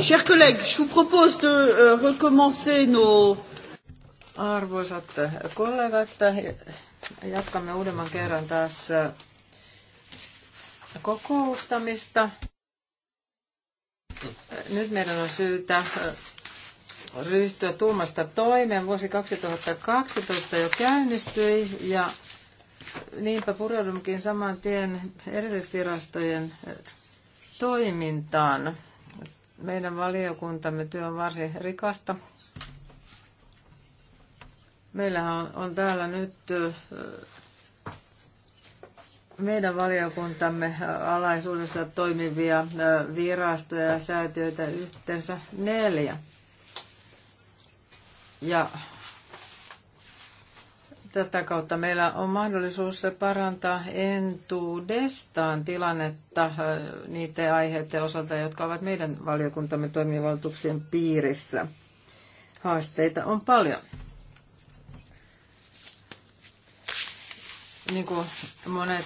Chers collègues, je vous propose de euh, recommencer nos... Arvoisat kollegat, jatkamme uudemman kerran taas äh, kokoustamista. Nyt meidän on syytä äh, ryhtyä tuomasta toimeen. Vuosi 2012 jo käynnistyi ja niinpä pureudumkin saman tien erillisvirastojen äh, toimintaan. Meidän valiokuntamme työ on varsin rikasta. Meillähän on, on täällä nyt meidän valiokuntamme alaisuudessa toimivia virastoja ja säätiöitä yhteensä neljä. Ja Tätä kautta meillä on mahdollisuus parantaa entuudestaan tilannetta äh, niiden aiheiden osalta, jotka ovat meidän valiokuntamme toimivaltuuksien piirissä. Haasteita on paljon. niin kuin monet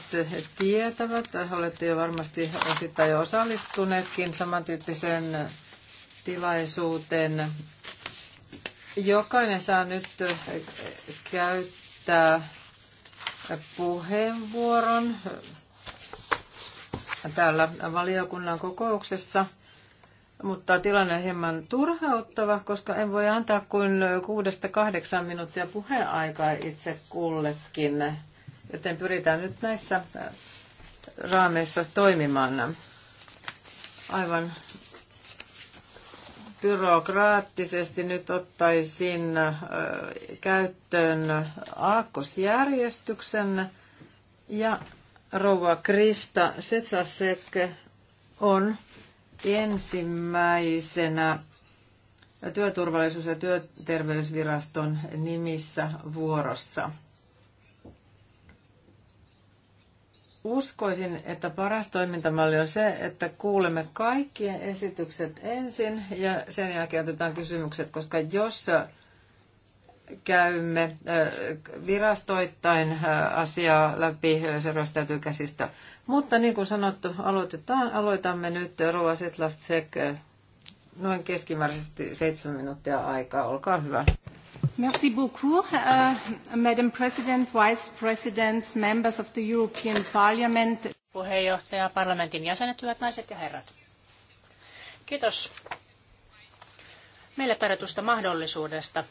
tietävät, olette jo varmasti osittain jo osallistuneetkin samantyyppiseen tilaisuuteen. Jokainen saa nyt käyttää käyttää puheenvuoron täällä valiokunnan kokouksessa, mutta tilanne on hieman turhauttava, koska en voi antaa kuin kuudesta kahdeksan minuuttia puheaikaa itse kullekin. Joten pyritään nyt näissä raameissa toimimaan. Aivan byrokraattisesti nyt ottaisin käyttöön aakkosjärjestyksen ja rouva Krista Setsasek on ensimmäisenä työturvallisuus- ja työterveysviraston nimissä vuorossa. Uskoisin, että paras toimintamalli on se, että kuulemme kaikkien esitykset ensin ja sen jälkeen otetaan kysymykset, koska jos käymme virastoittain asiaa läpi, se rastäytyy käsistä. Mutta niin kuin sanottu, aloitetaan, aloitamme nyt Rova Setlasek noin keskimääräisesti seitsemän minuuttia aikaa. Olkaa hyvä. Merci beaucoup, uh, Madam President, Vice Presidents, members of the European Parliament. Puheenjohtaja, parlamentin jäsenet, hyvät naiset ja herrat. Kiitos meille tarjotusta mahdollisuudesta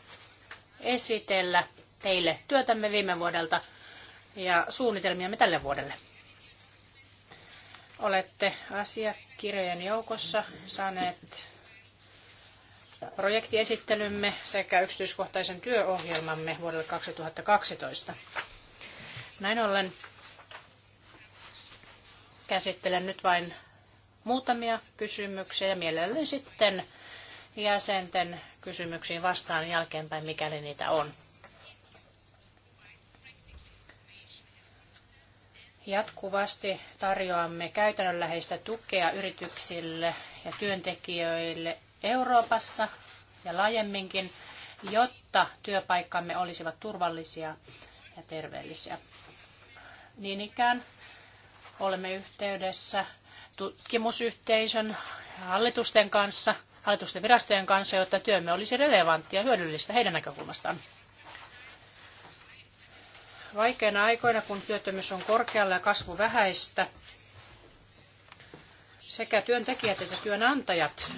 esitellä teille työtämme viime vuodelta ja suunnitelmiamme tälle vuodelle. Olette asiakirjojen joukossa saaneet projektiesittelymme sekä yksityiskohtaisen työohjelmamme vuodelle 2012. Näin ollen käsittelen nyt vain muutamia kysymyksiä ja mielelläni sitten jäsenten kysymyksiin vastaan jälkeenpäin, mikäli niitä on. Jatkuvasti tarjoamme käytännönläheistä tukea yrityksille ja työntekijöille Euroopassa ja laajemminkin, jotta työpaikkamme olisivat turvallisia ja terveellisiä. Niin ikään olemme yhteydessä tutkimusyhteisön ja hallitusten kanssa, hallitusten virastojen kanssa, jotta työmme olisi relevanttia ja hyödyllistä heidän näkökulmastaan. Vaikeina aikoina, kun työttömyys on korkealla ja kasvu vähäistä, sekä työntekijät että työnantajat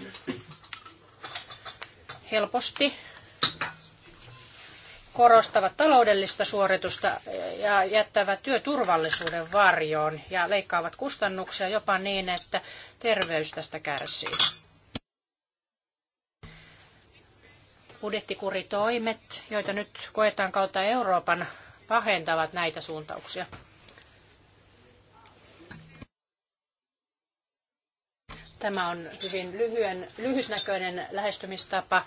helposti korostavat taloudellista suoritusta ja jättävät työturvallisuuden varjoon ja leikkaavat kustannuksia jopa niin, että terveys tästä kärsii. Budjettikuritoimet, joita nyt koetaan kautta Euroopan, pahentavat näitä suuntauksia. Tämä on hyvin lyhyen, lyhytnäköinen lähestymistapa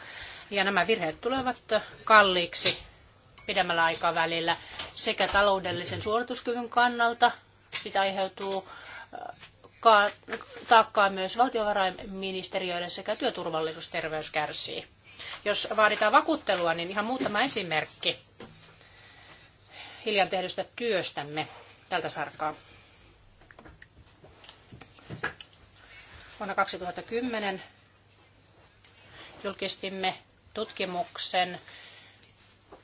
ja nämä virheet tulevat kalliiksi pidemmällä aikavälillä sekä taloudellisen suorituskyvyn kannalta. Sitä aiheutuu äh, taakkaa myös valtiovarainministeriöille sekä työturvallisuusterveys kärsii. Jos vaaditaan vakuuttelua, niin ihan muutama esimerkki hiljan tehdystä työstämme tältä sarkaa. Vuonna 2010 julkistimme tutkimuksen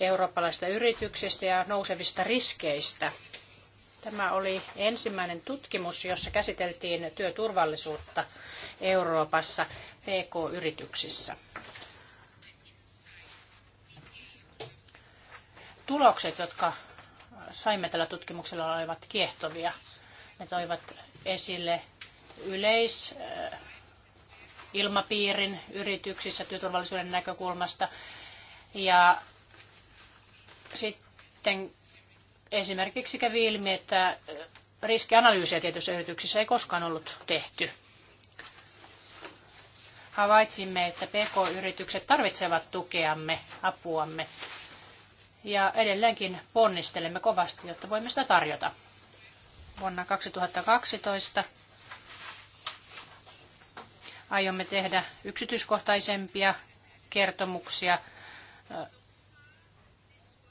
eurooppalaisista yrityksistä ja nousevista riskeistä. Tämä oli ensimmäinen tutkimus, jossa käsiteltiin työturvallisuutta Euroopassa PK-yrityksissä. Tulokset, jotka saimme tällä tutkimuksella, olivat kiehtovia. Ne toivat esille yleisilmapiirin yrityksissä työturvallisuuden näkökulmasta. Ja sitten esimerkiksi kävi ilmi, että riskianalyysiä tietyissä yrityksissä ei koskaan ollut tehty. Havaitsimme, että PK-yritykset tarvitsevat tukeamme, apuamme. Ja edelleenkin ponnistelemme kovasti, jotta voimme sitä tarjota. Vuonna 2012 Aiomme tehdä yksityiskohtaisempia kertomuksia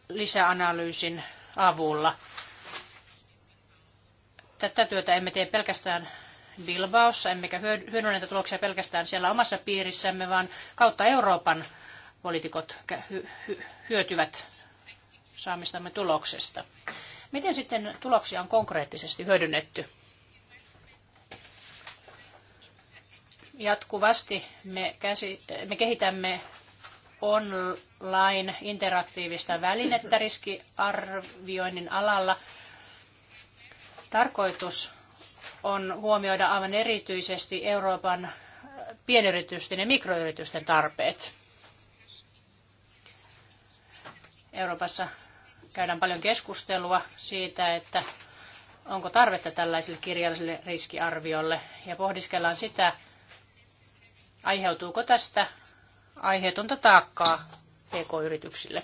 lisäanalyysin avulla. Tätä työtä emme tee pelkästään Bilbaossa, emmekä hyödynnä tuloksia pelkästään siellä omassa piirissämme, vaan kautta Euroopan poliitikot hyötyvät saamistamme tuloksesta. Miten sitten tuloksia on konkreettisesti hyödynnetty? Jatkuvasti me, käsi, me kehitämme online interaktiivista välinettä riskiarvioinnin alalla. Tarkoitus on huomioida aivan erityisesti Euroopan pienyritysten ja mikroyritysten tarpeet. Euroopassa käydään paljon keskustelua siitä, että onko tarvetta tällaiselle kirjalliselle riskiarviolle ja pohdiskellaan sitä, Aiheutuuko tästä aiheetonta taakkaa pk-yrityksille?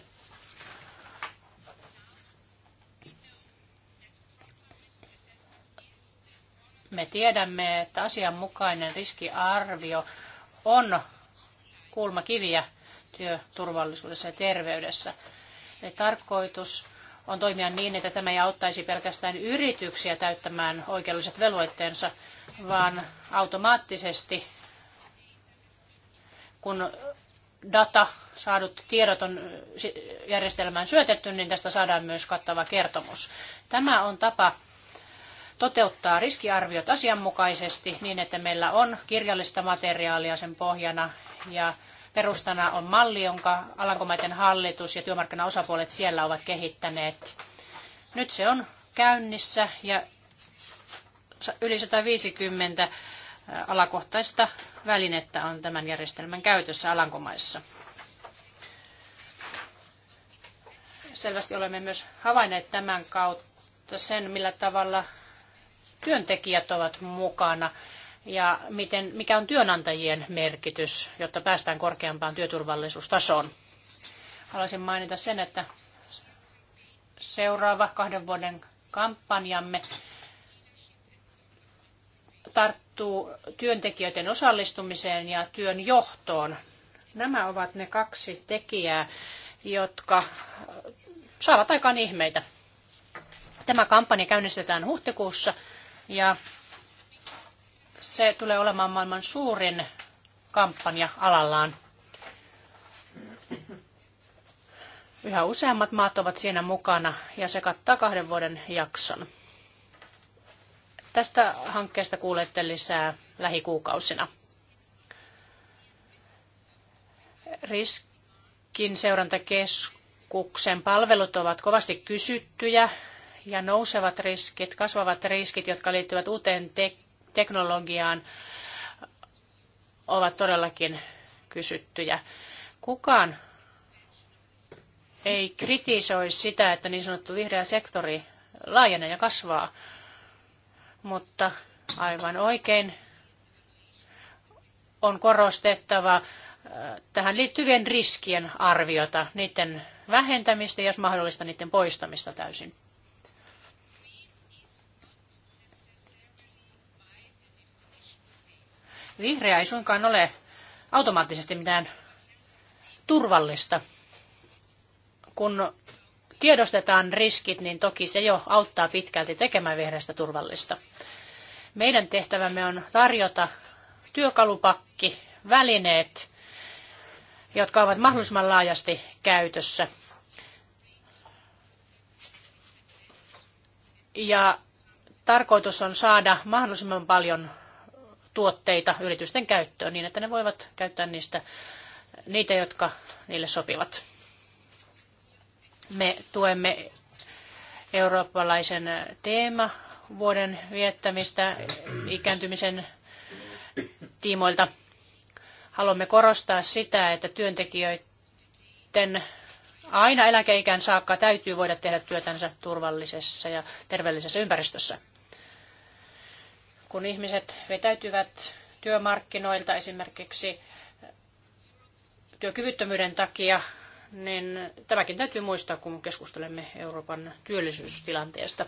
Me tiedämme, että asianmukainen riskiarvio on kulmakiviä työturvallisuudessa ja terveydessä. Eli tarkoitus on toimia niin, että tämä ei auttaisi pelkästään yrityksiä täyttämään oikeudelliset velvoitteensa, vaan automaattisesti kun data, saadut tiedot on järjestelmään syötetty, niin tästä saadaan myös kattava kertomus. Tämä on tapa toteuttaa riskiarviot asianmukaisesti niin, että meillä on kirjallista materiaalia sen pohjana ja perustana on malli, jonka Alankomaiden hallitus ja työmarkkinaosapuolet siellä ovat kehittäneet. Nyt se on käynnissä ja yli 150 alakohtaista välinettä on tämän järjestelmän käytössä Alankomaissa. Selvästi olemme myös havainneet tämän kautta sen, millä tavalla työntekijät ovat mukana ja miten, mikä on työnantajien merkitys, jotta päästään korkeampaan työturvallisuustasoon. Haluaisin mainita sen, että seuraava kahden vuoden kampanjamme tar- perustuu työntekijöiden osallistumiseen ja työn johtoon. Nämä ovat ne kaksi tekijää, jotka saavat aikaan ihmeitä. Tämä kampanja käynnistetään huhtikuussa ja se tulee olemaan maailman suurin kampanja alallaan. Yhä useammat maat ovat siinä mukana ja se kattaa kahden vuoden jakson. Tästä hankkeesta kuulette lisää lähikuukausina. Riskin seurantakeskuksen palvelut ovat kovasti kysyttyjä ja nousevat riskit, kasvavat riskit, jotka liittyvät uuteen te- teknologiaan, ovat todellakin kysyttyjä. Kukaan ei kritisoi sitä, että niin sanottu vihreä sektori laajenee ja kasvaa mutta aivan oikein on korostettava äh, tähän liittyvien riskien arviota, niiden vähentämistä ja jos mahdollista niiden poistamista täysin. Vihreä ei suinkaan ole automaattisesti mitään turvallista. Kun tiedostetaan riskit, niin toki se jo auttaa pitkälti tekemään vihreästä turvallista. Meidän tehtävämme on tarjota työkalupakki, välineet, jotka ovat mahdollisimman laajasti käytössä. Ja tarkoitus on saada mahdollisimman paljon tuotteita yritysten käyttöön niin, että ne voivat käyttää niistä niitä, jotka niille sopivat. Me tuemme eurooppalaisen teema vuoden viettämistä ikääntymisen tiimoilta. Haluamme korostaa sitä, että työntekijöiden aina eläkeikään saakka täytyy voida tehdä työtänsä turvallisessa ja terveellisessä ympäristössä. Kun ihmiset vetäytyvät työmarkkinoilta esimerkiksi työkyvyttömyyden takia, niin tämäkin täytyy muistaa, kun keskustelemme Euroopan työllisyystilanteesta.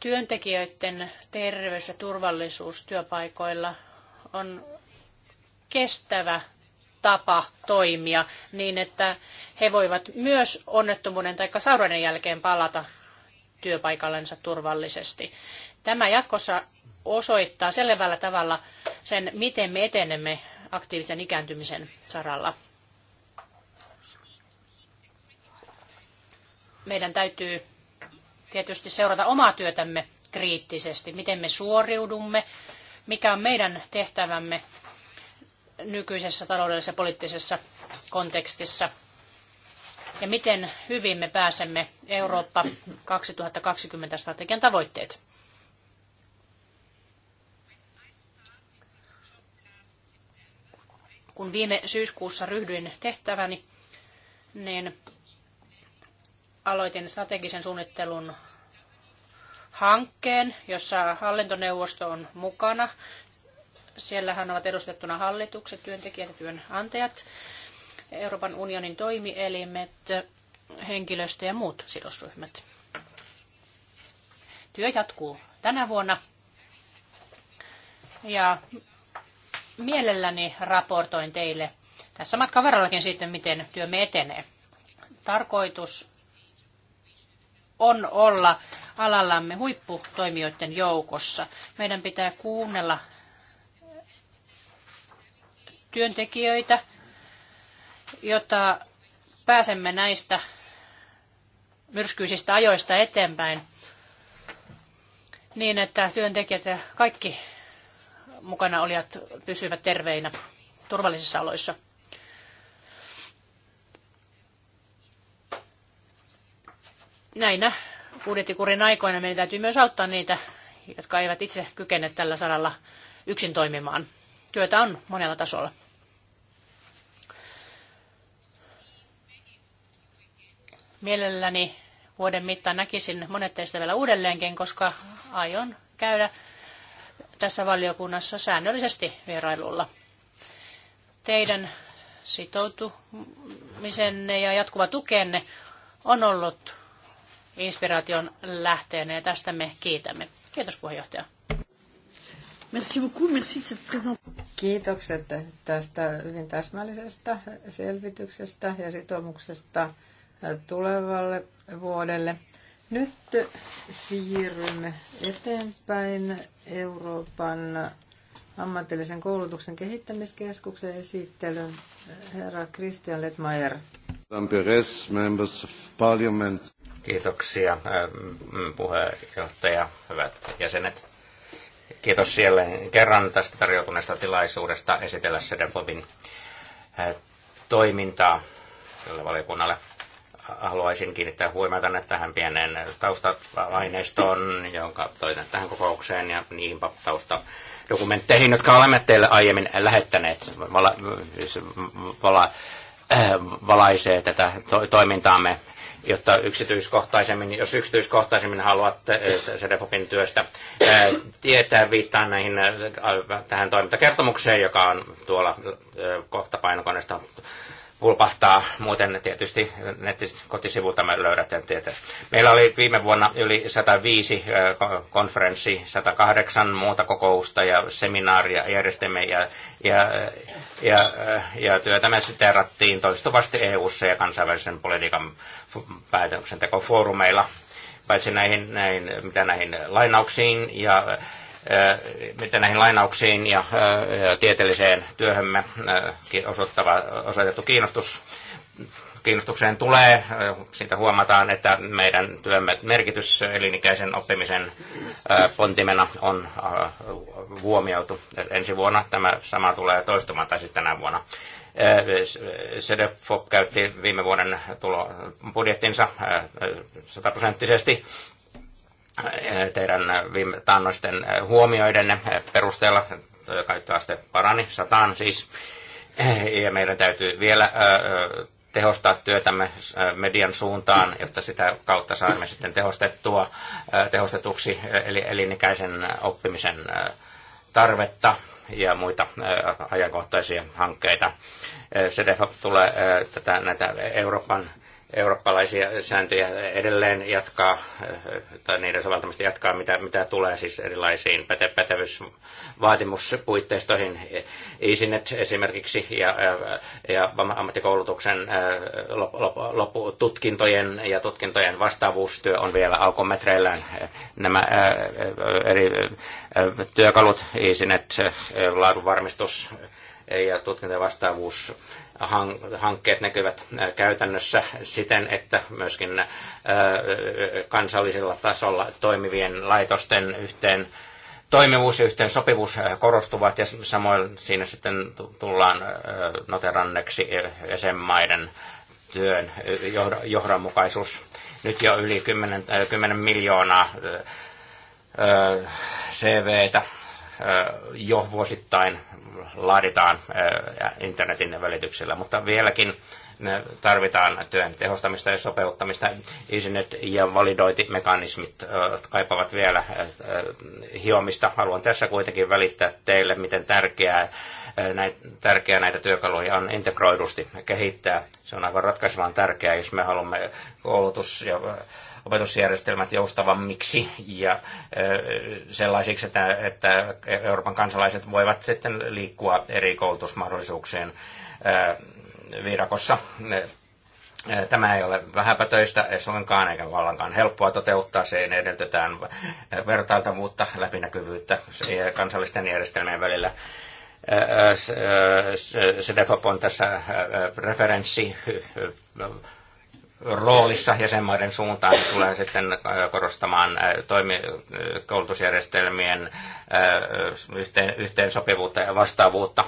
Työntekijöiden terveys ja turvallisuus työpaikoilla on kestävä tapa toimia niin, että he voivat myös onnettomuuden tai sairauden jälkeen palata työpaikallensa turvallisesti. Tämä jatkossa osoittaa selvällä tavalla sen, miten me etenemme aktiivisen ikääntymisen saralla. Meidän täytyy tietysti seurata omaa työtämme kriittisesti, miten me suoriudumme, mikä on meidän tehtävämme nykyisessä taloudellisessa poliittisessa kontekstissa ja miten hyvin me pääsemme Eurooppa 2020 strategian tavoitteet. Kun viime syyskuussa ryhdyin tehtäväni, niin aloitin strategisen suunnittelun hankkeen, jossa hallintoneuvosto on mukana. Siellähän ovat edustettuna hallitukset, työntekijät ja työnantajat, Euroopan unionin toimielimet, henkilöstö ja muut sidosryhmät. Työ jatkuu tänä vuonna ja mielelläni raportoin teille tässä matkan varrellakin sitten, miten työmme etenee. Tarkoitus on olla alallamme huipputoimijoiden joukossa. Meidän pitää kuunnella työntekijöitä, jotta pääsemme näistä myrskyisistä ajoista eteenpäin niin, että työntekijät ja kaikki mukana olijat pysyvät terveinä turvallisissa oloissa. Näinä budjettikurin aikoina meidän täytyy myös auttaa niitä, jotka eivät itse kykene tällä saralla yksin toimimaan. Työtä on monella tasolla. Mielelläni vuoden mittaan näkisin monet teistä vielä uudelleenkin, koska aion käydä tässä valiokunnassa säännöllisesti vierailulla. Teidän sitoutumisenne ja jatkuva tukenne on ollut inspiraation lähteenä ja tästä me kiitämme. Kiitos puheenjohtaja. Merci beaucoup, merci de cette Kiitokset tästä hyvin täsmällisestä selvityksestä ja sitoumuksesta tulevalle vuodelle. Nyt siirrymme eteenpäin Euroopan ammatillisen koulutuksen kehittämiskeskuksen esittelyn. Herra Christian Letmaier. members parliament. Kiitoksia ähm, puheenjohtaja, hyvät jäsenet. Kiitos siellä kerran tästä tarjoutuneesta tilaisuudesta esitellä Sedefobin äh, toimintaa tälle valiokunnalle haluaisin kiinnittää huomiota tähän pieneen tausta-aineistoon, jonka toitan tähän kokoukseen ja niihin taustadokumentteihin, jotka olemme teille aiemmin lähettäneet. Vala, siis vala, äh, valaisee tätä to, toimintaamme, jotta yksityiskohtaisemmin, jos yksityiskohtaisemmin haluatte äh, Sedefopin työstä äh, tietää, viittaan näihin, tähän toimintakertomukseen, joka on tuolla kohta painokoneesta pulpahtaa. Muuten tietysti netistä kotisivulta me en tietää. Meillä oli viime vuonna yli 105 konferenssi, 108 muuta kokousta ja seminaaria järjestimme ja, ja, ja, ja työtä me siterattiin toistuvasti eu ja kansainvälisen politiikan päätöksentekofoorumeilla paitsi näihin, näihin, mitä näihin lainauksiin ja miten näihin lainauksiin ja tieteelliseen työhömme osoittava, osoitettu kiinnostus kiinnostukseen tulee. Siitä huomataan, että meidän työmme merkitys elinikäisen oppimisen pontimena on huomioitu. Ensi vuonna tämä sama tulee toistumaan, tai siis tänä vuonna. SEDEFOP käytti viime vuoden tulo budjettinsa sataprosenttisesti teidän äh, viime taannoisten äh, huomioidenne perusteella käyttöaste parani, sataan siis. Äh, ja meidän täytyy vielä tehostaa työtämme median suuntaan, jotta sitä kautta saamme sitten tehostettua, tehostetuksi e-, eli elinikäisen oppimisen tarvetta ja muita ajankohtaisia hankkeita. CDF tulee tätä, näitä Euroopan eurooppalaisia sääntöjä edelleen jatkaa, tai niiden soveltamista jatkaa, mitä, mitä tulee siis erilaisiin päte, pätevyysvaatimuspuitteistoihin, ISINET esimerkiksi, ja, ja ammattikoulutuksen loppututkintojen ja tutkintojen vastaavuustyö on vielä alkometreillään. Nämä eri työkalut, ISINET, laadunvarmistus ja tutkintojen vastaavuus, hankkeet näkyvät käytännössä siten, että myöskin kansallisella tasolla toimivien laitosten yhteen toimivuus ja yhteen sopivuus korostuvat ja samoin siinä sitten tullaan noteranneksi jäsenmaiden työn johdonmukaisuus. Nyt jo yli 10, 10 miljoonaa CVtä jo vuosittain laaditaan internetin välityksellä, mutta vieläkin tarvitaan työn tehostamista ja sopeuttamista. Isinet ja validointimekanismit kaipaavat vielä hiomista. Haluan tässä kuitenkin välittää teille, miten tärkeää näitä, tärkeää näitä työkaluja on integroidusti kehittää. Se on aivan ratkaisevan tärkeää, jos me haluamme koulutus- ja opetusjärjestelmät joustavammiksi ja sellaisiksi, että, että Euroopan kansalaiset voivat sitten liikkua eri koulutusmahdollisuuksien viidakossa Tämä ei ole vähäpätöistä suinkaan eikä vallankaan helppoa toteuttaa. Se edellytetään vertailtavuutta, läpinäkyvyyttä kansallisten järjestelmien välillä. Sedefop on tässä referenssi roolissa jäsenmaiden suuntaan niin tulee sitten äh, korostamaan äh, toimi, äh, koulutusjärjestelmien yhteen, yhteensopivuutta ja vastaavuutta.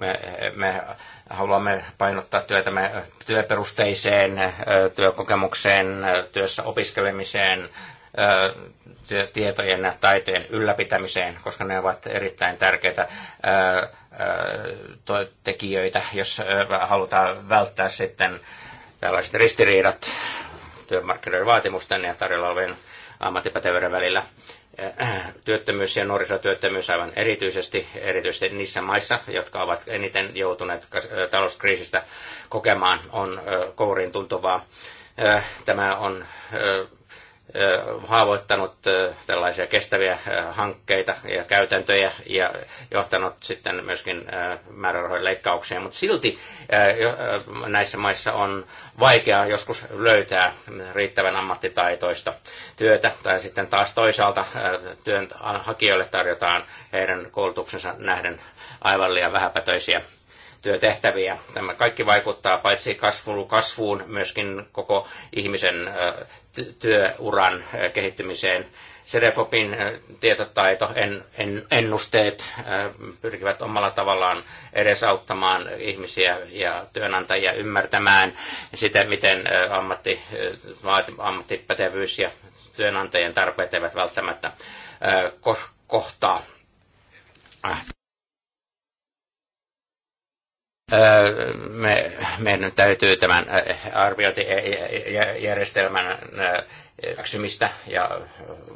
Me, me haluamme painottaa työtämme työperusteiseen työkokemukseen, työssä opiskelemiseen, tietojen ja taitojen ylläpitämiseen, koska ne ovat erittäin tärkeitä tekijöitä, jos halutaan välttää sitten tällaiset ristiriidat työmarkkinoiden vaatimusten ja tarjolla olevien ammattipätevyyden välillä. Äh, työttömyys ja nuorisotyöttömyys aivan erityisesti, erityisesti niissä maissa, jotka ovat eniten joutuneet äh, talouskriisistä kokemaan, on äh, kouriin tuntuvaa. Tämä on haavoittanut tällaisia kestäviä hankkeita ja käytäntöjä ja johtanut sitten myöskin määrärahojen leikkaukseen, mutta silti näissä maissa on vaikea joskus löytää riittävän ammattitaitoista työtä tai sitten taas toisaalta työnhakijoille tarjotaan heidän koulutuksensa nähden aivan liian vähäpätöisiä työtehtäviä. Tämä kaikki vaikuttaa paitsi kasvuun, kasvuun myöskin koko ihmisen työuran kehittymiseen. Sedefopin tietotaito, en, en, ennusteet pyrkivät omalla tavallaan edesauttamaan ihmisiä ja työnantajia ymmärtämään sitä, miten ammatti, ammattipätevyys ja työnantajien tarpeet eivät välttämättä kohtaa me, meidän täytyy tämän arviointijärjestelmän hyväksymistä ja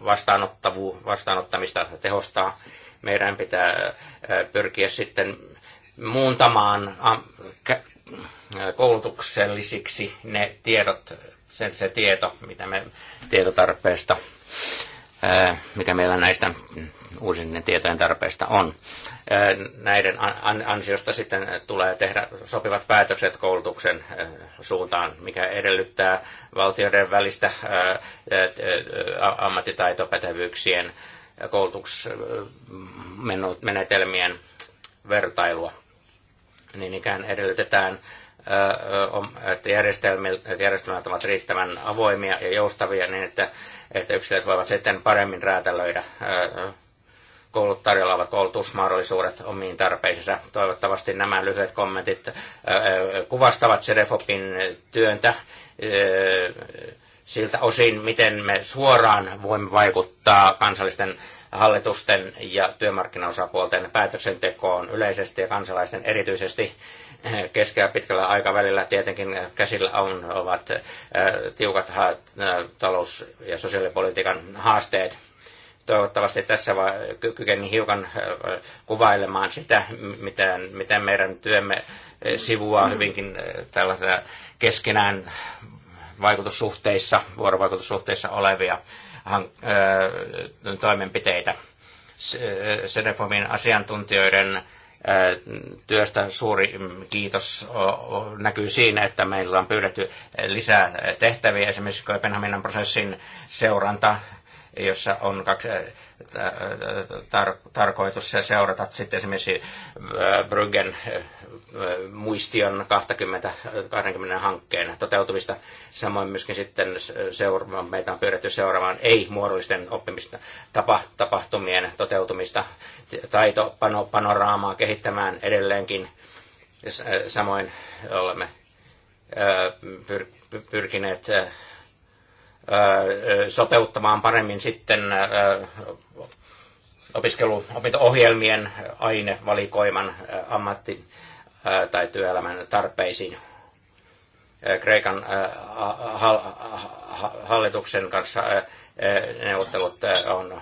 vastaanottavu, vastaanottamista tehostaa. Meidän pitää pyrkiä sitten muuntamaan koulutuksellisiksi ne tiedot, se, se tieto, mitä me tietotarpeesta, mikä meillä näistä uusinnin tietojen tarpeesta on. Näiden ansiosta sitten tulee tehdä sopivat päätökset koulutuksen suuntaan, mikä edellyttää valtioiden välistä ammattitaitopätevyyksien koulutusmenetelmien vertailua. Niin ikään edellytetään että järjestelmät ovat riittävän avoimia ja joustavia niin, että, että yksilöt voivat sitten paremmin räätälöidä koulut tarjolla ovat koulutusmahdollisuudet omiin tarpeisiinsa. Toivottavasti nämä lyhyet kommentit kuvastavat Serefopin työntä siltä osin, miten me suoraan voimme vaikuttaa kansallisten hallitusten ja työmarkkinaosapuolten päätöksentekoon yleisesti ja kansalaisten erityisesti keskellä pitkällä aikavälillä tietenkin käsillä on, ovat tiukat talous- ja sosiaalipolitiikan haasteet – toivottavasti tässä kykeni hiukan kuvailemaan sitä, miten, miten meidän työmme sivuaa hyvinkin tällaisena keskenään vaikutussuhteissa, vuorovaikutussuhteissa olevia toimenpiteitä. Sedefomin asiantuntijoiden työstä suuri kiitos näkyy siinä, että meillä on pyydetty lisää tehtäviä, esimerkiksi Kööpenhaminan prosessin seuranta jossa on kaksi, äh, äh, tar, tarkoitus seurata sitten esimerkiksi äh, Bryggen muistion 20, 20 hankkeen toteutumista. Samoin myöskin sitten seura, meitä on pyydetty seuraamaan ei-muodollisten oppimista, tapa, tapahtumien toteutumista, taitopanoraamaa kehittämään edelleenkin. Samoin olemme pyrkineet sopeuttamaan paremmin sitten opiskelu, opinto-ohjelmien ainevalikoiman ammatti- tai työelämän tarpeisiin. Kreikan hallituksen kanssa neuvottelut on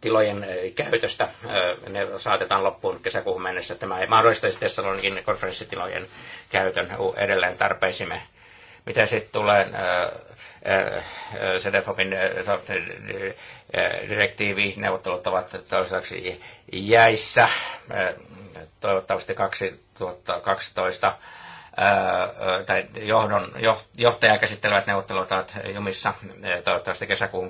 tilojen käytöstä. Ne saatetaan loppuun kesäkuun mennessä. Tämä ei mahdollistaisi Tessalonikin konferenssitilojen käytön edelleen tarpeisimme. Mitä sitten tulee CDFOPin direktiivi, neuvottelut ovat toistaiseksi jäissä. Toivottavasti 2012 tai johdon, johtaja käsittelevät neuvottelut ovat jumissa toivottavasti kesäkuun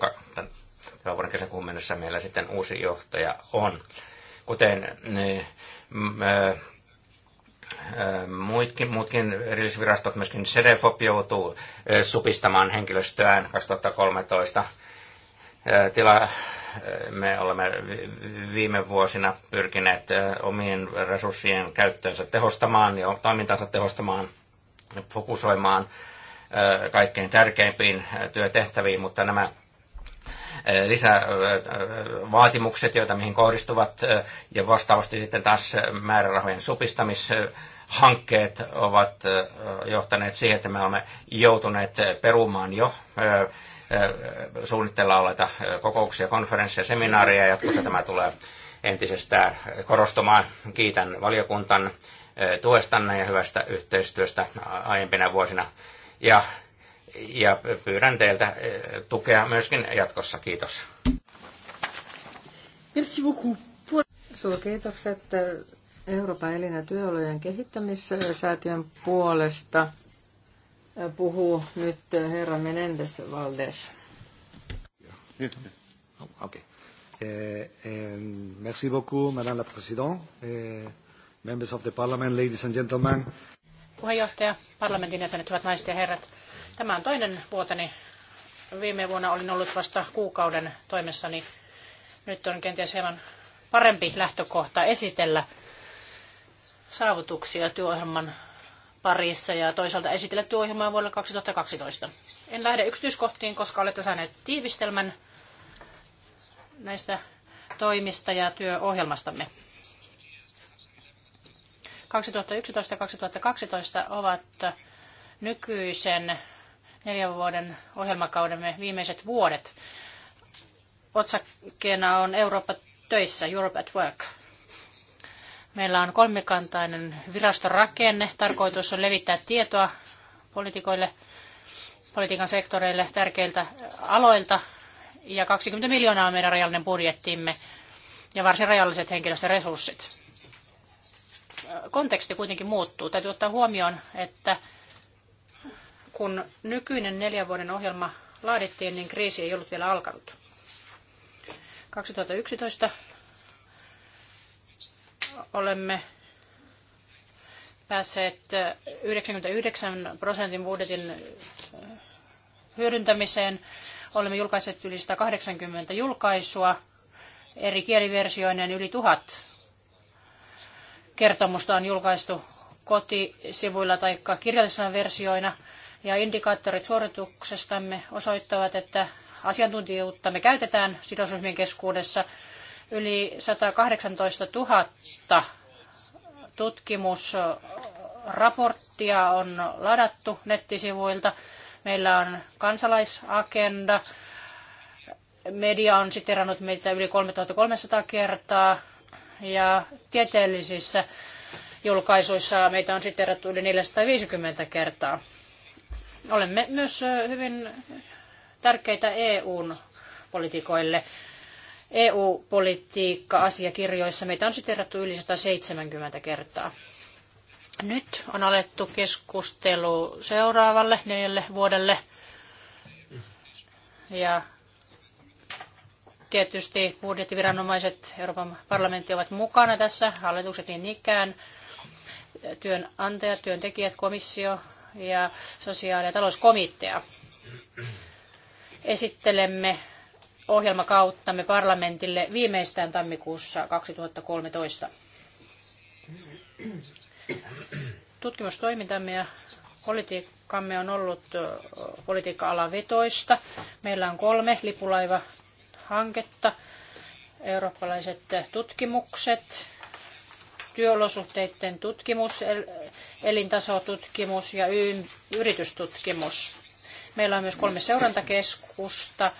vuoden kesäkuun mennessä meillä sitten uusi johtaja on. Kuten niin, mm, Muitkin, muutkin erillisvirastot, myöskin CDFOP joutuu supistamaan henkilöstöään 2013. Tila, me olemme viime vuosina pyrkineet omien resurssien käyttöönsä tehostamaan ja toimintansa tehostamaan, fokusoimaan kaikkein tärkeimpiin työtehtäviin, mutta nämä lisävaatimukset, joita mihin kohdistuvat, ja vastaavasti sitten taas määrärahojen supistamishankkeet ovat johtaneet siihen, että me olemme joutuneet perumaan jo suunnitteilla olleita kokouksia, konferensseja, seminaareja. Jatkossa tämä tulee entisestään korostumaan. Kiitän valiokuntan tuestanne ja hyvästä yhteistyöstä aiempina vuosina. Ja ja pyydän teiltä e, tukea myöskin jatkossa. Kiitos. Merci beaucoup. Suurkiitokset e, Euroopan elin- ja työolojen kehittämissäätiön puolesta. E, puhuu nyt herra Menendez Valdes. Oh, okay. Eh, eh, merci beaucoup, Madame la Présidente, eh, members of the Parliament, ladies and gentlemen. Puheenjohtaja, parlamentin jäsenet, hyvät naiset ja herrat. Tämä on toinen vuoteni. Viime vuonna olin ollut vasta kuukauden toimessani. Nyt on kenties hieman parempi lähtökohta esitellä saavutuksia työohjelman parissa ja toisaalta esitellä työohjelmaa vuodelle 2012. En lähde yksityiskohtiin, koska olette saaneet tiivistelmän näistä toimista ja työohjelmastamme. 2011 ja 2012 ovat nykyisen neljän vuoden ohjelmakaudemme viimeiset vuodet. Otsakkeena on Eurooppa töissä, Europe at Work. Meillä on kolmikantainen virastorakenne. Tarkoitus on levittää tietoa poliitikoille, politiikan sektoreille tärkeiltä aloilta. Ja 20 miljoonaa on meidän rajallinen budjettimme ja varsin rajalliset henkilöstöresurssit. Konteksti kuitenkin muuttuu. Täytyy ottaa huomioon, että kun nykyinen neljän vuoden ohjelma laadittiin, niin kriisi ei ollut vielä alkanut. 2011 olemme päässeet 99 prosentin budjetin äh, hyödyntämiseen. Olemme julkaisseet yli 180 julkaisua eri kieliversioineen yli tuhat kertomusta on julkaistu kotisivuilla tai kirjallisena versioina ja indikaattorit suorituksestamme osoittavat, että asiantuntijuutta me käytetään sidosryhmien keskuudessa. Yli 118 000 tutkimusraporttia on ladattu nettisivuilta. Meillä on kansalaisagenda. Media on siterannut meitä yli 3300 kertaa ja tieteellisissä julkaisuissa meitä on siterattu yli 450 kertaa. Olemme myös hyvin tärkeitä EUn politikoille. EU-politiikka-asiakirjoissa meitä on siteerattu yli 170 kertaa. Nyt on alettu keskustelu seuraavalle neljälle vuodelle. Ja tietysti budjettiviranomaiset, Euroopan parlamentti ovat mukana tässä, hallitukset niin ikään, työnantajat, työntekijät, komissio, ja sosiaali- ja talouskomitea. Esittelemme ohjelmakauttamme parlamentille viimeistään tammikuussa 2013. Tutkimustoimintamme ja politiikkamme on ollut politiikka-alan vetoista. Meillä on kolme lipulaiva-hanketta, eurooppalaiset tutkimukset, työolosuhteiden tutkimus elintasotutkimus ja yritystutkimus. Meillä on myös kolme seurantakeskusta,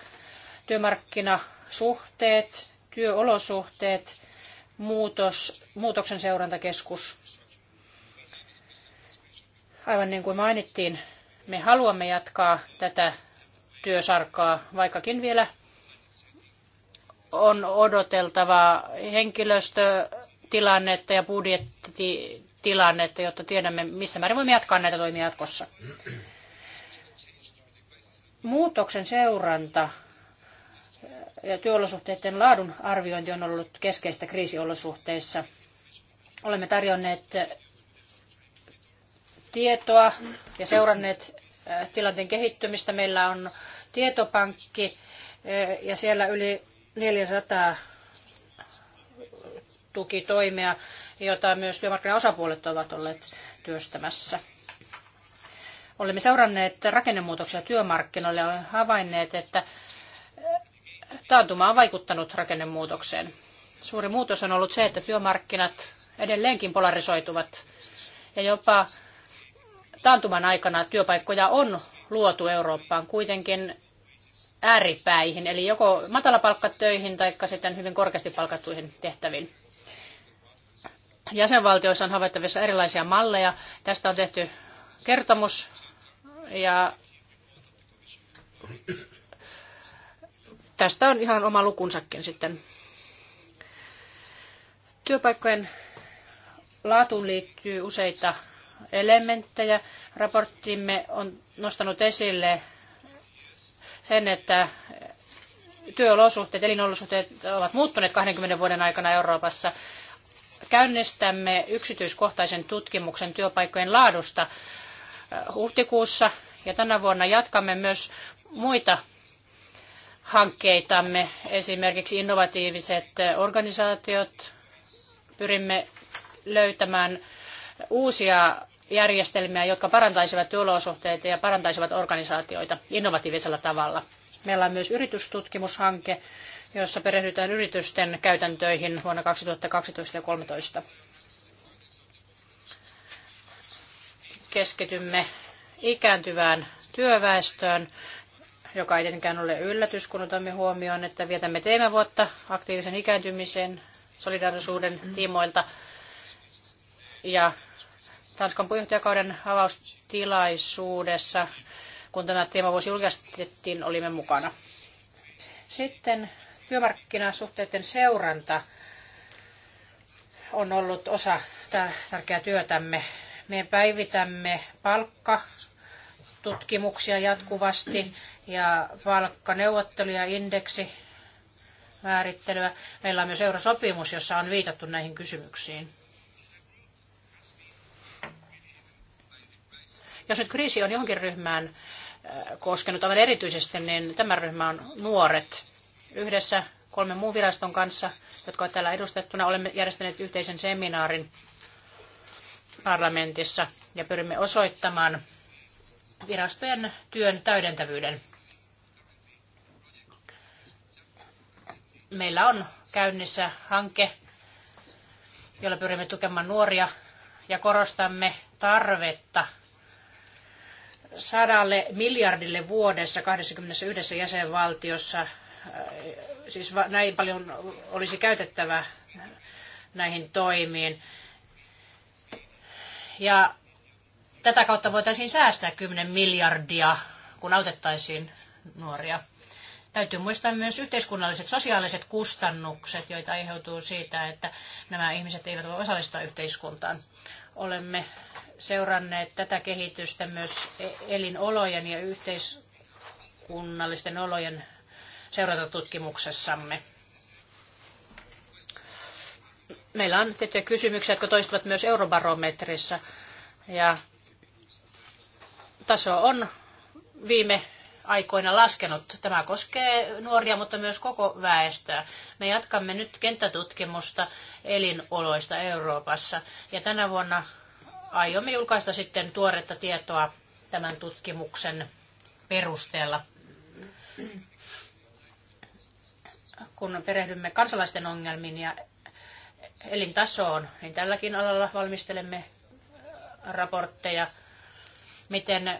työmarkkinasuhteet, työolosuhteet, muutos, muutoksen seurantakeskus. Aivan niin kuin mainittiin, me haluamme jatkaa tätä työsarkaa, vaikkakin vielä on odoteltava henkilöstötilannetta ja budjetti, tilannetta, jotta tiedämme, missä määrin voimme jatkaa näitä toimia jatkossa. Muutoksen seuranta ja työolosuhteiden laadun arviointi on ollut keskeistä kriisiolosuhteissa. Olemme tarjonneet tietoa ja seuranneet äh, tilanteen kehittymistä. Meillä on tietopankki äh, ja siellä yli 400 tukitoimia, jota myös työmarkkinaosapuolet ovat olleet työstämässä. Olemme seuranneet rakennemuutoksia työmarkkinoille ja olemme havainneet, että taantuma on vaikuttanut rakennemuutokseen. Suuri muutos on ollut se, että työmarkkinat edelleenkin polarisoituvat ja jopa taantuman aikana työpaikkoja on luotu Eurooppaan kuitenkin ääripäihin, eli joko matalapalkkatöihin tai sitten hyvin korkeasti palkattuihin tehtäviin. Jäsenvaltioissa on havaittavissa erilaisia malleja. Tästä on tehty kertomus ja tästä on ihan oma lukunsakin sitten. Työpaikkojen laatuun liittyy useita elementtejä. Raporttimme on nostanut esille sen, että työolosuhteet, elinolosuhteet ovat muuttuneet 20 vuoden aikana Euroopassa käynnistämme yksityiskohtaisen tutkimuksen työpaikkojen laadusta äh, huhtikuussa ja tänä vuonna jatkamme myös muita hankkeitamme, esimerkiksi innovatiiviset äh, organisaatiot. Pyrimme löytämään uusia järjestelmiä, jotka parantaisivat työolosuhteita ja parantaisivat organisaatioita innovatiivisella tavalla. Meillä on myös yritystutkimushanke, jossa perehdytään yritysten käytäntöihin vuonna 2012 ja 2013. Keskitymme ikääntyvään työväestöön, joka ei tietenkään ole yllätys, kun otamme huomioon, että vietämme teemavuotta aktiivisen ikääntymisen solidaarisuuden tiimoilta. Ja Tanskan puheenjohtajakauden avaustilaisuudessa, kun tämä teemavuosi julkistettiin, olimme mukana. Sitten Työmarkkinasuhteiden seuranta on ollut osa tärkeää työtämme. Me päivitämme palkkatutkimuksia jatkuvasti ja palkkaneuvotteluja, indeksi, määrittelyä. Meillä on myös eurosopimus, jossa on viitattu näihin kysymyksiin. Jos nyt kriisi on johonkin ryhmään äh, koskenut aivan erityisesti, niin tämä ryhmä on nuoret. Yhdessä kolmen muun viraston kanssa, jotka ovat täällä edustettuna, olemme järjestäneet yhteisen seminaarin parlamentissa ja pyrimme osoittamaan virastojen työn täydentävyyden. Meillä on käynnissä hanke, jolla pyrimme tukemaan nuoria ja korostamme tarvetta sadalle miljardille vuodessa 21 jäsenvaltiossa siis näin paljon olisi käytettävä näihin toimiin. Ja tätä kautta voitaisiin säästää 10 miljardia, kun autettaisiin nuoria. Täytyy muistaa myös yhteiskunnalliset sosiaaliset kustannukset, joita aiheutuu siitä, että nämä ihmiset eivät voi osallistua yhteiskuntaan. Olemme seuranneet tätä kehitystä myös e- elinolojen ja yhteiskunnallisten olojen seurantatutkimuksessamme. Meillä on tiettyjä kysymyksiä, jotka toistuvat myös eurobarometrissa. Ja taso on viime aikoina laskenut. Tämä koskee nuoria, mutta myös koko väestöä. Me jatkamme nyt kenttätutkimusta elinoloista Euroopassa. Ja tänä vuonna aiomme julkaista sitten tuoretta tietoa tämän tutkimuksen perusteella kun perehdymme kansalaisten ongelmiin ja elintasoon, niin tälläkin alalla valmistelemme äh, raportteja, miten äh,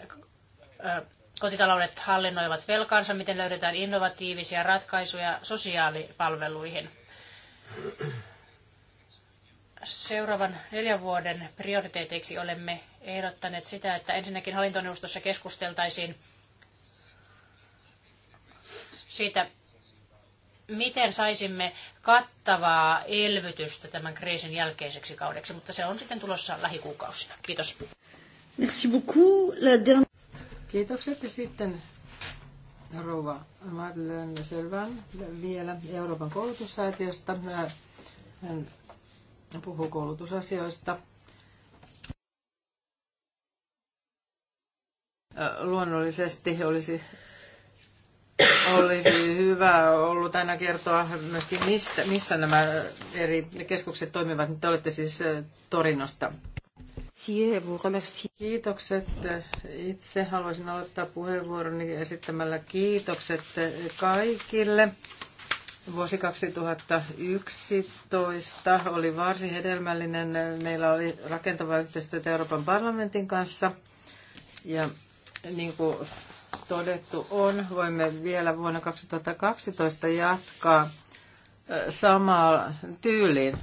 kotitaloudet hallinnoivat velkaansa, miten löydetään innovatiivisia ratkaisuja sosiaalipalveluihin. Seuraavan neljän vuoden prioriteeteiksi olemme ehdottaneet sitä, että ensinnäkin hallintoneuvostossa keskusteltaisiin siitä, miten saisimme kattavaa elvytystä tämän kriisin jälkeiseksi kaudeksi, mutta se on sitten tulossa lähikuukausina. Kiitos. Merci beaucoup. La dernière... Kiitokset ja sitten rouva Madeleine Selvan vielä Euroopan koulutussäätiöstä. Hän puhuu koulutusasioista. Luonnollisesti olisi olisi hyvä ollut aina kertoa myöskin, mistä, missä nämä eri keskukset toimivat. Te olette siis Torinosta. Kiitokset. Itse haluaisin aloittaa puheenvuoroni esittämällä kiitokset kaikille. Vuosi 2011 oli varsin hedelmällinen. Meillä oli rakentava yhteistyötä Euroopan parlamentin kanssa. Ja niin kuin todettu on, voimme vielä vuonna 2012 jatkaa samaa tyyliin.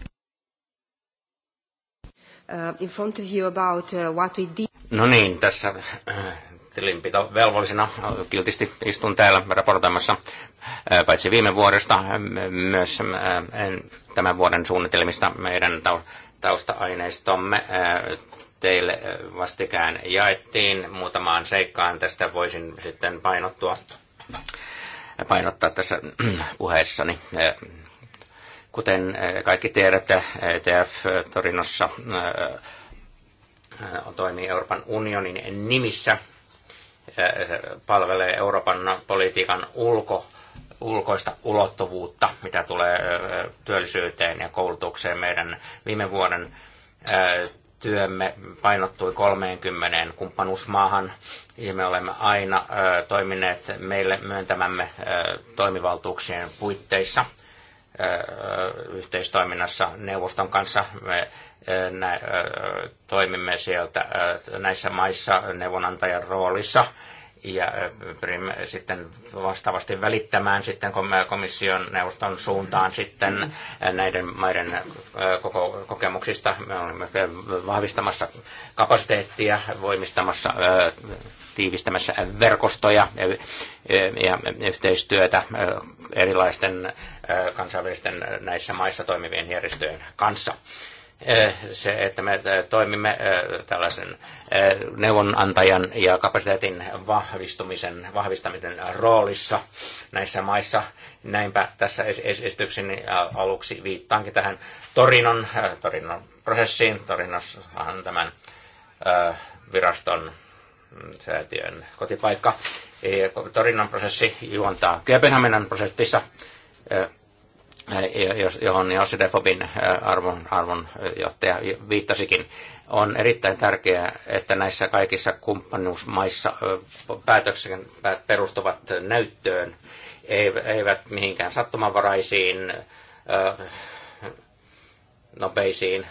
Uh, you about uh, what we did. No niin, tässä äh, tilinpito velvollisena kiltisti istun täällä raportoimassa äh, paitsi viime vuodesta äh, myös tämän vuoden suunnitelmista meidän tausta-aineistomme teille vastikään jaettiin. Muutamaan seikkaan tästä voisin sitten painottua, painottaa tässä puheessani. Kuten kaikki tiedätte, ETF Torinossa toimii Euroopan unionin nimissä. Se palvelee Euroopan politiikan ulko, ulkoista ulottuvuutta, mitä tulee työllisyyteen ja koulutukseen. Meidän viime vuoden työmme painottui 30 kumppanuusmaahan ja me olemme aina ö, toimineet meille myöntämämme ö, toimivaltuuksien puitteissa ö, yhteistoiminnassa neuvoston kanssa. Me ö, nä, ö, toimimme sieltä ö, näissä maissa neuvonantajan roolissa ja pyrimme sitten vastaavasti välittämään sitten komission neuvoston suuntaan sitten näiden maiden koko, kokemuksista. Me olemme vahvistamassa kapasiteettia, voimistamassa, tiivistämässä verkostoja ja yhteistyötä erilaisten kansainvälisten näissä maissa toimivien järjestöjen kanssa. Eh, se, että me eh, toimimme eh, tällaisen neuvonantajan ja kapasiteetin vahvistumisen, vahvistamisen roolissa näissä maissa. Näinpä tässä esityksen aluksi viittaankin tähän Torinon, Torinon prosessiin. Torinossahan tämän viraston mm, säätiön kotipaikka. Torinon prosessi juontaa Kööpenhaminan prosessissa Eh, johon Josidefobin eh, arvon, arvonjohtaja eh, viittasikin, on erittäin tärkeää, että näissä kaikissa kumppanuusmaissa päätökset perustuvat näyttöön, eivät mihinkään sattumanvaraisiin nopeisiin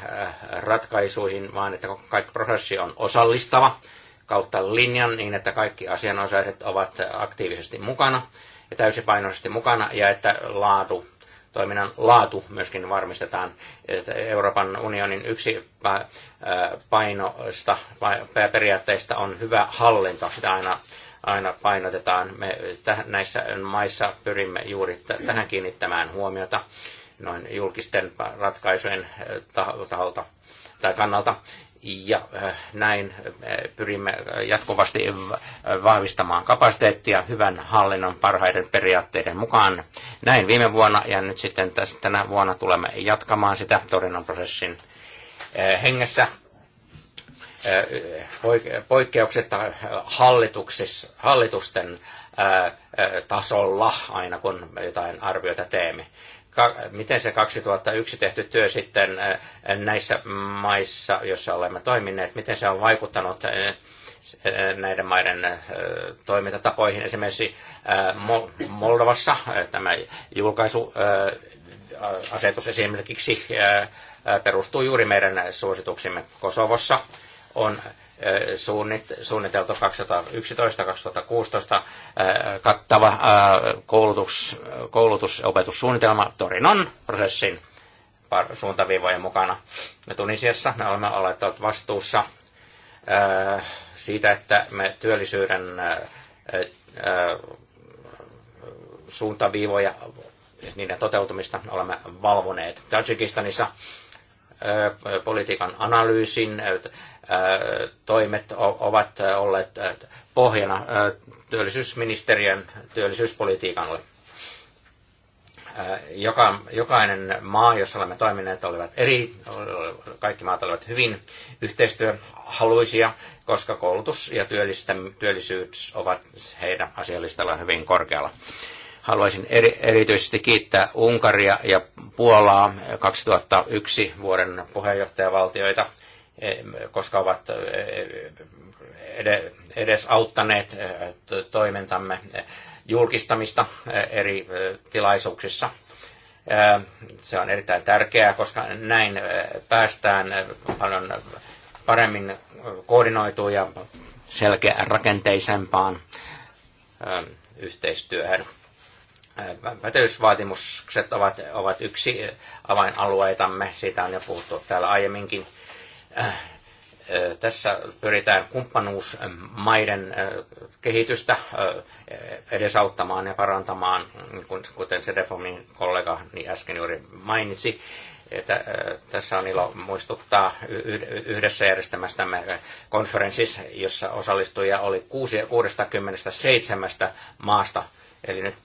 ratkaisuihin, vaan että kaikki prosessi on osallistava kautta linjan niin, että kaikki asianosaiset ovat aktiivisesti mukana ja täysipainoisesti mukana ja että laadu toiminnan laatu myöskin varmistetaan. Euroopan unionin yksi painosta, periaatteista on hyvä hallinto. Sitä aina aina painotetaan. Me näissä maissa pyrimme juuri tähän kiinnittämään huomiota noin julkisten ratkaisujen taholta tai kannalta ja äh, näin äh, pyrimme äh, jatkuvasti vahvistamaan kapasiteettia hyvän hallinnon parhaiden periaatteiden mukaan. Näin viime vuonna ja nyt sitten tässä, tänä vuonna tulemme jatkamaan sitä torinnan prosessin hengessä. poikkeuksetta hallitusten tasolla, aina kun jotain arvioita teemme. Miten se 2001 tehty työ sitten näissä maissa, joissa olemme toimineet, miten se on vaikuttanut näiden maiden toimintatapoihin. Esimerkiksi Moldovassa tämä asetus esimerkiksi perustuu juuri meidän suosituksimme Kosovossa. On suunniteltu 2011-2016 kattava koulutus, koulutusopetussuunnitelma Torinon prosessin suuntaviivojen mukana. Me Tunisiassa me olemme olleet vastuussa siitä, että me työllisyyden suuntaviivoja niiden toteutumista olemme valvoneet. Tajikistanissa politiikan analyysin toimet ovat olleet pohjana työllisyysministeriön työllisyyspolitiikalle. Joka, jokainen maa, jossa olemme toimineet, olivat eri, kaikki maat olivat hyvin yhteistyöhaluisia, koska koulutus ja työllisyys ovat heidän asialistallaan hyvin korkealla. Haluaisin eri, erityisesti kiittää Unkaria ja Puolaa 2001 vuoden puheenjohtajavaltioita, e, koska ovat e, edes auttaneet e, toimintamme julkistamista eri tilaisuuksissa. Se on erittäin tärkeää, koska näin päästään paljon paremmin koordinoituun ja selkeä rakenteisempaan yhteistyöhön pätevyysvaatimukset ovat, ovat yksi avainalueitamme, siitä on jo puhuttu täällä aiemminkin. Tässä pyritään kumppanuusmaiden kehitystä edesauttamaan ja parantamaan, niin kuten se Defomin kollega niin äsken juuri mainitsi. Että, tässä on ilo muistuttaa yhdessä järjestämästämme konferenssissa, jossa osallistujia oli 67 maasta – Eli nyt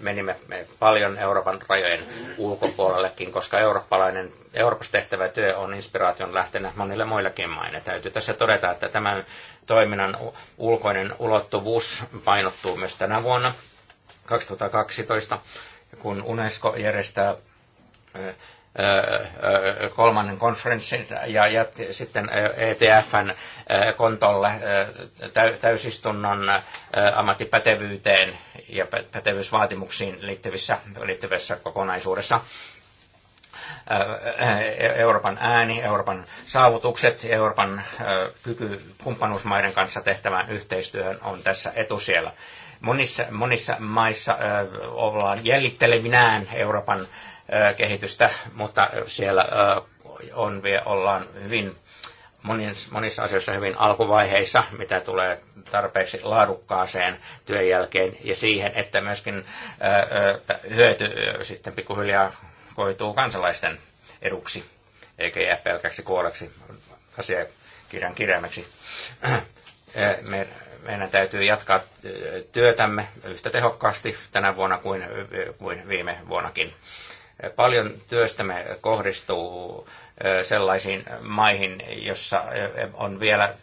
menimme paljon Euroopan rajojen ulkopuolellekin, koska eurooppalainen, Euroopassa tehtävä työ on inspiraation lähtenä monille muillekin maille. Täytyy tässä todeta, että tämän toiminnan ulkoinen ulottuvuus painottuu myös tänä vuonna 2012, kun UNESCO järjestää kolmannen konferenssin ja jätti sitten ETFn kontolle täysistunnon ammattipätevyyteen ja pätevyysvaatimuksiin liittyvissä, liittyvissä kokonaisuudessa. E-, Euroopan ääni, Euroopan saavutukset ja Euroopan kyky kumppanuusmaiden kanssa tehtävään yhteistyöhön on tässä etusiellä. Monissa, monissa maissa ollaan jäljittelevinään Euroopan kehitystä, mutta siellä on, ollaan hyvin monissa asioissa hyvin alkuvaiheissa, mitä tulee tarpeeksi laadukkaaseen työn jälkeen ja siihen, että myöskin hyöty sitten pikkuhiljaa koituu kansalaisten eduksi, eikä jää pelkäksi kuoleksi asiakirjan kirjaimeksi. Me, meidän täytyy jatkaa työtämme yhtä tehokkaasti tänä vuonna kuin, kuin viime vuonnakin. Paljon työstämme kohdistuu sellaisiin maihin, jossa on vielä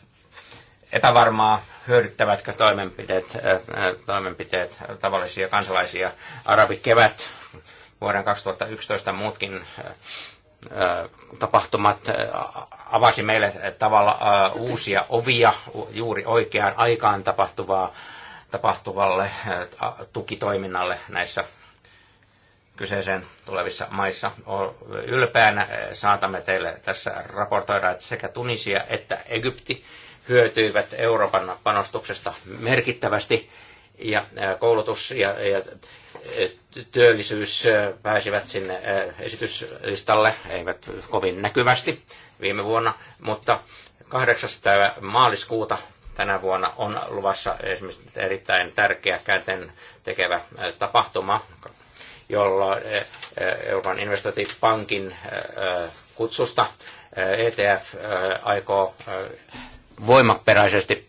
epävarmaa, hyödyttävätkö toimenpiteet, toimenpiteet tavallisia kansalaisia. Arabikevät, vuoden 2011 muutkin tapahtumat avasi meille tavalla uusia ovia juuri oikeaan aikaan tapahtuvaa, tapahtuvalle tukitoiminnalle näissä kyseiseen tulevissa maissa. Ylpeänä eh, saatamme teille tässä raportoida, että sekä Tunisia että Egypti hyötyivät Euroopan panostuksesta merkittävästi ja eh, koulutus ja, ja eh, työllisyys pääsivät sinne esityslistalle, eivät kovin näkyvästi viime vuonna, mutta 8. maaliskuuta tänä vuonna on luvassa esimerkiksi erittäin tärkeä käteen tekevä tapahtuma jolla eh, eh, Euroopan investointipankin eh, kutsusta ETF e aikoo voimaperäisesti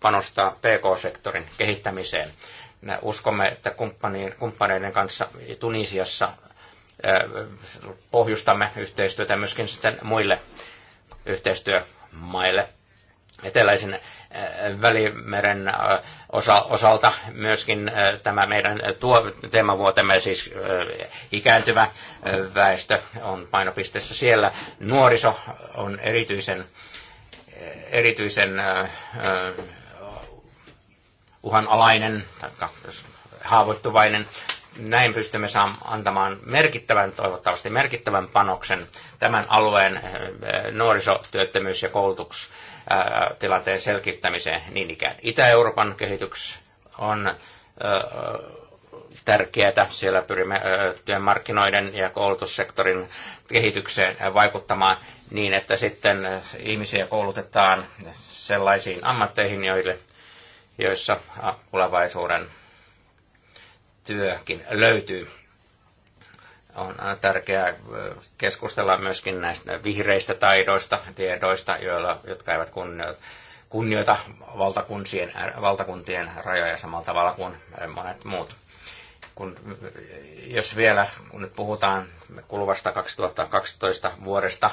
panostaa PK-sektorin kehittämiseen. Me uskomme, että kumppaneiden kanssa Tunisiassa pohjustamme yhteistyötä myöskin sitten muille yhteistyömaille eteläisen äh, välimeren äh, osa, osalta myöskin äh, tämä meidän tuo, teemavuotemme, siis ikääntyvä väestö on painopisteessä siellä. Nuoriso on erityisen, erityisen uhanalainen, haavoittuvainen. Näin pystymme saamaan antamaan merkittävän, toivottavasti merkittävän panoksen tämän alueen nuorisotyöttömyys- ja koulutuksen tilanteen selkittämiseen niin ikään. Itä-Euroopan kehitys on tärkeää. Siellä pyrimme työmarkkinoiden ja koulutussektorin kehitykseen vaikuttamaan niin, että sitten ihmisiä koulutetaan sellaisiin ammatteihin, joille, joissa tulevaisuuden työkin löytyy on tärkeää äh, keskustella myöskin näistä vihreistä taidoista, tiedoista, joilla, jotka eivät kunnioita valtakuntien, valtakuntien rajoja samalla tavalla kuin äh, monet muut. Kun, äh, jos vielä, kun nyt puhutaan kuluvasta 2012 vuodesta,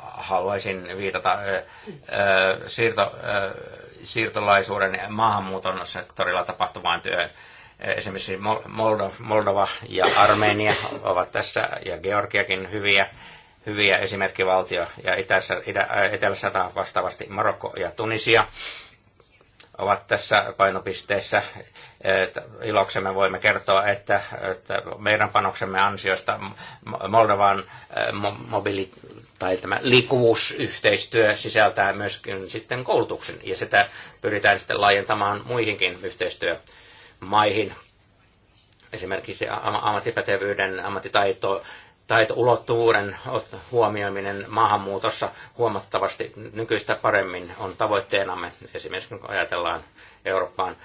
haluaisin viitata siirto, siirtolaisuuden ja maahanmuuton sektorilla tapahtuvaan työhön Esimerkiksi Moldova ja Armenia ovat tässä, ja Georgiakin hyviä, hyviä esimerkkivaltio, ja itässä, itä, etelässä taas vastaavasti Marokko ja Tunisia ovat tässä painopisteessä. Iloksemme voimme kertoa, että, että meidän panoksemme ansiosta Moldovan äh, mobiili- tai tämä liikkuvuusyhteistyö sisältää myöskin sitten koulutuksen, ja sitä pyritään sitten laajentamaan muihinkin yhteistyö maihin. Esimerkiksi ammattipätevyyden, ammattitaito, taitoulottuvuuden huomioiminen maahanmuutossa huomattavasti nykyistä paremmin on tavoitteenamme, esimerkiksi kun ajatellaan Eurooppaan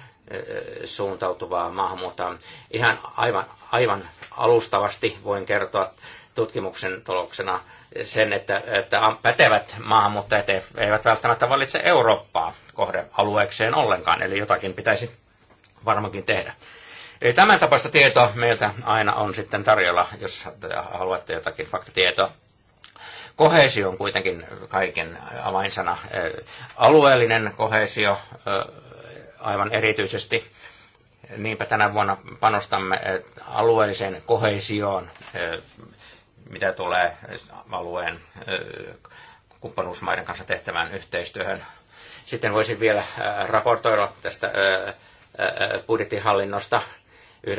suuntautuvaa maahanmuuttoa. Ihan aivan, aivan alustavasti voin kertoa tutkimuksen tuloksena sen, että, että pätevät maahanmuuttajat eivät välttämättä valitse Eurooppaa kohdealueekseen ollenkaan, eli jotakin pitäisi varmaankin tehdä. Eli tämän tapaista tietoa meiltä aina on sitten tarjolla, jos haluatte jotakin faktatietoa. Kohesio on kuitenkin kaiken avainsana. Alueellinen kohesio aivan erityisesti. Niinpä tänä vuonna panostamme alueelliseen kohesioon, mitä tulee alueen kumppanuusmaiden kanssa tehtävään yhteistyöhön. Sitten voisin vielä raportoida tästä budjettihallinnosta 99,7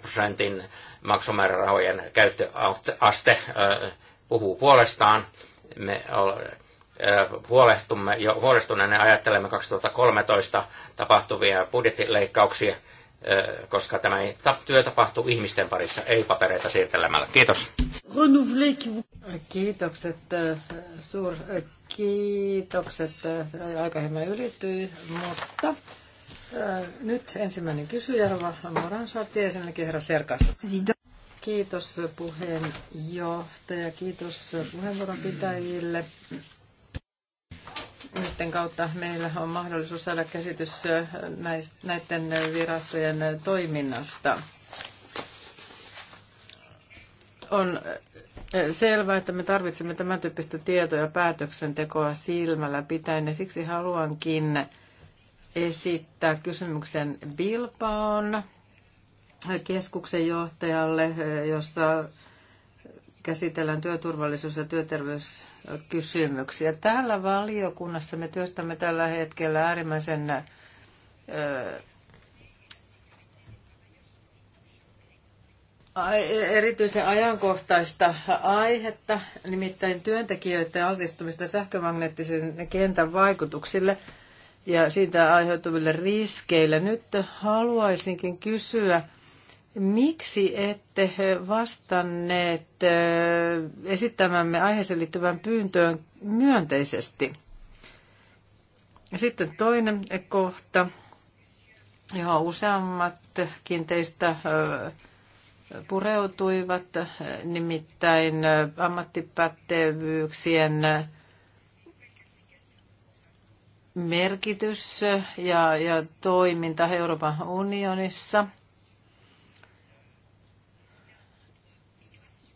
prosentin maksumäärärahojen käyttöaste puhuu puolestaan. Me huolehtumme, jo huolestuneena ajattelemme 2013 tapahtuvia budjettileikkauksia, koska tämä työ tapahtuu ihmisten parissa, ei papereita siirtelemällä. Kiitos. Kiitokset suur Kiitokset. Aika hyvä ylittyi, mutta äh, nyt ensimmäinen kysyjä, Rova Moran Sarti, ja sen herra Serkas. Kiitos puheenjohtaja, kiitos puheenvuoron pitäjille. Niiden kautta meillä on mahdollisuus saada käsitys äh, näiden virastojen toiminnasta. On selvää, että me tarvitsemme tämän tyyppistä tietoa ja päätöksentekoa silmällä pitäen, ja siksi haluankin esittää kysymyksen Bilbaon keskuksen johtajalle, jossa käsitellään työturvallisuus- ja työterveyskysymyksiä. Täällä valiokunnassa me työstämme tällä hetkellä äärimmäisen erityisen ajankohtaista aihetta, nimittäin työntekijöiden altistumista sähkömagneettisen kentän vaikutuksille ja siitä aiheutuville riskeille. Nyt haluaisinkin kysyä, miksi ette vastanneet esittämämme aiheeseen liittyvän pyyntöön myönteisesti? Sitten toinen kohta, johon useammatkin teistä pureutuivat, nimittäin ammattipätevyyksien merkitys ja, ja toiminta Euroopan unionissa.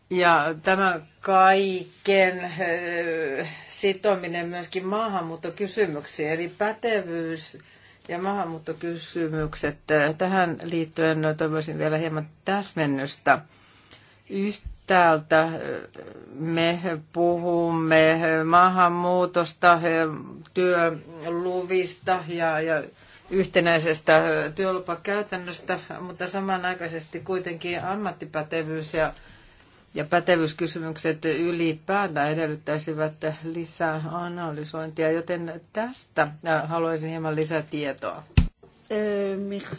Ja tämä kaiken eh, sitominen myöskin maahanmuuttokysymyksiin, eli pätevyys ja maahanmuuttokysymykset. Äh, tähän liittyen toivoisin vielä hieman täsmennystä. Yhtäältä äh, me puhumme maahanmuutosta, äh, työluvista ja, ja yhtenäisestä työlupakäytännöstä, mutta samanaikaisesti kuitenkin ammattipätevyys ja ja pätevyyskysymykset ylipäätään edellyttäisivät lisää analysointia, joten tästä haluaisin hieman lisätietoa. tietoa.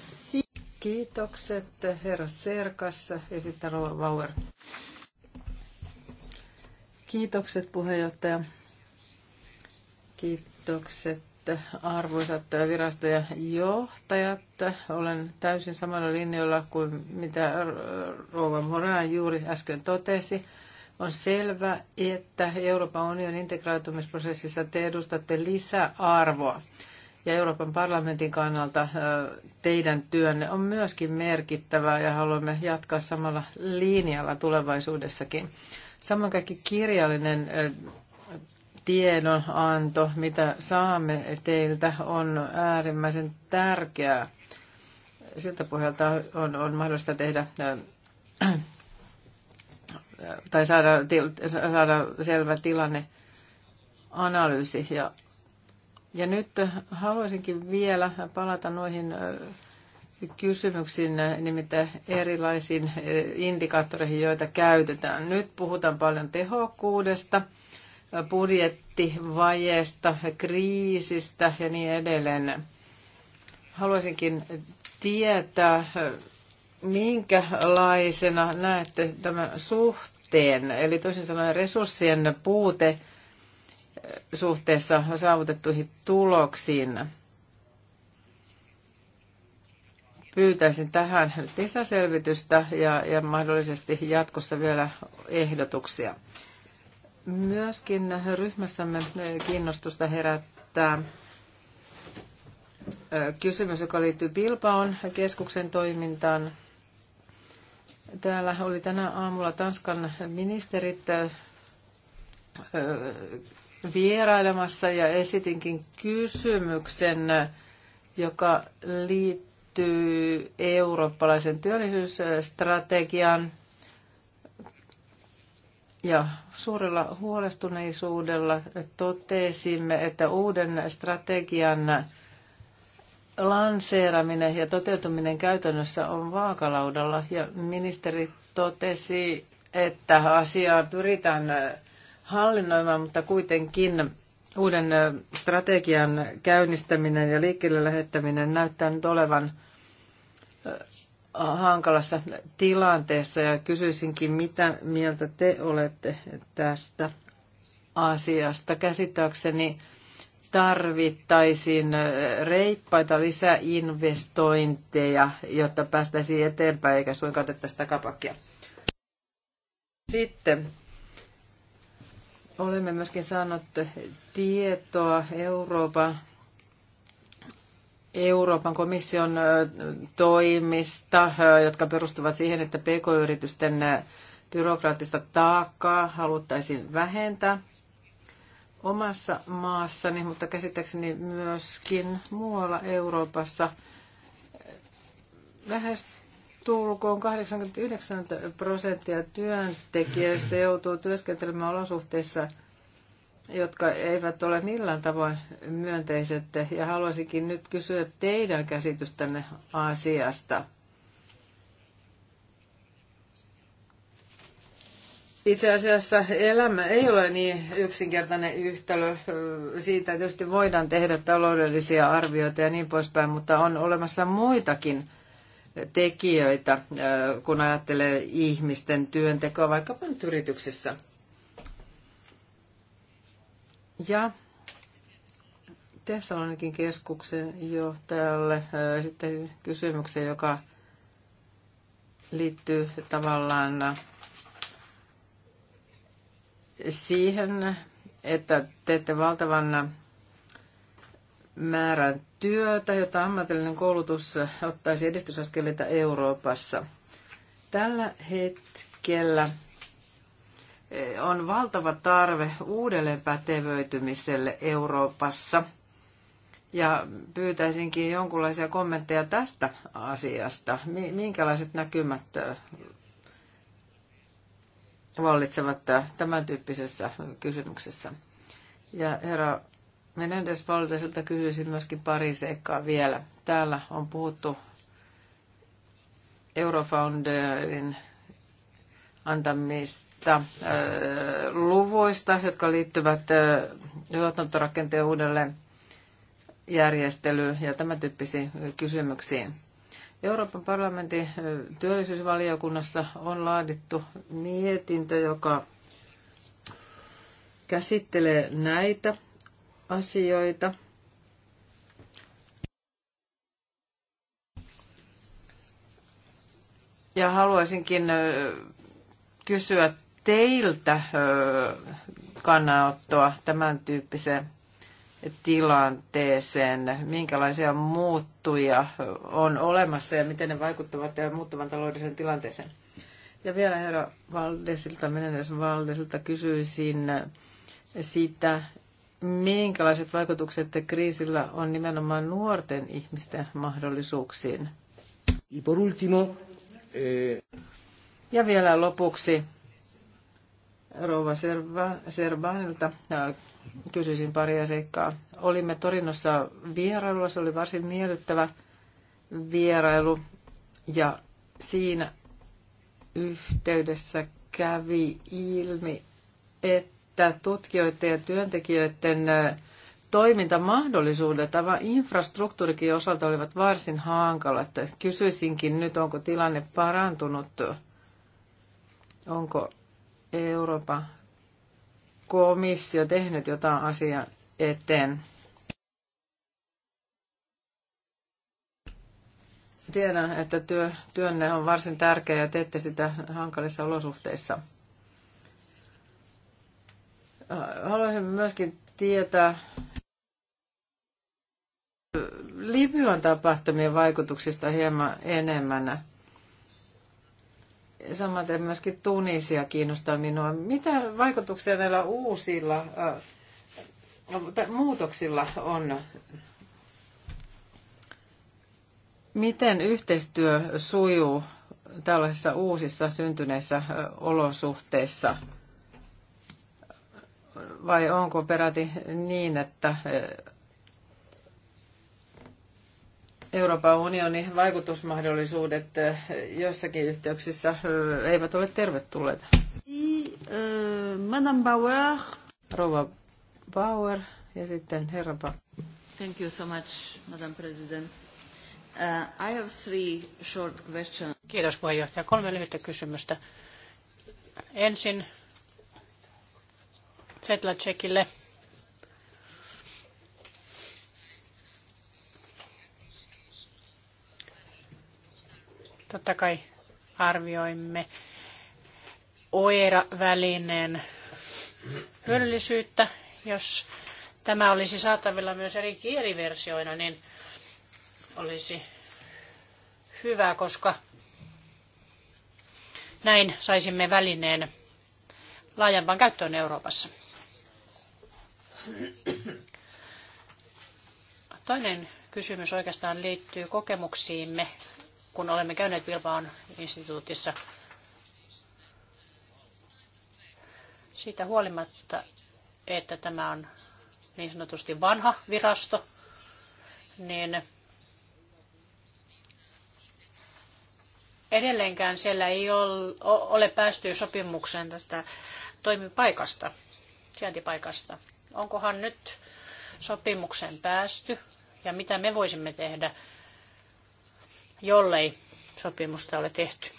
Kiitokset herra Serkas esittää Rova Bauer. Kiitokset puheenjohtaja. Kiitokset arvoisat virastojen johtajat. Olen täysin samalla linjalla kuin mitä Rouva Moran juuri äsken totesi. On selvä, että Euroopan unionin integraatumisprosessissa te edustatte lisäarvoa. Ja Euroopan parlamentin kannalta teidän työnne on myöskin merkittävää ja haluamme jatkaa samalla linjalla tulevaisuudessakin. Samoin kaikki kirjallinen tiedonanto, mitä saamme teiltä, on äärimmäisen tärkeää. Siltä pohjalta on, on mahdollista tehdä äh, tai saada, saada selvä tilanne analyysi. Ja, ja nyt haluaisinkin vielä palata noihin äh, kysymyksiin, nimittäin erilaisiin äh, indikaattoreihin, joita käytetään. Nyt puhutaan paljon tehokkuudesta – budjettivajeesta, kriisistä ja niin edelleen. Haluaisinkin tietää, minkälaisena näette tämän suhteen, eli toisin sanoen resurssien puute suhteessa saavutettuihin tuloksiin. Pyytäisin tähän lisäselvitystä ja, ja mahdollisesti jatkossa vielä ehdotuksia. Myöskin ryhmässämme kiinnostusta herättää kysymys, joka liittyy Bilbaon keskuksen toimintaan. Täällä oli tänä aamulla Tanskan ministerit vierailemassa ja esitinkin kysymyksen, joka liittyy eurooppalaisen työllisyysstrategian – ja suurella huolestuneisuudella totesimme, että uuden strategian lanseeraminen ja toteutuminen käytännössä on vaakalaudalla. Ja ministeri totesi, että asiaa pyritään hallinnoimaan, mutta kuitenkin uuden strategian käynnistäminen ja liikkeelle lähettäminen näyttää nyt olevan hankalassa tilanteessa ja kysyisinkin, mitä mieltä te olette tästä asiasta. Käsittääkseni tarvittaisiin reippaita lisäinvestointeja, jotta päästäisiin eteenpäin eikä suinkaan otettaisi takapakkia. Sitten olemme myöskin saaneet tietoa Euroopan Euroopan komission toimista, jotka perustuvat siihen, että pk-yritysten byrokraattista taakkaa haluttaisiin vähentää omassa maassani, mutta käsittääkseni myöskin muualla Euroopassa lähes tulkoon 89 prosenttia työntekijöistä joutuu työskentelemään olosuhteissa – jotka eivät ole millään tavoin myönteiset. Ja haluaisinkin nyt kysyä teidän käsitystänne asiasta. Itse asiassa elämä ei ole niin yksinkertainen yhtälö. Siitä tietysti voidaan tehdä taloudellisia arvioita ja niin poispäin, mutta on olemassa muitakin tekijöitä, äh, kun ajattelee ihmisten työntekoa vaikkapa nyt yrityksissä. Ja Tessalonikin keskuksen johtajalle äh, sitten kysymyksen, joka liittyy tavallaan äh, siihen, että teette valtavan äh, määrän työtä, jota ammatillinen koulutus ottaisi edistysaskeleita Euroopassa. Tällä hetkellä on valtava tarve uudelleen pätevöitymiselle Euroopassa. Ja pyytäisinkin jonkinlaisia kommentteja tästä asiasta. Minkälaiset näkymät vallitsevat tämän tyyppisessä kysymyksessä? Ja herra Menendez Valdesilta kysyisin myöskin pari seikkaa vielä. Täällä on puhuttu Eurofounderin antamista näistä luvuista, jotka liittyvät tuotantorakenteen uudelleen järjestelyyn ja tämän tyyppisiin kysymyksiin. Euroopan parlamentin työllisyysvaliokunnassa on laadittu mietintö, joka käsittelee näitä asioita. Ja haluaisinkin kysyä teiltä kannanottoa tämän tyyppiseen tilanteeseen? Minkälaisia muuttuja on olemassa ja miten ne vaikuttavat ja muuttuvan taloudelliseen tilanteeseen? Ja vielä herra Valdesilta, Menenes Valdesilta kysyisin siitä, minkälaiset vaikutukset kriisillä on nimenomaan nuorten ihmisten mahdollisuuksiin. Eh, ja vielä lopuksi rouva Serva, Serbanilta kysyisin paria seikkaa. Olimme Torinossa vierailulla, se oli varsin miellyttävä vierailu ja siinä yhteydessä kävi ilmi, että tutkijoiden ja työntekijöiden toimintamahdollisuudet aivan infrastruktuurikin osalta olivat varsin hankalat. Kysyisinkin nyt, onko tilanne parantunut, onko Euroopan komissio tehnyt jotain asiaa eteen? Tiedän, että työ, työnne on varsin tärkeä ja teette sitä hankalissa olosuhteissa. Haluaisin myöskin tietää Libyan tapahtumien vaikutuksista hieman enemmän samaten myöskin Tunisia kiinnostaa minua. Mitä vaikutuksia näillä uusilla no, muutoksilla on? Miten yhteistyö sujuu tällaisissa uusissa syntyneissä olosuhteissa? Vai onko peräti niin, että Euroopan unionin vaikutusmahdollisuudet eh, jossakin yhteyksissä eh, eivät ole tervetulleita. Eh, Madame Bauer. Rouva Bauer ja sitten herra Bauer. Thank you so much, Madam President. Uh, I have three short questions. Kiitos puheenjohtaja. Kolme lyhyttä kysymystä. Ensin Zetlaczekille Totta kai arvioimme OERA-välineen hyödyllisyyttä. Jos tämä olisi saatavilla myös eri kieliversioina, niin olisi hyvä, koska näin saisimme välineen laajempaan käyttöön Euroopassa. Toinen kysymys oikeastaan liittyy kokemuksiimme kun olemme käyneet vilpaan instituutissa. Siitä huolimatta, että tämä on niin sanotusti vanha virasto, niin edelleenkään siellä ei ole päästy sopimukseen tästä toimipaikasta, sijaintipaikasta. Onkohan nyt sopimukseen päästy ja mitä me voisimme tehdä – jollei sopimusta ole tehty.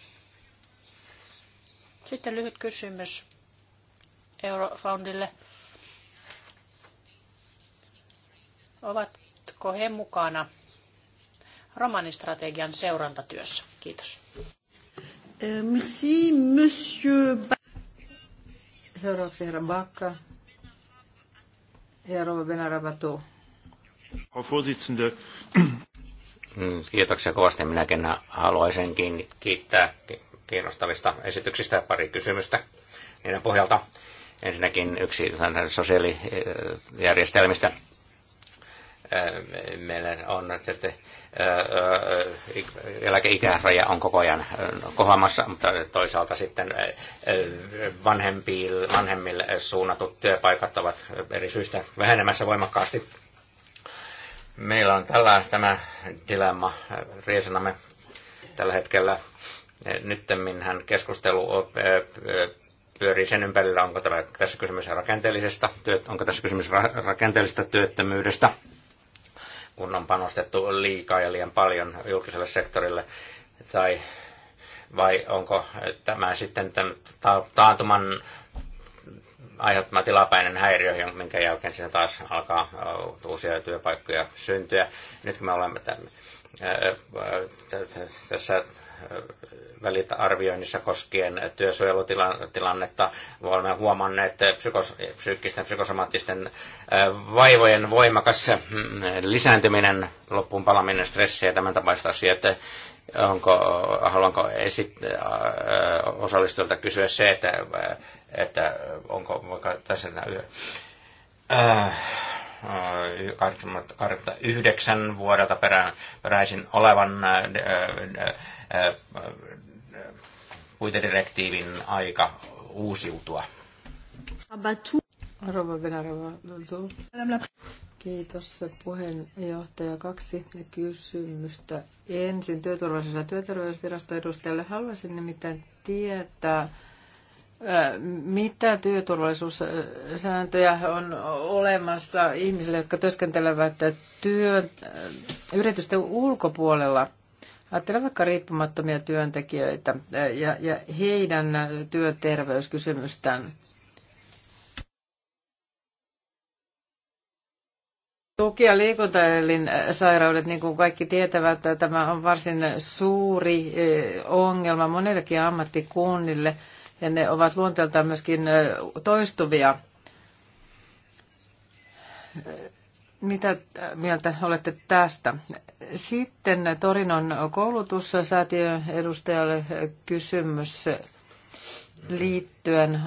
Sitten lyhyt kysymys Eurofoundille. Ovatko he mukana romanistrategian seurantatyössä? Kiitos. Eh, merci, monsieur. Seuraavaksi herra Bakka ja rouva Benarabatu. Frau Vorsitzende, Mm, kiitoksia kovasti. Minäkin haluaisin kiittää kiinnostavista esityksistä pari kysymystä niiden pohjalta. Ensinnäkin yksi sosiaalijärjestelmistä. Äh, meillä on että äh, äh, eläkeikäraja on koko ajan kohoamassa, mutta toisaalta sitten vanhemmille suunnatut työpaikat ovat eri syistä vähenemässä voimakkaasti Meillä on tällä tämä dilemma äh, riesanamme tällä hetkellä. Äh, hän keskustelu äh, pyörii sen ympärillä, onko tämä, tässä kysymys rakenteellisesta, onko tässä kysymys rakenteellisesta työttömyydestä, kun on panostettu liikaa ja liian paljon julkiselle sektorille, tai vai onko tämä sitten tämän taantuman aiheuttama tilapäinen häiriö, minkä jälkeen siinä taas alkaa uusia työpaikkoja syntyä. Nyt kun me olemme tämän, tässä arvioinnissa koskien työsuojelutilannetta. Olemme huomanneet että psykos, psyykkisten psykosomaattisten vaivojen voimakas lisääntyminen, loppuun palaminen, stressi ja tämän tapaista asiaa, että onko, haluanko esit, osallistujilta kysyä se, että että onko vaikka tässä näin Äh, 89 äh, vuodelta perään, peräisin olevan äh, äh, puitedirektiivin aika uusiutua. Kiitos puheenjohtaja. Kaksi kysymystä. Ensin työturvallisuus- ja työterveysvirasto edustajalle. Haluaisin nimittäin tietää, mitä työturvallisuussääntöjä on olemassa ihmisille, jotka työskentelevät työ, yritysten ulkopuolella? Ajattelen vaikka riippumattomia työntekijöitä ja, ja heidän työterveyskysymystään. Tuki- ja sairaudet, niin kuin kaikki tietävät, tämä on varsin suuri ongelma monillekin ammattikunnille – ja ne ovat luonteeltaan myöskin toistuvia. Mitä mieltä olette tästä? Sitten Torinon koulutussäätiön edustajalle kysymys liittyen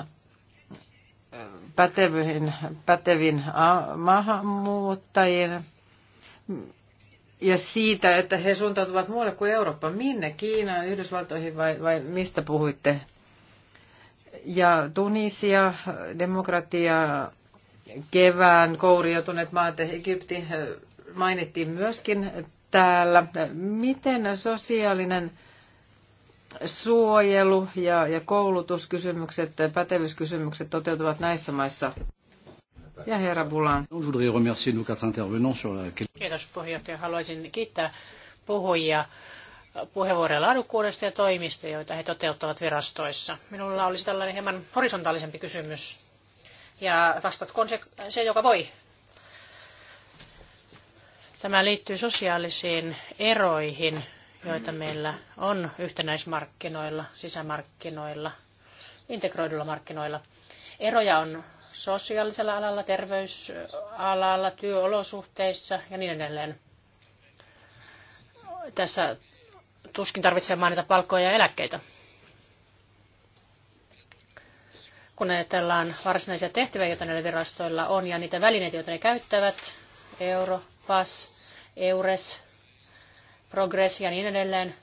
pätevyin, pätevin maahanmuuttajiin ja siitä, että he suuntautuvat muualle kuin Eurooppaan. Minne? Kiinaan, Yhdysvaltoihin vai, vai mistä puhuitte? ja Tunisia, demokratia, kevään kouriotuneet maat, Egypti eh, mainittiin myöskin täällä. Miten sosiaalinen suojelu ja, ja koulutuskysymykset, pätevyyskysymykset toteutuvat näissä maissa? Ja herra Bulan. Kiitos puheenjohtaja. Haluaisin kiittää puhujia puheenvuoroja laadukkuudesta ja toimista, joita he toteuttavat virastoissa. Minulla olisi tällainen hieman horisontaalisempi kysymys. Ja vastatkoon se, se joka voi. Tämä liittyy sosiaalisiin eroihin, joita meillä on yhtenäismarkkinoilla, sisämarkkinoilla, integroidulla markkinoilla. Eroja on sosiaalisella alalla, terveysalalla, työolosuhteissa ja niin edelleen. Tässä tuskin tarvitsee mainita palkkoja ja eläkkeitä. Kun ajatellaan varsinaisia tehtäviä, joita näillä virastoilla on ja niitä välineitä, joita ne käyttävät, euro, PAS, EURES, Progress ja niin edelleen,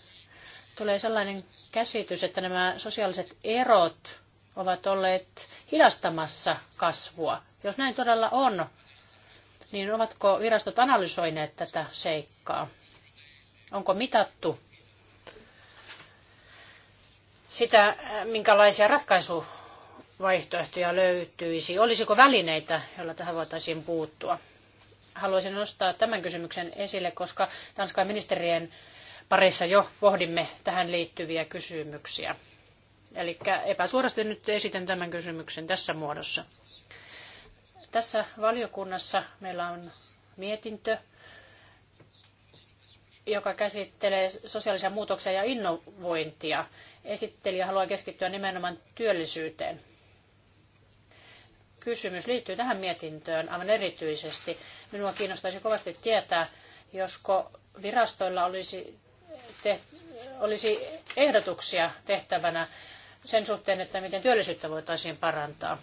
tulee sellainen käsitys, että nämä sosiaaliset erot ovat olleet hidastamassa kasvua. Jos näin todella on, niin ovatko virastot analysoineet tätä seikkaa? Onko mitattu sitä, äh, minkälaisia ratkaisuvaihtoehtoja löytyisi. Olisiko välineitä, joilla tähän voitaisiin puuttua? Haluaisin nostaa tämän kysymyksen esille, koska Tanskan ministerien parissa jo pohdimme tähän liittyviä kysymyksiä. Eli epäsuorasti nyt esitän tämän kysymyksen tässä muodossa. Tässä valiokunnassa meillä on mietintö, joka käsittelee sosiaalisia muutoksia ja innovointia. Esittelijä haluaa keskittyä nimenomaan työllisyyteen. Kysymys liittyy tähän mietintöön aivan erityisesti. Minua kiinnostaisi kovasti tietää, josko virastoilla olisi, olisi ehdotuksia tehtävänä sen suhteen, että miten työllisyyttä voitaisiin parantaa.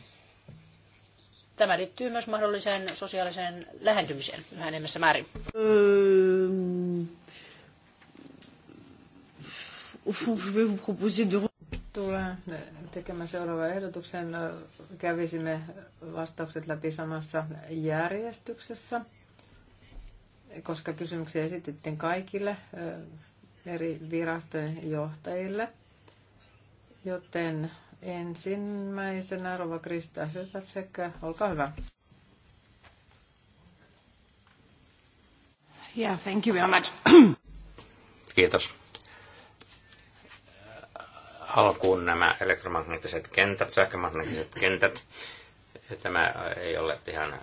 Tämä liittyy myös mahdolliseen sosiaaliseen lähentymiseen yhä enemmässä määrin. Öö, au fond, je vais vous proposer de... Tulen tekemään seuraavan ehdotuksen. Kävisimme vastaukset läpi samassa järjestyksessä, koska kysymyksiä esitettiin kaikille eh, eri virastojen johtajille. Joten ensimmäisenä Rova Krista Sytätsek, olkaa hyvä. Yeah, thank you very much. Kiitos alkuun nämä elektromagneettiset kentät, sähkömagneettiset kentät. Tämä ei ole ihan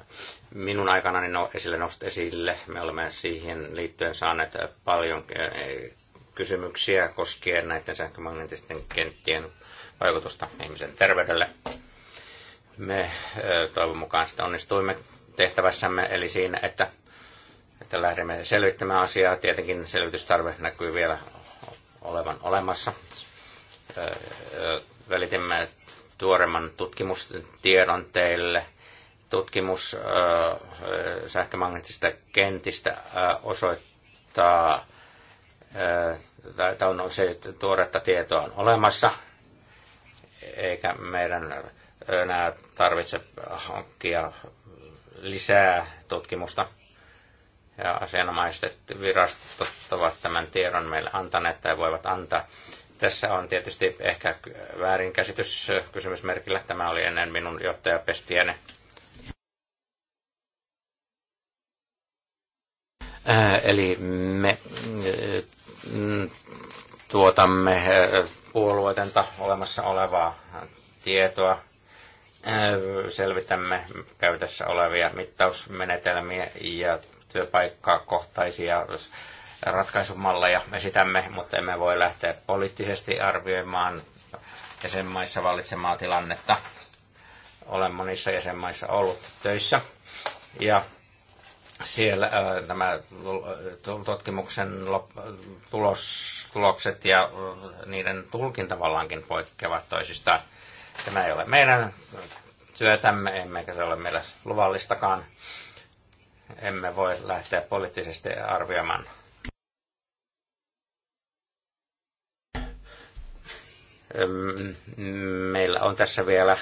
minun aikanani no, esille nost esille. Me olemme siihen liittyen saaneet paljon eh, kysymyksiä koskien näiden sähkömagneettisten kenttien vaikutusta ihmisen terveydelle. Me eh, toivon mukaan sitä onnistuimme tehtävässämme, eli siinä, että, että lähdemme selvittämään asiaa. Tietenkin selvitystarve näkyy vielä olevan olemassa välitimme tuoremman tutkimustiedon teille. Tutkimus sähkömagneettisista kentistä osoittaa, tai on se, että tuoretta tietoa on olemassa, eikä meidän enää tarvitse hankkia lisää tutkimusta. Ja asianomaiset virastot ovat tämän tiedon meille antaneet tai voivat antaa. Tässä on tietysti ehkä väärinkäsitys kysymysmerkillä. Tämä oli ennen minun johtajapestiäni. Äh, eli me äh, tuotamme äh, puolueetonta olemassa olevaa tietoa, selvitämme käytössä olevia mittausmenetelmiä ja työpaikkaa kohtaisia ratkaisumalleja esitämme, mutta emme voi lähteä poliittisesti arvioimaan jäsenmaissa vallitsemaa tilannetta. Olen monissa jäsenmaissa ollut töissä ja siellä äh, tämä tutkimuksen lop, tulos, tulokset ja äh, niiden tulkinta vallankin poikkeavat toisistaan. Tämä ei ole meidän työtämme, emmekä se ole meillä luvallistakaan. Emme voi lähteä poliittisesti arvioimaan meillä on tässä vielä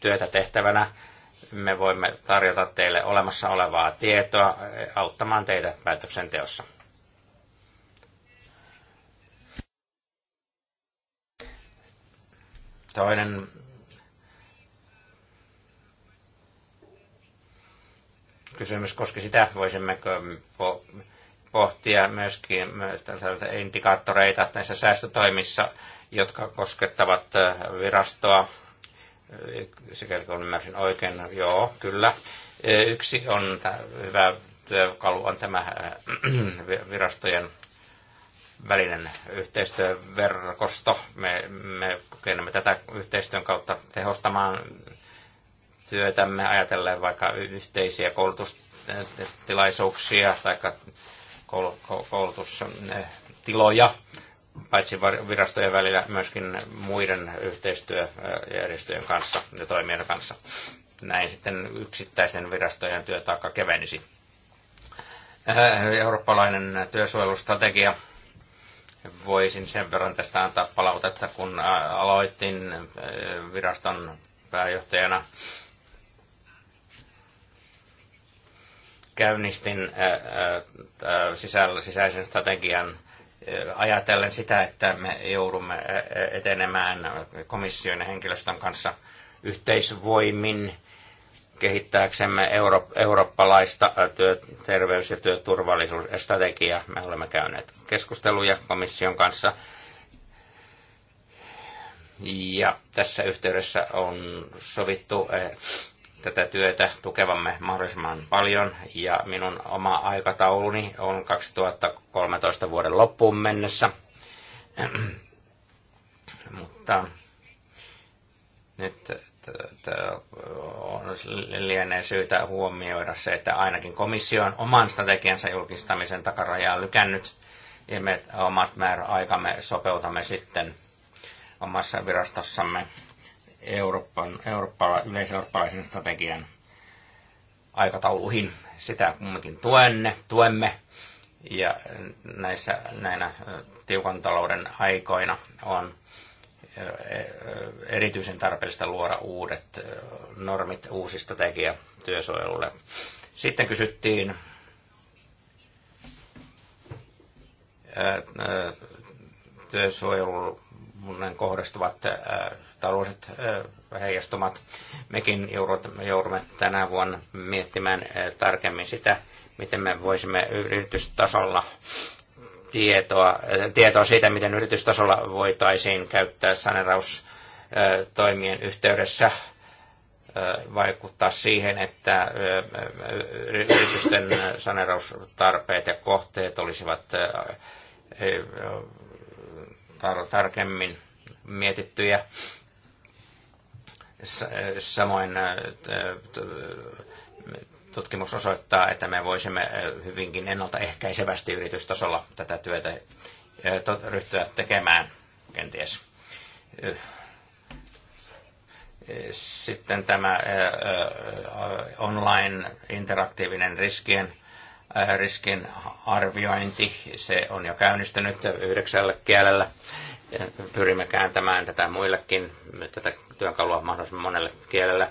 työtä tehtävänä. Me voimme tarjota teille olemassa olevaa tietoa e, auttamaan teitä päätöksenteossa. Toinen kysymys koski sitä, voisimmeko pohtia myöskin myös indikaattoreita näissä säästötoimissa, jotka koskettavat äh, virastoa. Äh, sikäli kun ymmärsin oikein, no joo, kyllä. Äh, yksi on hyvä työkalu on tämä virastojen välinen yhteistyöverkosto. Me, me kykenemme tätä yhteistyön kautta tehostamaan työtämme ajatellen vaikka yhteisiä koulutustilaisuuksia tai koulutustiloja, paitsi virastojen välillä myöskin muiden yhteistyöjärjestöjen kanssa ja toimijoiden kanssa. Näin sitten yksittäisen virastojen työtaakka kevenisi. Äh, eurooppalainen työsuojelustrategia. Voisin sen verran tästä antaa palautetta, kun aloitin äh, viraston pääjohtajana – käynnistin äh, äh, äh, sisäisen strategian ajatellen sitä, että me joudumme etenemään komission ja henkilöstön kanssa yhteisvoimin kehittääksemme euro, eurooppalaista työ, terveys- ja työturvallisuusstrategiaa. Me olemme käyneet keskusteluja komission kanssa. Ja tässä yhteydessä on sovittu tätä työtä tukevamme mahdollisimman paljon. Ja minun oma aikatauluni on 2013 vuoden loppuun mennessä. Mutta nyt lienee syytä huomioida se, että ainakin komissio on oman strategiansa julkistamisen takarajaa lykännyt ja me omat määräaikamme sopeutamme sitten omassa virastossamme Euroopan, Eurooppala, yleiseurooppalaisen strategian aikatauluihin. Sitä kumminkin tuenne, tuemme. Ja näissä näinä tiukan talouden aikoina on e, erityisen tarpeellista luoda uudet normit, uusi strategia työsuojelulle. Sitten kysyttiin työsuojelu kohdistuvat äh, taloudelliset äh, heijastumat. Mekin joudumme tänä vuonna miettimään äh, tarkemmin sitä, miten me voisimme yritystasolla tietoa, tietoa siitä, miten yritystasolla voitaisiin käyttää saneraustoimien yhteydessä vaikuttaa siihen, että yritysten saneraustarpeet ja kohteet olisivat tar- tarkemmin mietittyjä. Samoin äh, tutkimus osoittaa, että me voisimme äh, hyvinkin ennaltaehkäisevästi yritystasolla tätä työtä äh, ryhtyä tekemään kenties. Sitten tämä online interaktiivinen riskien Äh, riskin arviointi, se on jo käynnistynyt yhdeksällä kielellä. Pyrimme kääntämään tätä muillekin, tätä työkalua mahdollisimman monelle kielelle.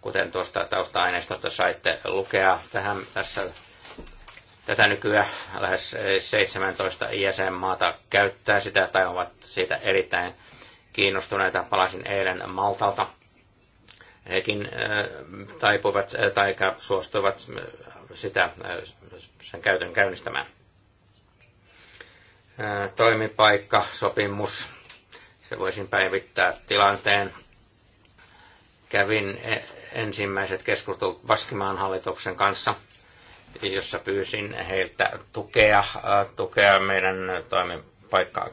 Kuten tuosta tausta-aineistosta saitte lukea, tähän, tässä, tätä nykyään lähes 17 jäsenmaata käyttää sitä tai ovat siitä erittäin kiinnostuneita. Palasin eilen Maltalta hekin äh, taipuvat äh, tai suostuivat sitä, äh, sen käytön käynnistämään. Äh, toimipaikka, sopimus, se voisin päivittää tilanteen. Kävin e- ensimmäiset keskustelut Baskimaan hallituksen kanssa, jossa pyysin heiltä tukea, äh, tukea meidän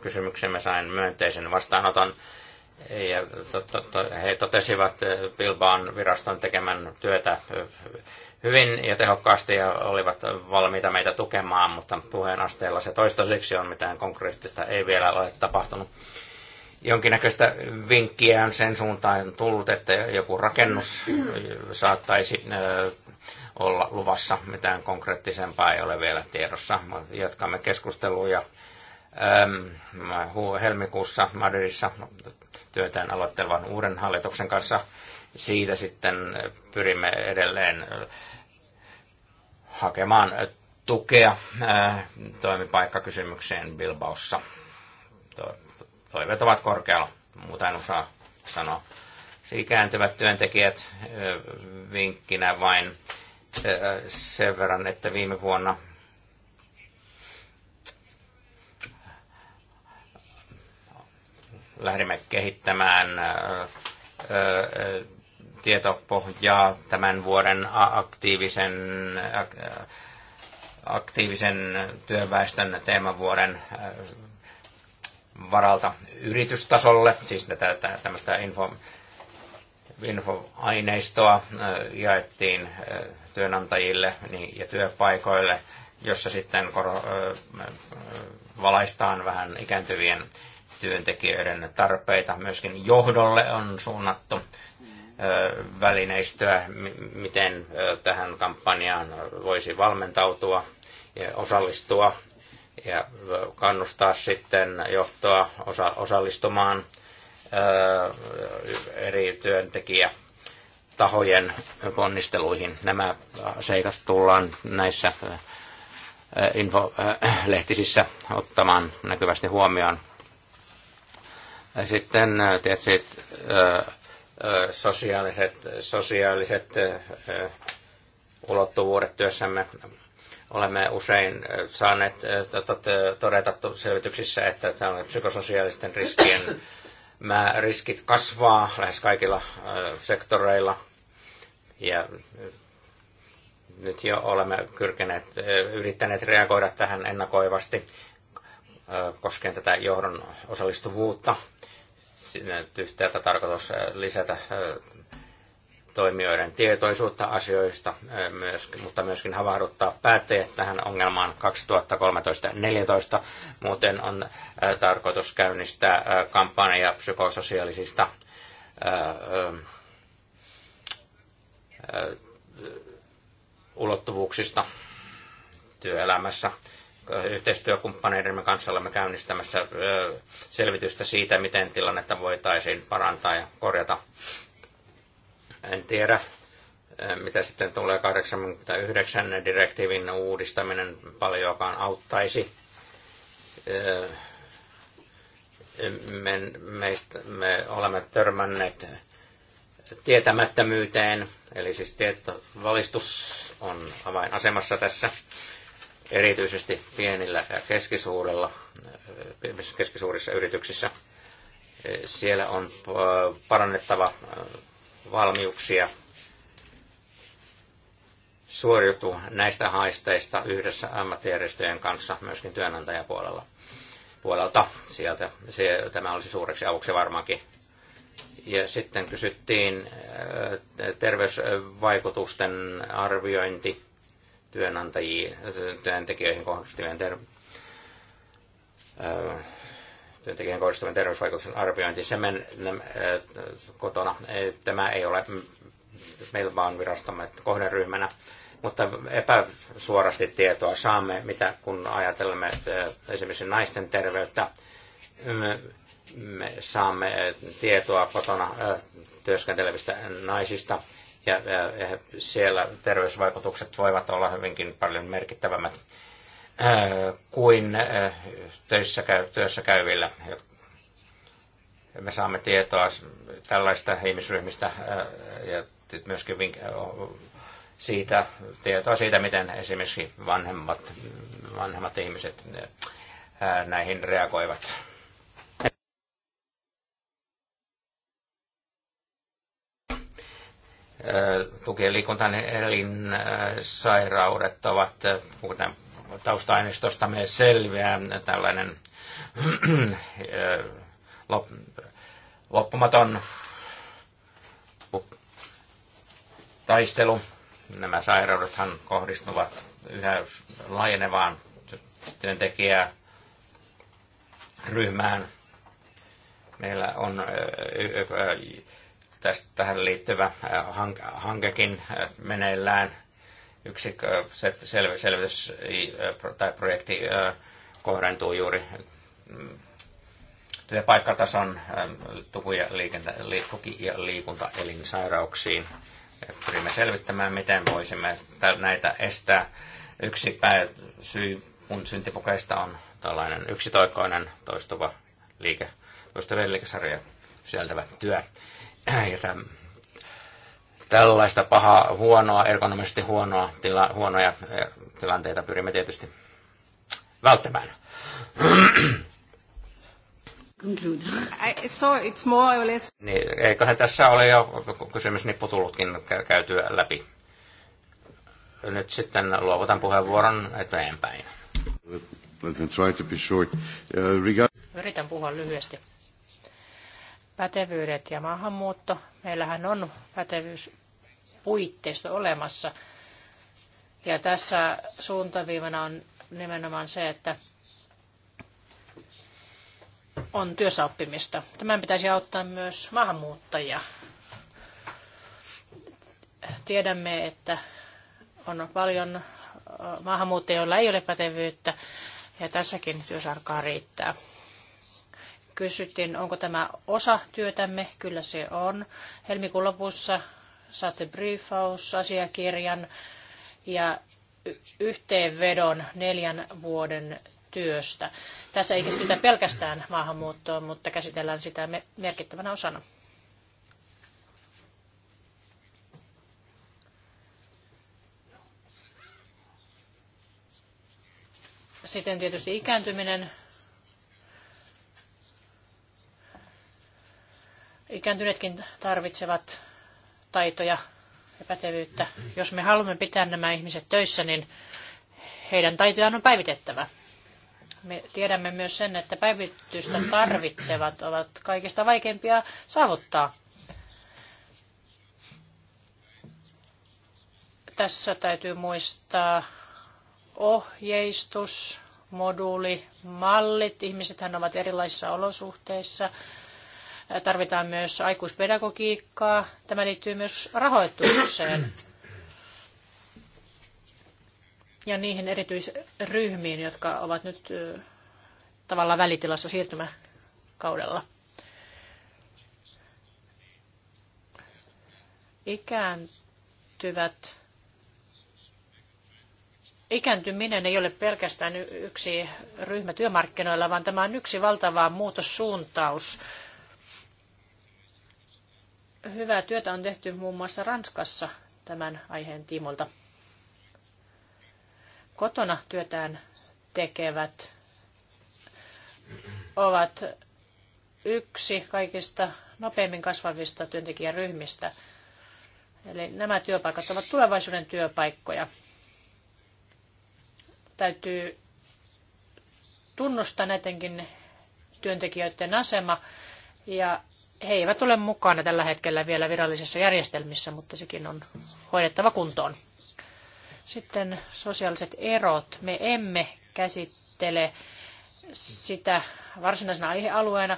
kysymyksemme Sain myönteisen vastaanoton ja he totesivat Bilbaan viraston tekemän työtä hyvin ja tehokkaasti ja olivat valmiita meitä tukemaan, mutta puheen asteella se toistaiseksi on mitään konkreettista ei vielä ole tapahtunut. Jonkinnäköistä vinkkiä on sen suuntaan tullut, että joku rakennus saattaisi olla luvassa. Mitään konkreettisempaa ei ole vielä tiedossa. Jatkamme keskusteluja helmikuussa Madridissa työtään aloittavan uuden hallituksen kanssa siitä sitten pyrimme edelleen hakemaan tukea äh, toimipaikkakysymykseen Bilbaossa. Toiveet ovat korkealla, muuta en osaa sanoa. Siis ikääntyvät työntekijät äh, vinkkinä vain äh, sen verran, että viime vuonna lähdimme kehittämään tietopohjaa tämän vuoden aktiivisen, aktiivisen työväestön teemavuoden varalta yritystasolle, siis tätä, tämmöistä info, infoaineistoa jaettiin työnantajille niin, ja työpaikoille, jossa sitten valaistaan vähän ikääntyvien työntekijöiden tarpeita. Myöskin johdolle on suunnattu välineistöä, miten tähän kampanjaan voisi valmentautua ja osallistua ja kannustaa sitten johtoa osa- osallistumaan eri työntekijä tahojen ponnisteluihin. Nämä seikat tullaan näissä infolehtisissä ottamaan näkyvästi huomioon. Sitten tietysti sosiaaliset, sosiaaliset ulottuvuudet työssämme. Olemme usein saaneet todeta selvityksissä, että psykososiaalisten riskien mä, riskit kasvaa lähes kaikilla sektoreilla. Ja nyt jo olemme kyrkeneet, yrittäneet reagoida tähän ennakoivasti koskien tätä johdon osallistuvuutta Siinä yhtäältä tarkoitus lisätä toimijoiden tietoisuutta asioista, myöskin, mutta myöskin havahduttaa päättäjät tähän ongelmaan 2013-2014. Muuten on tarkoitus käynnistää kampanja psykososiaalisista ulottuvuuksista työelämässä yhteistyökumppaneidemme kanssa olemme käynnistämässä selvitystä siitä, miten tilannetta voitaisiin parantaa ja korjata. En tiedä, mitä sitten tulee 89 direktiivin uudistaminen paljonkaan auttaisi. Me, meistä, me olemme törmänneet tietämättömyyteen, eli siis tietovalistus valistus on avainasemassa tässä erityisesti pienillä ja keskisuurilla, keskisuurissa yrityksissä. Siellä on äh, parannettava äh, valmiuksia suoriutua näistä haisteista yhdessä ammattijärjestöjen kanssa myöskin työnantajapuolella. Puolelta sieltä. Se, tämä olisi suureksi avuksi varmaankin. Ja sitten kysyttiin äh, terveysvaikutusten arviointi työnantajiin, työntekijöihin kohdistuvien ter- työntekijän kohdistuvan terveysvaikutuksen arviointi, se men, ne, kotona. Tämä ei ole meillä vaan virastamme kohderyhmänä, mutta epäsuorasti tietoa saamme, mitä kun ajatelemme esimerkiksi naisten terveyttä, me saamme tietoa kotona työskentelevistä naisista, ja, ja siellä terveysvaikutukset voivat olla hyvinkin paljon merkittävämmät äh, kuin äh, töissä, työssä käyvillä. Me saamme tietoa tällaista ihmisryhmistä äh, ja myöskin siitä, tietoa siitä, miten esimerkiksi vanhemmat, vanhemmat ihmiset näihin reagoivat. tuki- ja liikuntan elinsairaudet ovat, kuten tausta-aineistosta me selviää, tällainen loppumaton taistelu. Nämä sairaudethan kohdistuvat yhä laajenevaan työntekijää ryhmään. Meillä on Tästä tähän liittyvä hankekin meneillään. Yksi selvitys tai projekti kohdentuu juuri mm, työpaikkatason tukuja ja, liikunta, ja liikuntaelinsairauksiin. Pyrimme selvittämään, miten voisimme näitä estää. Yksi syy mun syntipukeista on tällainen yksitoikkoinen toistuva liike, toistuva liikesarja sieltävä työ että tällaista pahaa, huonoa, ergonomisesti huonoa, tila, huonoja eh, tilanteita pyrimme tietysti välttämään. I, so it's more or less... Niin, eiköhän tässä ole jo kysymysnippu tullutkin käytyä läpi. Nyt sitten luovutan puheenvuoron eteenpäin. me to be short. Uh, regard... Yritän puhua lyhyesti pätevyydet ja maahanmuutto. Meillähän on pätevyyspuitteisto olemassa. Ja tässä suuntaviivana on nimenomaan se, että on työssä oppimista. Tämän pitäisi auttaa myös maahanmuuttajia. Tiedämme, että on paljon maahanmuuttajia, joilla ei ole pätevyyttä, ja tässäkin työsarkaa riittää. Kysyttiin, onko tämä osa työtämme. Kyllä se on. Helmikuun lopussa saatte briefausasiakirjan ja yhteenvedon neljän vuoden työstä. Tässä ei keskitytä pelkästään maahanmuuttoon, mutta käsitellään sitä merkittävänä osana. Sitten tietysti ikääntyminen Ikääntyneetkin tarvitsevat taitoja ja pätevyyttä. Jos me haluamme pitää nämä ihmiset töissä, niin heidän taitojaan on päivitettävä. Me tiedämme myös sen, että päivitystä tarvitsevat ovat kaikista vaikeimpia saavuttaa. Tässä täytyy muistaa ohjeistus, moduuli, mallit. Ihmisethän ovat erilaisissa olosuhteissa. Tarvitaan myös aikuispedagogiikkaa. Tämä liittyy myös rahoitukseen ja niihin erityisryhmiin, jotka ovat nyt tavallaan välitilassa siirtymäkaudella. Ikääntyvät ikääntyminen ei ole pelkästään yksi ryhmä työmarkkinoilla, vaan tämä on yksi valtava muutossuuntaus, hyvää työtä on tehty muun muassa Ranskassa tämän aiheen tiimolta. Kotona työtään tekevät ovat yksi kaikista nopeimmin kasvavista työntekijäryhmistä. Eli nämä työpaikat ovat tulevaisuuden työpaikkoja. Täytyy tunnustaa näidenkin työntekijöiden asema ja he eivät ole mukana tällä hetkellä vielä virallisissa järjestelmissä, mutta sekin on hoidettava kuntoon. Sitten sosiaaliset erot. Me emme käsittele sitä varsinaisena aihealueena,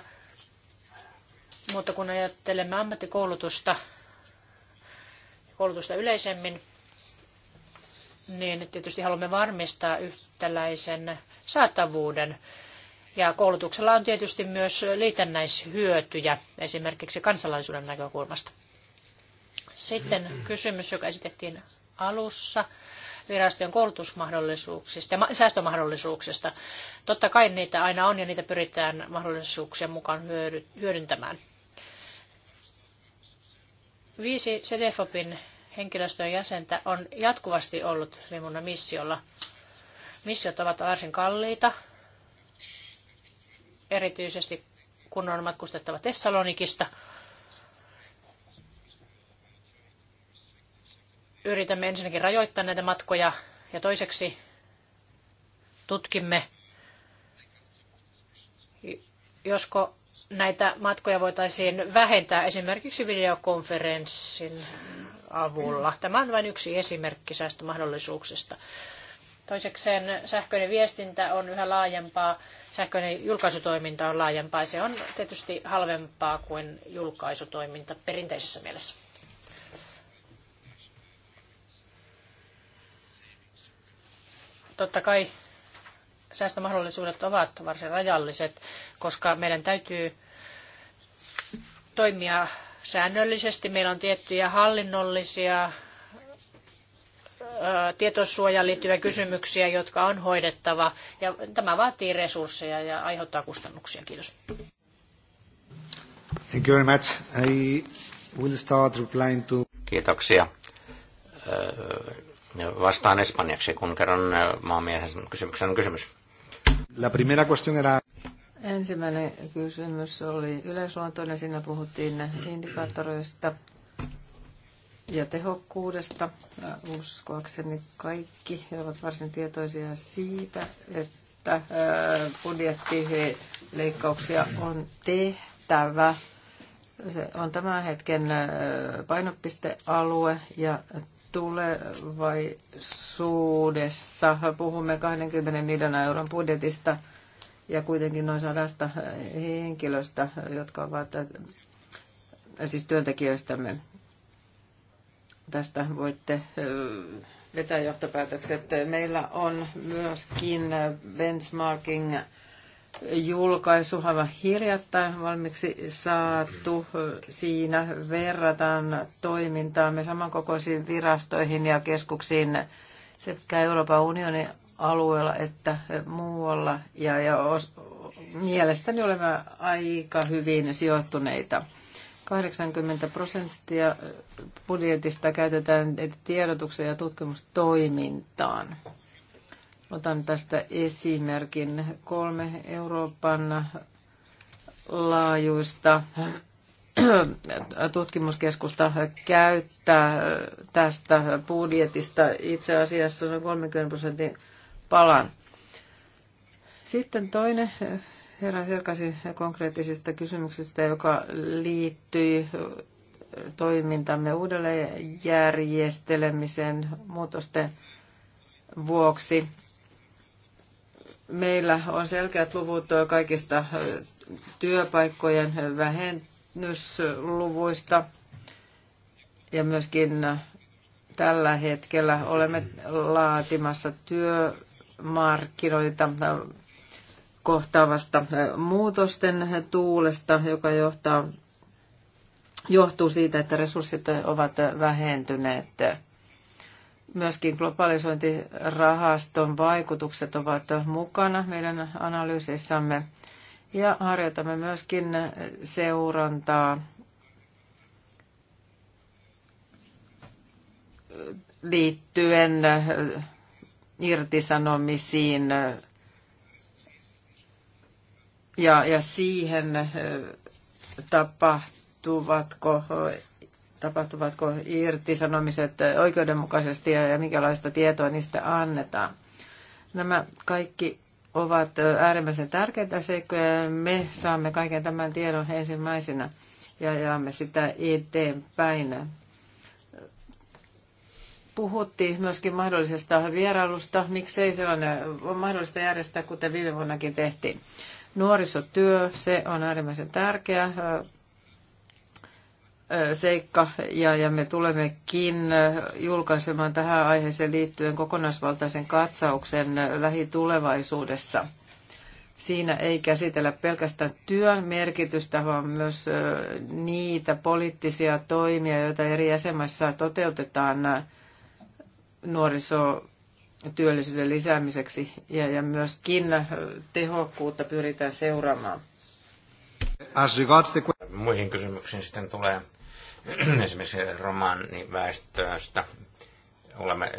mutta kun ajattelemme ammattikoulutusta koulutusta yleisemmin, niin tietysti haluamme varmistaa yhtäläisen saatavuuden ja koulutuksella on tietysti myös liitännäishyötyjä esimerkiksi kansalaisuuden näkökulmasta. Sitten kysymys, joka esitettiin alussa virastojen koulutusmahdollisuuksista ja säästömahdollisuuksista. Totta kai niitä aina on ja niitä pyritään mahdollisuuksien mukaan hyödyntämään. Viisi CDFOPin henkilöstön jäsentä on jatkuvasti ollut Vimuna missiolla. Missiot ovat varsin kalliita, erityisesti kun on matkustettava Tessalonikista. Yritämme ensinnäkin rajoittaa näitä matkoja ja toiseksi tutkimme, josko näitä matkoja voitaisiin vähentää esimerkiksi videokonferenssin avulla. Tämä on vain yksi esimerkki säästömahdollisuuksista. mahdollisuuksista. Toisekseen sähköinen viestintä on yhä laajempaa, sähköinen julkaisutoiminta on laajempaa. Se on tietysti halvempaa kuin julkaisutoiminta perinteisessä mielessä. Totta kai säästömahdollisuudet ovat varsin rajalliset, koska meidän täytyy toimia säännöllisesti. Meillä on tiettyjä hallinnollisia tietosuojaan liittyviä kysymyksiä, jotka on hoidettava. Ja tämä vaatii resursseja ja aiheuttaa kustannuksia. Kiitos. Thank you very much. I will start replying to... Kiitoksia. Vastaan espanjaksi, kun kerran maamiehen kysymyksen on kysymys. La primera cuestión era... Ensimmäinen kysymys oli yleisluontoinen. Siinä puhuttiin indikaattoreista, ja tehokkuudesta. Uskoakseni kaikki he ovat varsin tietoisia siitä, että budjettileikkauksia on tehtävä. Se on tämän hetken painopistealue ja tulevaisuudessa puhumme 20 miljoonan euron budjetista ja kuitenkin noin sadasta henkilöstä, jotka ovat siis työntekijöistämme Tästä voitte vetää johtopäätökset. Meillä on myöskin benchmarking julkaisu aivan hiljattain valmiiksi saatu. Siinä verrataan toimintaamme samankokoisiin virastoihin ja keskuksiin sekä Euroopan unionin alueella että muualla. Ja, ja os, mielestäni olemme aika hyvin sijoittuneita. 80 prosenttia budjetista käytetään tiedotukseen ja tutkimustoimintaan. Otan tästä esimerkin. Kolme Euroopan laajuista tutkimuskeskusta käyttää tästä budjetista itse asiassa noin 30 prosentin palan. Sitten toinen Herra Serkasi konkreettisista kysymyksistä, joka liittyi toimintamme uudelleen järjestelemisen muutosten vuoksi. Meillä on selkeät luvut kaikista työpaikkojen vähennysluvuista ja myöskin tällä hetkellä olemme laatimassa työmarkkinoita kohtaavasta muutosten tuulesta, joka johtaa, johtuu siitä, että resurssit ovat vähentyneet. Myöskin globalisointirahaston vaikutukset ovat mukana meidän analyysissamme ja harjoitamme myöskin seurantaa liittyen irtisanomisiin ja, ja siihen tapahtuvatko, tapahtuvatko irtisanomiset oikeudenmukaisesti ja, ja minkälaista tietoa niistä annetaan. Nämä kaikki ovat äärimmäisen tärkeitä seikkoja. Me saamme kaiken tämän tiedon ensimmäisenä ja jaamme sitä eteenpäin. Puhuttiin myöskin mahdollisesta vierailusta. Miksei sellainen on mahdollista järjestää, kuten viime vuonnakin tehtiin. Nuorisotyö, se on äärimmäisen tärkeä seikka ja, ja me tulemmekin julkaisemaan tähän aiheeseen liittyen kokonaisvaltaisen katsauksen lähitulevaisuudessa. Siinä ei käsitellä pelkästään työn merkitystä, vaan myös niitä poliittisia toimia, joita eri jäsenmaissa toteutetaan nuoriso työllisyyden lisäämiseksi ja, ja myöskin äh, tehokkuutta pyritään seuraamaan. Muihin kysymyksiin sitten tulee esimerkiksi väestöstä. Olemme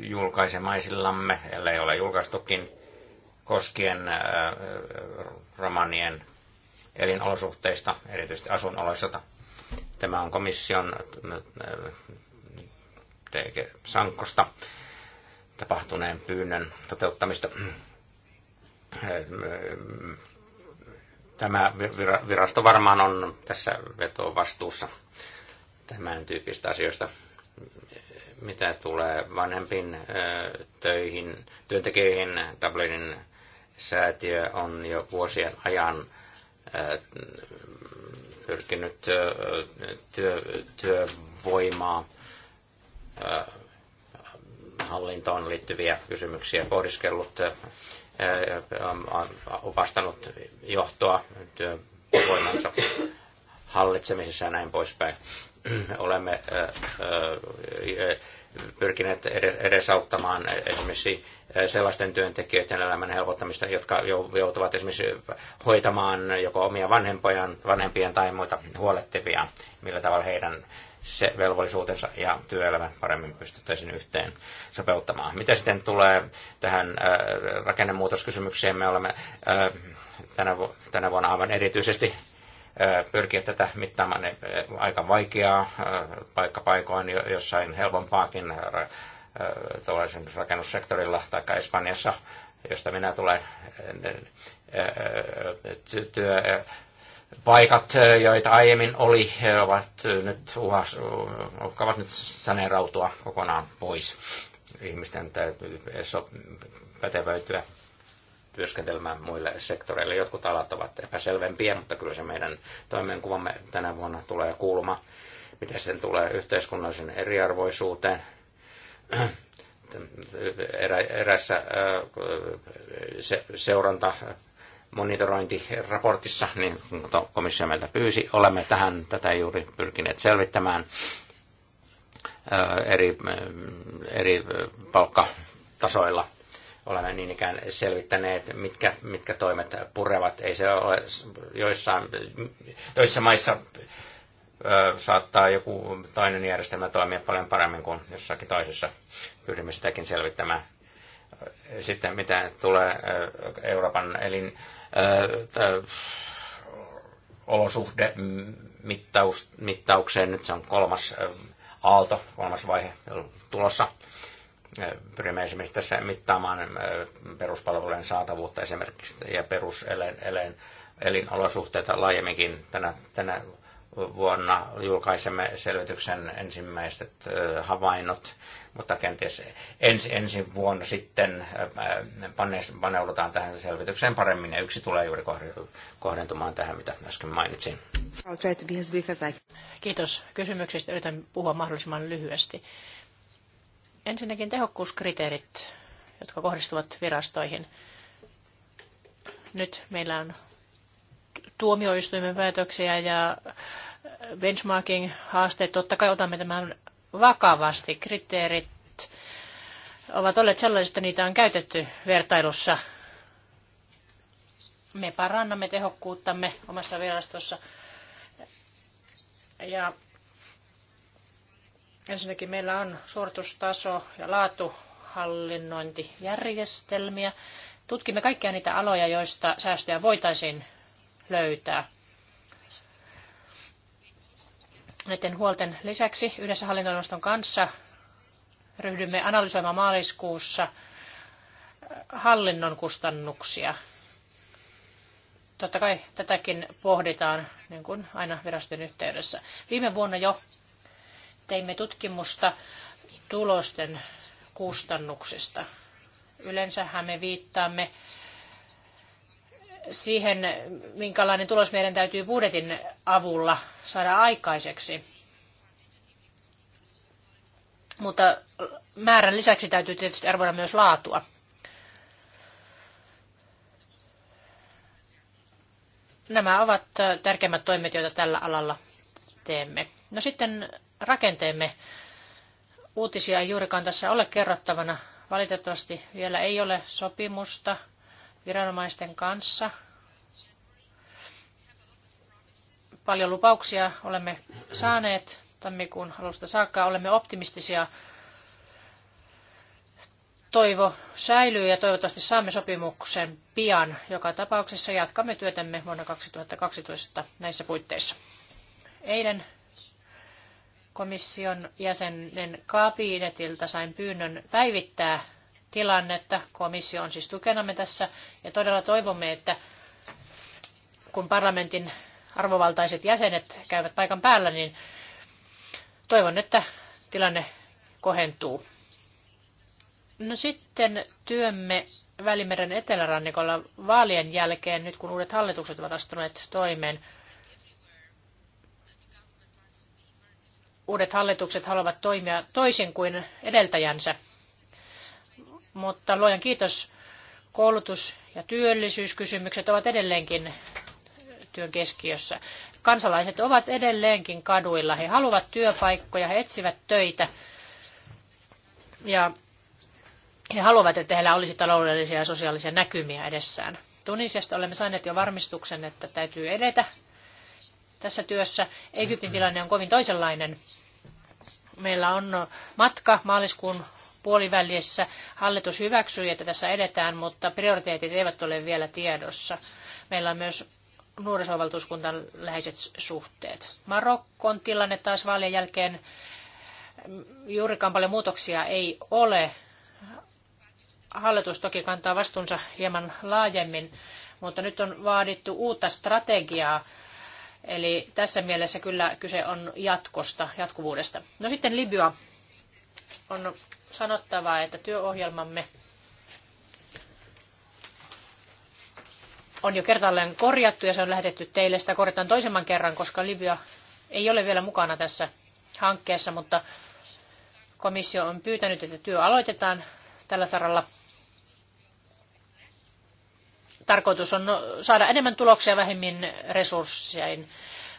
julkaisemaisillamme, ellei ole julkaistukin, koskien äh, romanien elinolosuhteista, erityisesti asunoloista. Tämä on komission äh, Sankosta tapahtuneen pyynnön toteuttamista. Tämä virasto varmaan on tässä veto vastuussa tämän tyyppistä asioista mitä tulee vanhempiin töihin, työntekijöihin, Dublinin säätiö on jo vuosien ajan pyrkinyt työ, työvoimaa hallintoon liittyviä kysymyksiä pohdiskellut, opastanut äh, äh, johtoa työvoimansa hallitsemisessa ja näin poispäin. Olemme äh, pyrkineet edesauttamaan esimerkiksi sellaisten työntekijöiden elämän helpottamista, jotka joutuvat esimerkiksi hoitamaan joko omia vanhempien tai muita huolettavia, millä tavalla heidän se velvollisuutensa ja työelämä paremmin pystyttäisiin yhteen sopeuttamaan. Mitä sitten tulee tähän äh, rakennemuutoskysymykseen, me olemme äh, tänä, tänä vuonna aivan erityisesti äh, pyrkiä tätä mittaamaan niin, aika vaikeaa paikka paikoin, jossain helpompaakin rakennussektorilla tai Espanjassa, josta minä tulen työ paikat, eh, joita aiemmin oli, ovat eh, nyt uhas, eh, uhkaavat nyt saneerautua kokonaan pois. Ihmisten täytyy pätevöityä työskentelemään muille sektoreille. Jotkut alat ovat epäselvempiä, mutta kyllä se meidän toimenkuvamme tänä vuonna tulee kulma. Mitä sen tulee yhteiskunnallisen eriarvoisuuteen? Erä, erässä seuranta monitorointiraportissa, niin kuin komissio meiltä pyysi, olemme tähän tätä juuri pyrkineet selvittämään eri, eri palkkatasoilla. Olemme niin ikään selvittäneet, mitkä, mitkä toimet purevat. Ei se ole joissain, toissa maissa saattaa joku toinen järjestelmä toimia paljon paremmin kuin jossakin toisessa. Pyrimme sitäkin selvittämään. Sitten mitä tulee Euroopan elin, mittaukseen. Nyt se on kolmas aalto, kolmas vaihe tulossa. Pyrimme esimerkiksi tässä mittaamaan peruspalvelujen saatavuutta esimerkiksi ja peruselinolosuhteita elinolosuhteita laajemminkin tänä, tänä vuonna julkaisemme selvityksen ensimmäiset havainnot, mutta kenties ensi, ensi vuonna sitten paneudutaan tähän selvitykseen paremmin, ja yksi tulee juuri kohdentumaan tähän, mitä äsken mainitsin. Kiitos kysymyksistä. Yritän puhua mahdollisimman lyhyesti. Ensinnäkin tehokkuuskriteerit, jotka kohdistuvat virastoihin. Nyt meillä on tuomioistuimen päätöksiä ja benchmarking-haasteet. Totta kai otamme tämän vakavasti. Kriteerit ovat olleet sellaiset, että niitä on käytetty vertailussa. Me parannamme tehokkuuttamme omassa virastossa. Ja ensinnäkin meillä on suoritustaso ja laatuhallinnointijärjestelmiä. Tutkimme kaikkia niitä aloja, joista säästöjä voitaisiin löytää. Näiden huolten lisäksi yhdessä hallintoneuvoston kanssa ryhdymme analysoimaan maaliskuussa äh, hallinnon kustannuksia. Totta kai tätäkin pohditaan, niin kuin aina viraston yhteydessä. Viime vuonna jo teimme tutkimusta tulosten kustannuksista. Yleensähän me viittaamme siihen, minkälainen tulos meidän täytyy budjetin avulla saada aikaiseksi. Mutta määrän lisäksi täytyy tietysti arvoida myös laatua. Nämä ovat tärkeimmät toimet, joita tällä alalla teemme. No sitten rakenteemme. Uutisia ei juurikaan tässä ole kerrottavana. Valitettavasti vielä ei ole sopimusta – viranomaisten kanssa. Paljon lupauksia olemme saaneet tammikuun alusta saakka. Olemme optimistisia. Toivo säilyy ja toivottavasti saamme sopimuksen pian. Joka tapauksessa jatkamme työtämme vuonna 2012 näissä puitteissa. Eilen komission jäsenen kabinetilta sain pyynnön päivittää tilannetta. Komissio on siis tukenamme tässä ja todella toivomme, että kun parlamentin arvovaltaiset jäsenet käyvät paikan päällä, niin toivon, että tilanne kohentuu. No sitten työmme Välimeren etelärannikolla vaalien jälkeen, nyt kun uudet hallitukset ovat astuneet toimeen. Uudet hallitukset haluavat toimia toisin kuin edeltäjänsä mutta luojan kiitos koulutus- ja työllisyyskysymykset ovat edelleenkin työn keskiössä. Kansalaiset ovat edelleenkin kaduilla. He haluavat työpaikkoja, he etsivät töitä ja he haluavat, että heillä olisi taloudellisia ja sosiaalisia näkymiä edessään. Tunisiasta olemme saaneet jo varmistuksen, että täytyy edetä tässä työssä. Egyptin tilanne on kovin toisenlainen. Meillä on matka maaliskuun puolivälissä Hallitus hyväksyi, että tässä edetään, mutta prioriteetit eivät ole vielä tiedossa. Meillä on myös nuorisovaltuuskunnan läheiset suhteet. Marokkon tilanne taas vaalien jälkeen juurikaan paljon muutoksia ei ole. Hallitus toki kantaa vastuunsa hieman laajemmin, mutta nyt on vaadittu uutta strategiaa. Eli tässä mielessä kyllä kyse on jatkosta, jatkuvuudesta. No sitten Libya on sanottavaa, että työohjelmamme on jo kertaalleen korjattu ja se on lähetetty teille. Sitä korjataan toisemman kerran, koska Libya ei ole vielä mukana tässä hankkeessa, mutta komissio on pyytänyt, että työ aloitetaan tällä saralla. Tarkoitus on saada enemmän tuloksia vähemmin resurssein,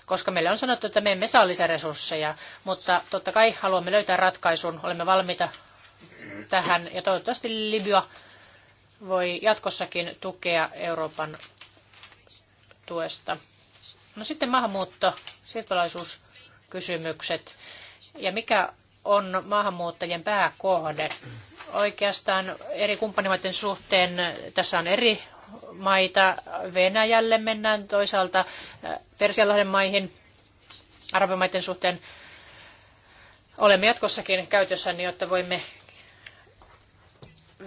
koska meillä on sanottu, että me emme saa lisäresursseja, mutta totta kai haluamme löytää ratkaisun, olemme valmiita tähän ja toivottavasti Libya voi jatkossakin tukea Euroopan tuesta. No sitten maahanmuutto, siirtolaisuuskysymykset ja mikä on maahanmuuttajien pääkohde? Oikeastaan eri kumppanimaiden suhteen tässä on eri maita. Venäjälle mennään toisaalta äh, Persianlahden maihin, arabimaiden suhteen. Olemme jatkossakin käytössä, niin jotta voimme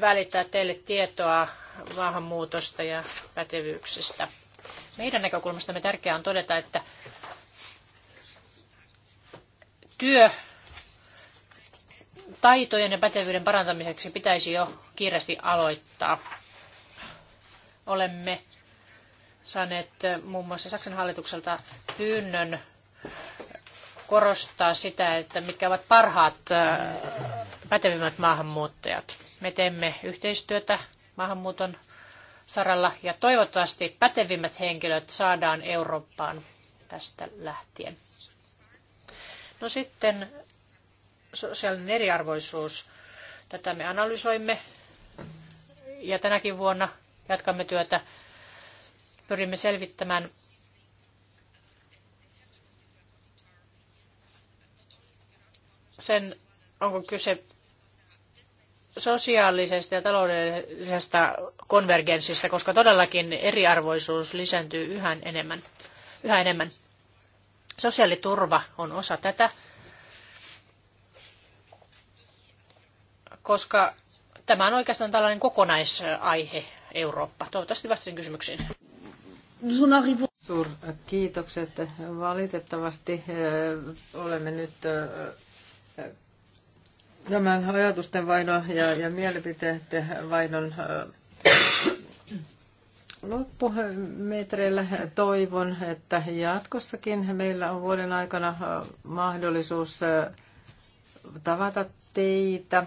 välittää teille tietoa maahanmuutosta ja pätevyyksistä. Meidän näkökulmastamme tärkeää on todeta, että työ taitojen ja pätevyyden parantamiseksi pitäisi jo kiireesti aloittaa. Olemme saaneet eh, muun muassa Saksan hallitukselta pyynnön korostaa sitä, että mitkä ovat parhaat eh, pätevimmät maahanmuuttajat. Me teemme yhteistyötä maahanmuuton saralla ja toivottavasti pätevimmät henkilöt saadaan Eurooppaan tästä lähtien. No sitten sosiaalinen eriarvoisuus. Tätä me analysoimme ja tänäkin vuonna jatkamme työtä. Pyrimme selvittämään sen, onko kyse sosiaalisesta ja taloudellisesta konvergenssista, koska todellakin eriarvoisuus lisääntyy yhä enemmän. Yhä enemmän. Sosiaaliturva on osa tätä, koska tämä on oikeastaan tällainen kokonaisaihe Eurooppa. Toivottavasti vastasin kysymyksiin. Suur kiitokset. Valitettavasti eh, olemme nyt eh, tämän ajatusten vaihdon ja, ja mielipiteiden vaihdon loppumetreillä toivon, että jatkossakin meillä on vuoden aikana mahdollisuus tavata teitä.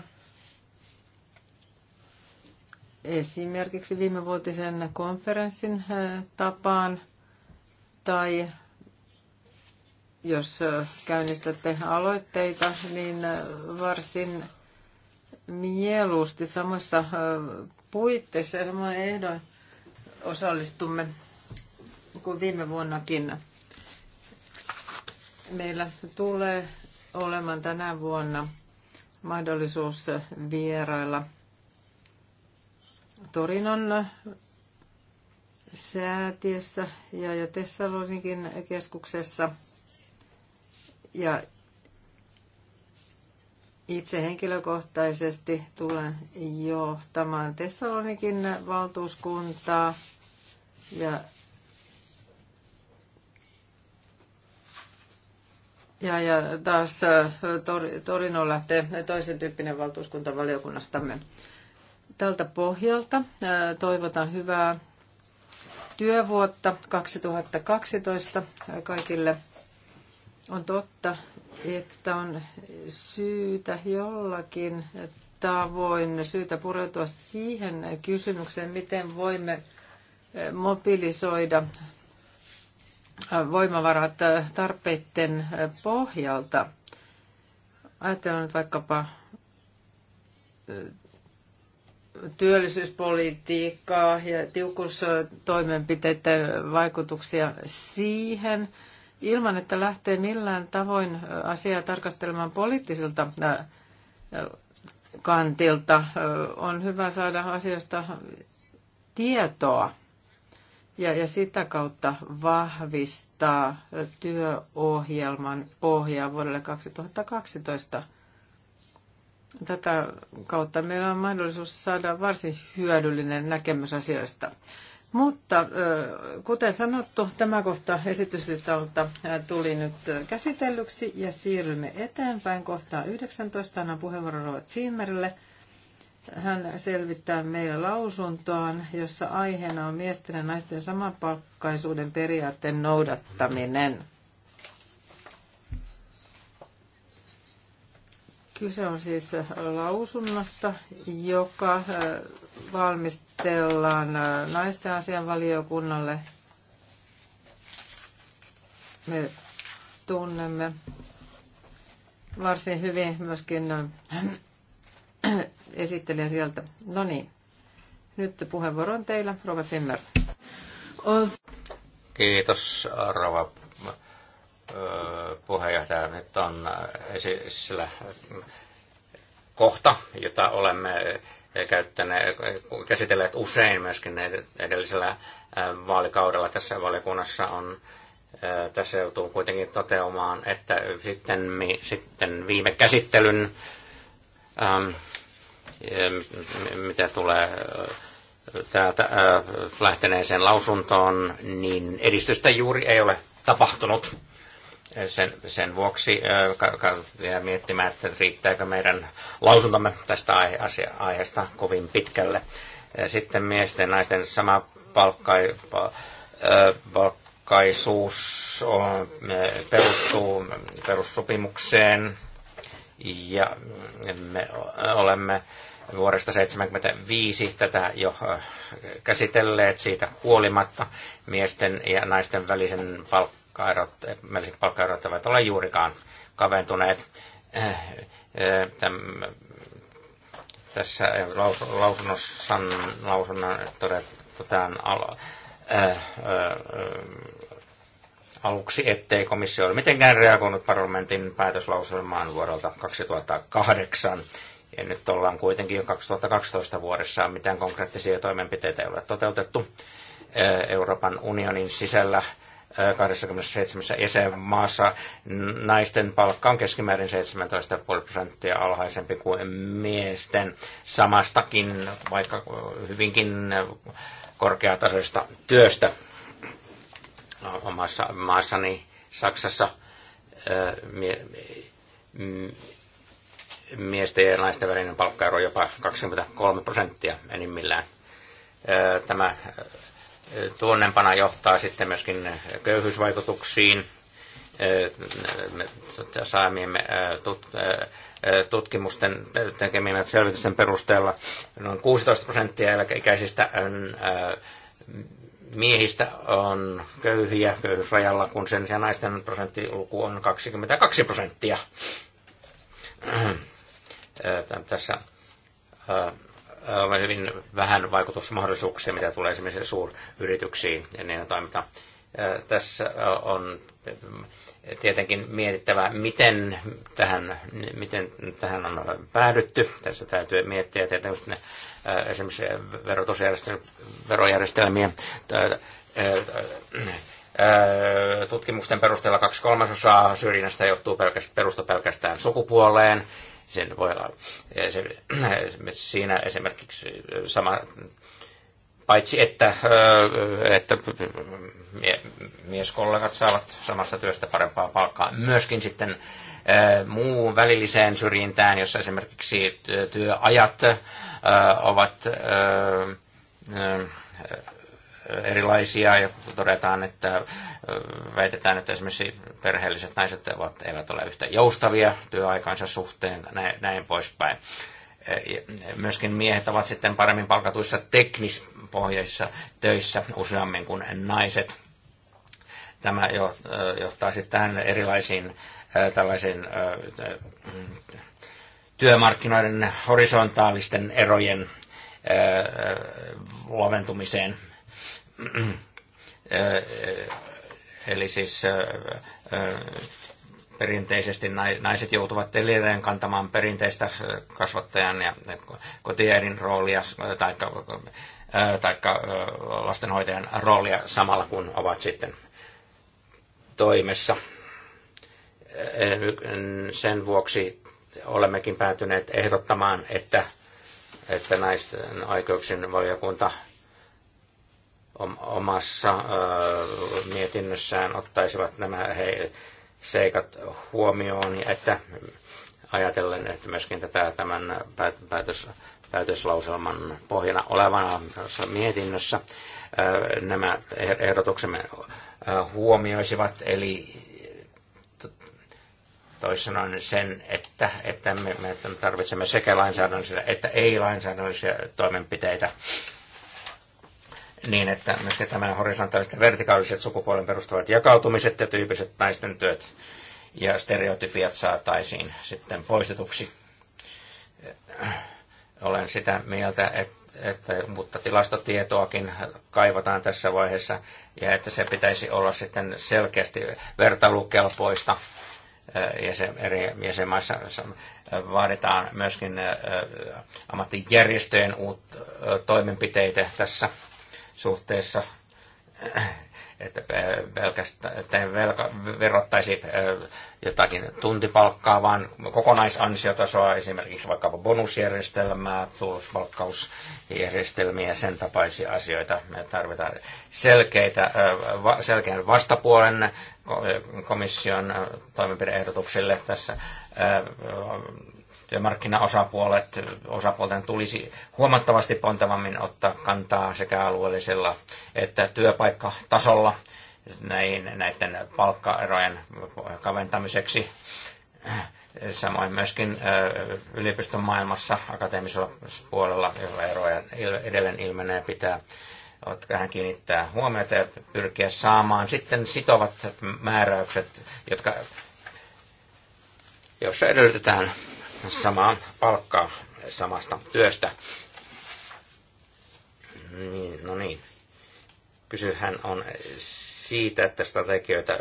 Esimerkiksi viimevuotisen konferenssin tapaan tai jos käynnistätte aloitteita, niin varsin mieluusti samassa puitteissa ja samoin ehdoin osallistumme kuin viime vuonnakin. Meillä tulee olemaan tänä vuonna mahdollisuus vierailla Torinon säätiössä ja, ja Tessalonikin keskuksessa – ja itse henkilökohtaisesti tulen johtamaan Tessalonikin valtuuskuntaa ja, ja, ja taas äh, tor, Torino lähtee toisen tyyppinen valtuuskunta valiokunnastamme. Tältä pohjalta äh, toivotan hyvää työvuotta 2012 kaikille on totta, että on syytä jollakin tavoin syytä pureutua siihen kysymykseen, miten voimme eh, mobilisoida eh, voimavarat eh, tarpeiden pohjalta. Ajatellaan nyt vaikkapa työllisyyspolitiikkaa ja tiukustoimenpiteiden vaikutuksia siihen – ilman, että lähtee millään tavoin asiaa tarkastelemaan poliittisilta kantilta. On hyvä saada asiasta tietoa ja, ja sitä kautta vahvistaa työohjelman pohjaa vuodelle 2012. Tätä kautta meillä on mahdollisuus saada varsin hyödyllinen näkemys asioista. Mutta kuten sanottu, tämä kohta esityslistalta tuli nyt käsitellyksi ja siirrymme eteenpäin kohtaan 19. Annan puheenvuoron Rova Zimmerille. Hän selvittää meille lausuntoaan, jossa aiheena on miesten ja naisten samanpalkkaisuuden periaatteen noudattaminen. Kyse on siis lausunnosta, joka valmistellaan äh, naisten asian valiokunnalle. Me tunnemme varsin hyvin myöskin äh, esittelijä sieltä. No niin, nyt puheenvuoro on teillä, Rova Zimmer. Kiitos, Rova äh, puheenjohtaja. Nyt on esillä kohta, jota olemme käyttäneet, käsitelleet usein myöskin edellisellä äh, vaalikaudella tässä valiokunnassa on äh, tässä joutuu kuitenkin toteamaan, että sitten, sitten viime käsittelyn, ähm, mitä tulee äh, täältä äh, lähteneeseen lausuntoon, niin edistystä juuri ei ole tapahtunut. Sen, sen vuoksi ka, vielä miettimään, että riittääkö meidän lausuntamme tästä aihe, asia, aiheesta kovin pitkälle. Sitten miesten ja naisten sama palkka, palkkaisuus on, perustuu perussopimukseen ja me olemme vuodesta 1975 tätä jo käsitelleet siitä huolimatta miesten ja naisten välisen palk- palkkaerot, palkkaerot eivät ole juurikaan kaventuneet. Eh, eh, tässä lausunnossa lausunnon todetaan al, eh, aluksi, ettei komissio ole mitenkään reagoinut parlamentin päätöslauselmaan vuodelta 2008. Ja nyt ollaan kuitenkin jo 2012 vuodessa, mitään konkreettisia toimenpiteitä ei ole toteutettu. Euroopan unionin sisällä 27 jäsenmaassa naisten palkka on keskimäärin 17,5 prosenttia alhaisempi kuin miesten samastakin, vaikka hyvinkin korkeatasoista työstä no, omassa maassani Saksassa miesten ja naisten välinen palkkaero jopa 23 prosenttia enimmillään. Tämä tuonnempana johtaa sitten myöskin köyhyysvaikutuksiin. Saamiemme tutkimusten tekemien selvitysten perusteella noin 16 prosenttia eläkeikäisistä miehistä on köyhiä köyhyysrajalla, kun sen sijaan naisten prosenttiluku on 22 prosenttia. Tässä Äh, olla hyvin vähän vaikutusmahdollisuuksia, mitä tulee esimerkiksi suuryrityksiin ja niiden toimintaan. Äh, tässä äh, on tietenkin mietittävä, miten tähän, miten tähän on päädytty. Tässä täytyy miettiä ne, esimerkiksi verojärjestelmiä tutkimusten perusteella kaksi kolmasosaa syrjinnästä johtuu pelkästään, perusta pelkästään sukupuoleen. Sen voi olla, se, siinä esimerkiksi sama, paitsi että, että mieskollegat saavat samasta työstä parempaa palkkaa, myöskin sitten muu välilliseen syrjintään, jossa esimerkiksi työajat ovat erilaisia ja todetaan, että väitetään, että esimerkiksi perheelliset naiset ovat, eivät ole yhtä joustavia työaikansa suhteen, näin, näin poispäin. E, myöskin miehet ovat sitten paremmin palkatuissa teknispohjaisissa töissä useammin kuin naiset. Tämä johtaa sitten tähän erilaisiin tällaisiin työmarkkinoiden horisontaalisten erojen laventumiseen – Eli siis perinteisesti naiset joutuvat edelleen kantamaan perinteistä kasvattajan ja kotiäidin roolia tai taikka lastenhoitajan roolia samalla kun ovat sitten toimessa. Sen vuoksi olemmekin päätyneet ehdottamaan, että, että naisten oikeuksien valiokunta omassa mietinnössään ottaisivat nämä he, seikat huomioon, että ajatellen, että myöskin tätä tämän päätös, päätöslauselman pohjana olevana mietinnössä nämä ehdotuksemme huomioisivat, eli toisin sanoen sen, että, että me, me tarvitsemme sekä lainsäädännöllisiä että ei-lainsäädännöllisiä toimenpiteitä niin, että myöskin tämä horisontaaliset ja vertikaaliset sukupuolen perustuvat jakautumiset ja tyypiset naisten työt ja stereotypiat saataisiin sitten poistetuksi. Olen sitä mieltä, että että, mutta tilastotietoakin kaivataan tässä vaiheessa ja että se pitäisi olla sitten selkeästi vertailukelpoista ja se eri jäsenmaissa vaaditaan myöskin ammattijärjestöjen uut toimenpiteitä tässä suhteessa, että pelkästään että velka, verrattaisi jotakin tuntipalkkaa, vaan kokonaisansiotasoa, esimerkiksi vaikkapa bonusjärjestelmää, tulospalkkausjärjestelmiä ja sen tapaisia asioita. Me tarvitaan selkeitä, selkeän vastapuolen komission toimenpideehdotuksille tässä työmarkkinaosapuolet, osapuolten tulisi huomattavasti pontevammin ottaa kantaa sekä alueellisella että työpaikkatasolla näin, näiden palkkaerojen kaventamiseksi. Samoin myöskin yliopiston maailmassa akateemisella puolella, jolla eroja edelleen ilmenee, pitää tähän kiinnittää huomiota ja pyrkiä saamaan sitten sitovat määräykset, jotka, joissa edellytetään samaa palkkaa samasta työstä. Niin, no niin. Kysyhän on siitä, että strategioita,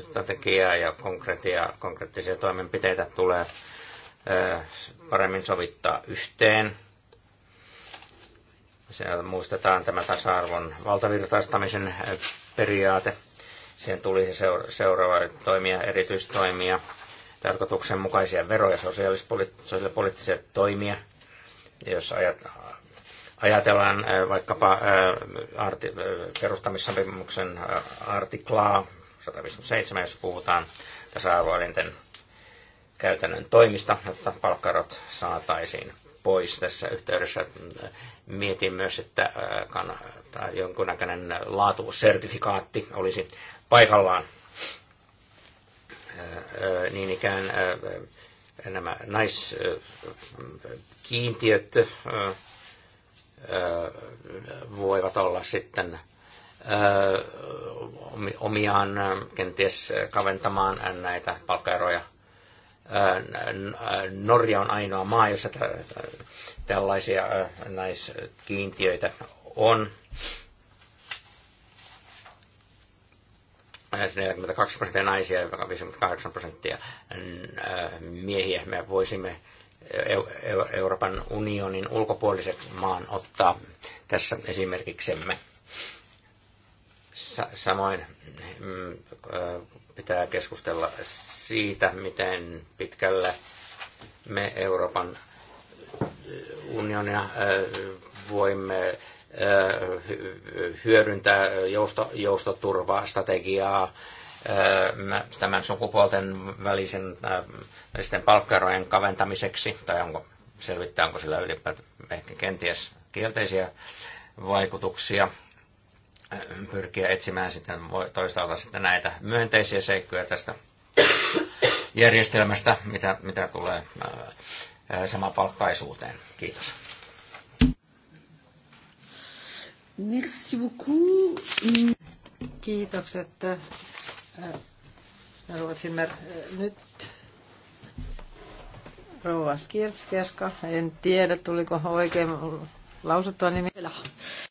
strategiaa ja konkreettia, konkreettisia toimenpiteitä tulee paremmin sovittaa yhteen. Siellä muistetaan tämä tasa-arvon valtavirtaistamisen periaate. Siihen tuli seuraava toimia, erityistoimia tarkoituksenmukaisia veroja ja sosiaalipoliittisia toimia. Jos ajatellaan äh, vaikkapa äh, arti, äh, perustamissopimuksen artiklaa 157, jos puhutaan tasa-arvoelinten käytännön toimista, jotta palkkarot saataisiin pois tässä yhteydessä. Mietin myös, että jonkunnäköinen laatusertifikaatti olisi paikallaan niin ikään nämä naiskiintiöt voivat olla sitten omiaan kenties kaventamaan näitä palkkaeroja. Norja on ainoa maa, jossa tällaisia naiskiintiöitä on. 42 prosenttia naisia ja 58 prosenttia miehiä. Me voisimme Euroopan unionin ulkopuoliset maan ottaa tässä esimerkiksemme. Samoin mm, pitää keskustella siitä, miten pitkälle me Euroopan unionina voimme hyödyntää jousto, joustoturvastrategiaa, tämän sukupuolten välisen, välisten palkkarojen kaventamiseksi, tai onko selvittää, onko sillä ylipäätään ehkä kenties kielteisiä vaikutuksia, pyrkiä etsimään sitten toisaalta sitten näitä myönteisiä seikkoja tästä järjestelmästä, mitä, mitä tulee samapalkkaisuuteen. Kiitos. Merci beaucoup. Kiitokset. Äh, Ruotsimmer. Äh, nyt rouva Skirpskeska. En tiedä, tuliko oikein lausuttua nimi.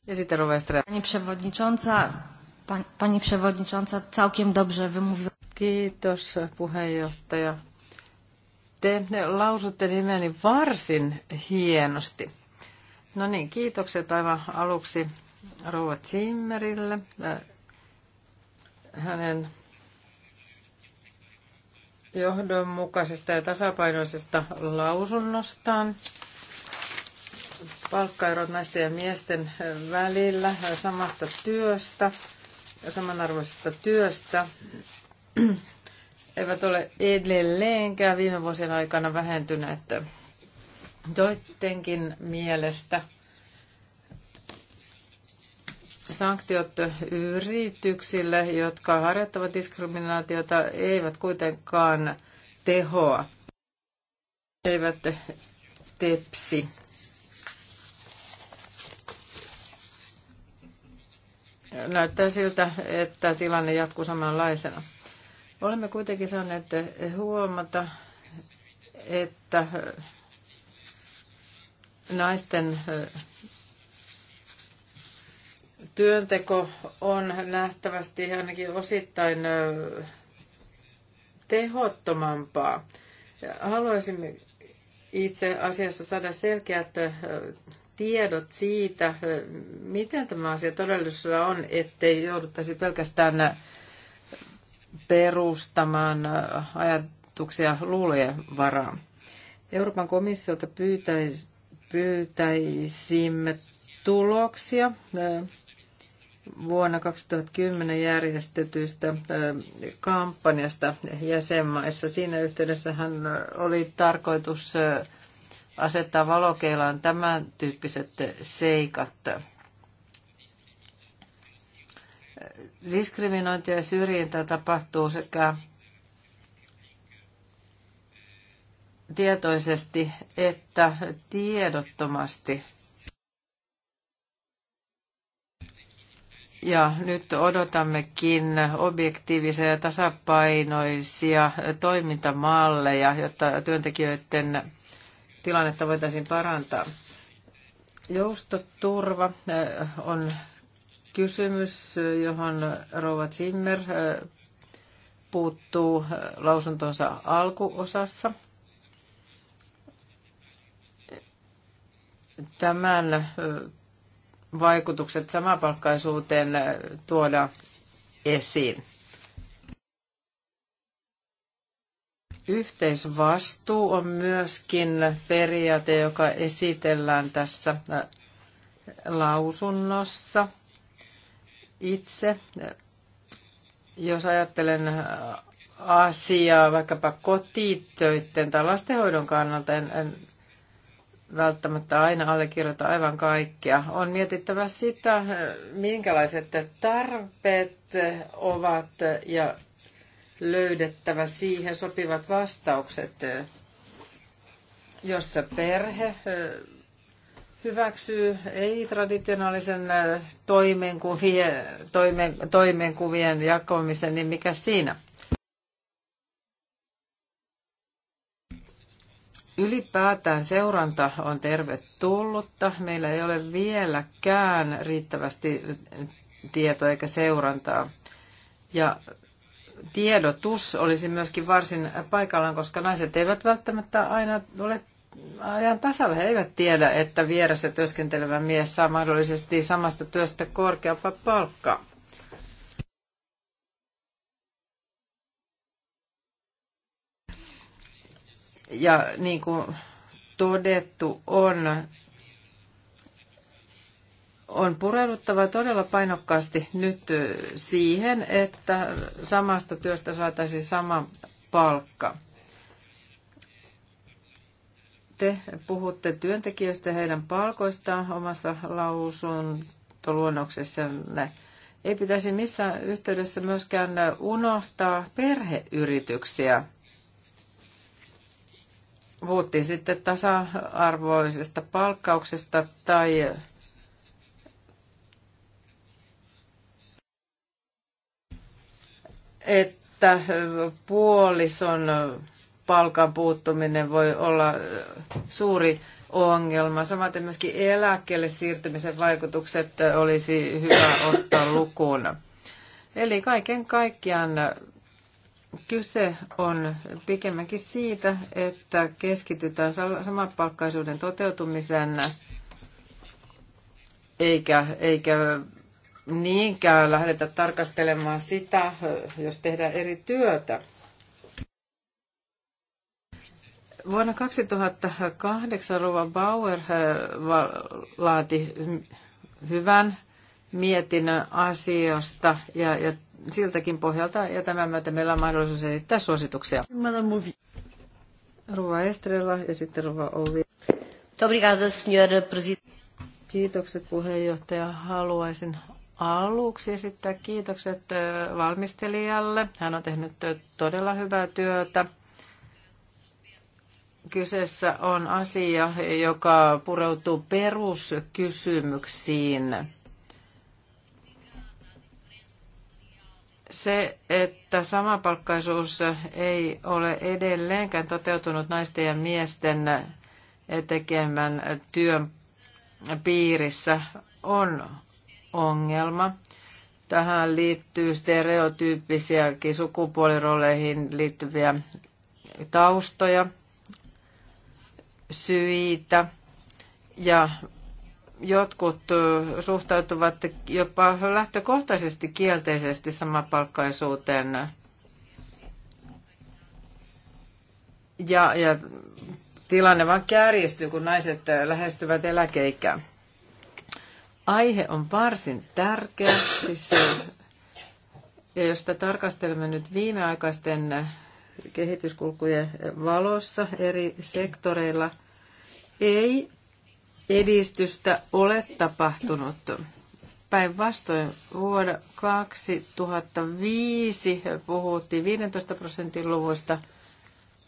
Ja sitten rouva Pani przewodnicząca, pani przewodnicząca całkiem dobrze wymówiła. Kiitos puheenjohtaja. Te lausutte nimeni varsin hienosti. No niin, kiitokset aivan aluksi Rouva Zimmerille äh, hänen johdonmukaisesta ja tasapainoisesta lausunnostaan. Palkkaerot naisten ja miesten äh, välillä äh, samasta työstä, ja samanarvoisesta työstä, eivät ole edelleenkään viime vuosien aikana vähentyneet joidenkin mielestä – sanktiot yrityksille, jotka harjoittavat diskriminaatiota, eivät kuitenkaan tehoa, eivät tepsi. Näyttää siltä, että tilanne jatkuu samanlaisena. Olemme kuitenkin saaneet huomata, että naisten Työnteko on nähtävästi ainakin osittain tehottomampaa. Haluaisin itse asiassa saada selkeät tiedot siitä, miten tämä asia todellisuudessa on, ettei jouduttaisi pelkästään perustamaan ajatuksia luulojen varaan. Euroopan komissiolta pyytäisimme tuloksia vuonna 2010 järjestetystä kampanjasta jäsenmaissa. Siinä yhteydessä hän oli tarkoitus asettaa valokeilaan tämän tyyppiset seikat. Diskriminointi ja syrjintää tapahtuu sekä tietoisesti että tiedottomasti – Ja nyt odotammekin objektiivisia ja tasapainoisia toimintamalleja, jotta työntekijöiden tilannetta voitaisiin parantaa. Joustoturva äh, on kysymys, johon Rouva Zimmer äh, puuttuu äh, lausuntonsa alkuosassa. Tämän vaikutukset samapalkkaisuuteen tuoda esiin. Yhteisvastuu on myöskin periaate, joka esitellään tässä äh, lausunnossa. Itse, äh, jos ajattelen äh, asiaa vaikkapa kotitöiden tai lastenhoidon kannalta, en, en välttämättä aina allekirjoita aivan kaikkea. On mietittävä sitä, minkälaiset tarpeet ovat ja löydettävä siihen sopivat vastaukset. jossa perhe hyväksyy ei-traditionaalisen toimenkuvien, toimenkuvien jakamisen, niin mikä siinä? Ylipäätään seuranta on tervetullutta. Meillä ei ole vieläkään riittävästi tietoa eikä seurantaa. Ja tiedotus olisi myöskin varsin paikallaan, koska naiset eivät välttämättä aina ole ajan tasalla. He eivät tiedä, että vieressä työskentelevä mies saa mahdollisesti samasta työstä korkeampaa palkkaa. Ja niin kuin todettu on, on pureuduttava todella painokkaasti nyt siihen, että samasta työstä saataisiin sama palkka. Te puhutte työntekijöistä heidän palkoistaan omassa lausuntoluonnoksessanne. Ei pitäisi missään yhteydessä myöskään unohtaa perheyrityksiä puhuttiin sitten tasa-arvoisesta palkkauksesta tai että puolison palkan puuttuminen voi olla suuri ongelma. Samaten myöskin eläkkeelle siirtymisen vaikutukset olisi hyvä ottaa lukuun. Eli kaiken kaikkiaan Kyse on pikemminkin siitä, että keskitytään samanpalkkaisuuden toteutumiseen eikä, eikä niinkään lähdetä tarkastelemaan sitä, jos tehdään eri työtä. Vuonna 2008 Ruva Bauer eh, laati hyvän mietinnön asiasta ja, ja siltäkin pohjalta ja tämän myötä meillä on mahdollisuus esittää suosituksia. Ruva Estrella ja sitten Ruva Ovi. Kiitokset puheenjohtaja. Haluaisin aluksi esittää kiitokset valmistelijalle. Hän on tehnyt todella hyvää työtä. Kyseessä on asia, joka pureutuu peruskysymyksiin Se, että samapalkkaisuus ei ole edelleenkään toteutunut naisten ja miesten tekemän työn piirissä, on ongelma. Tähän liittyy stereotyyppisiäkin sukupuolirooleihin liittyviä taustoja, syitä ja jotkut suhtautuvat jopa lähtökohtaisesti kielteisesti samapalkkaisuuteen. Ja, ja tilanne vaan kärjistyy, kun naiset lähestyvät eläkeikää. Aihe on varsin tärkeä. Siis, ja jos sitä tarkastelemme nyt viimeaikaisten kehityskulkujen valossa eri sektoreilla, ei edistystä ole tapahtunut. Päinvastoin vuonna 2005 puhuttiin 15 prosentin luvusta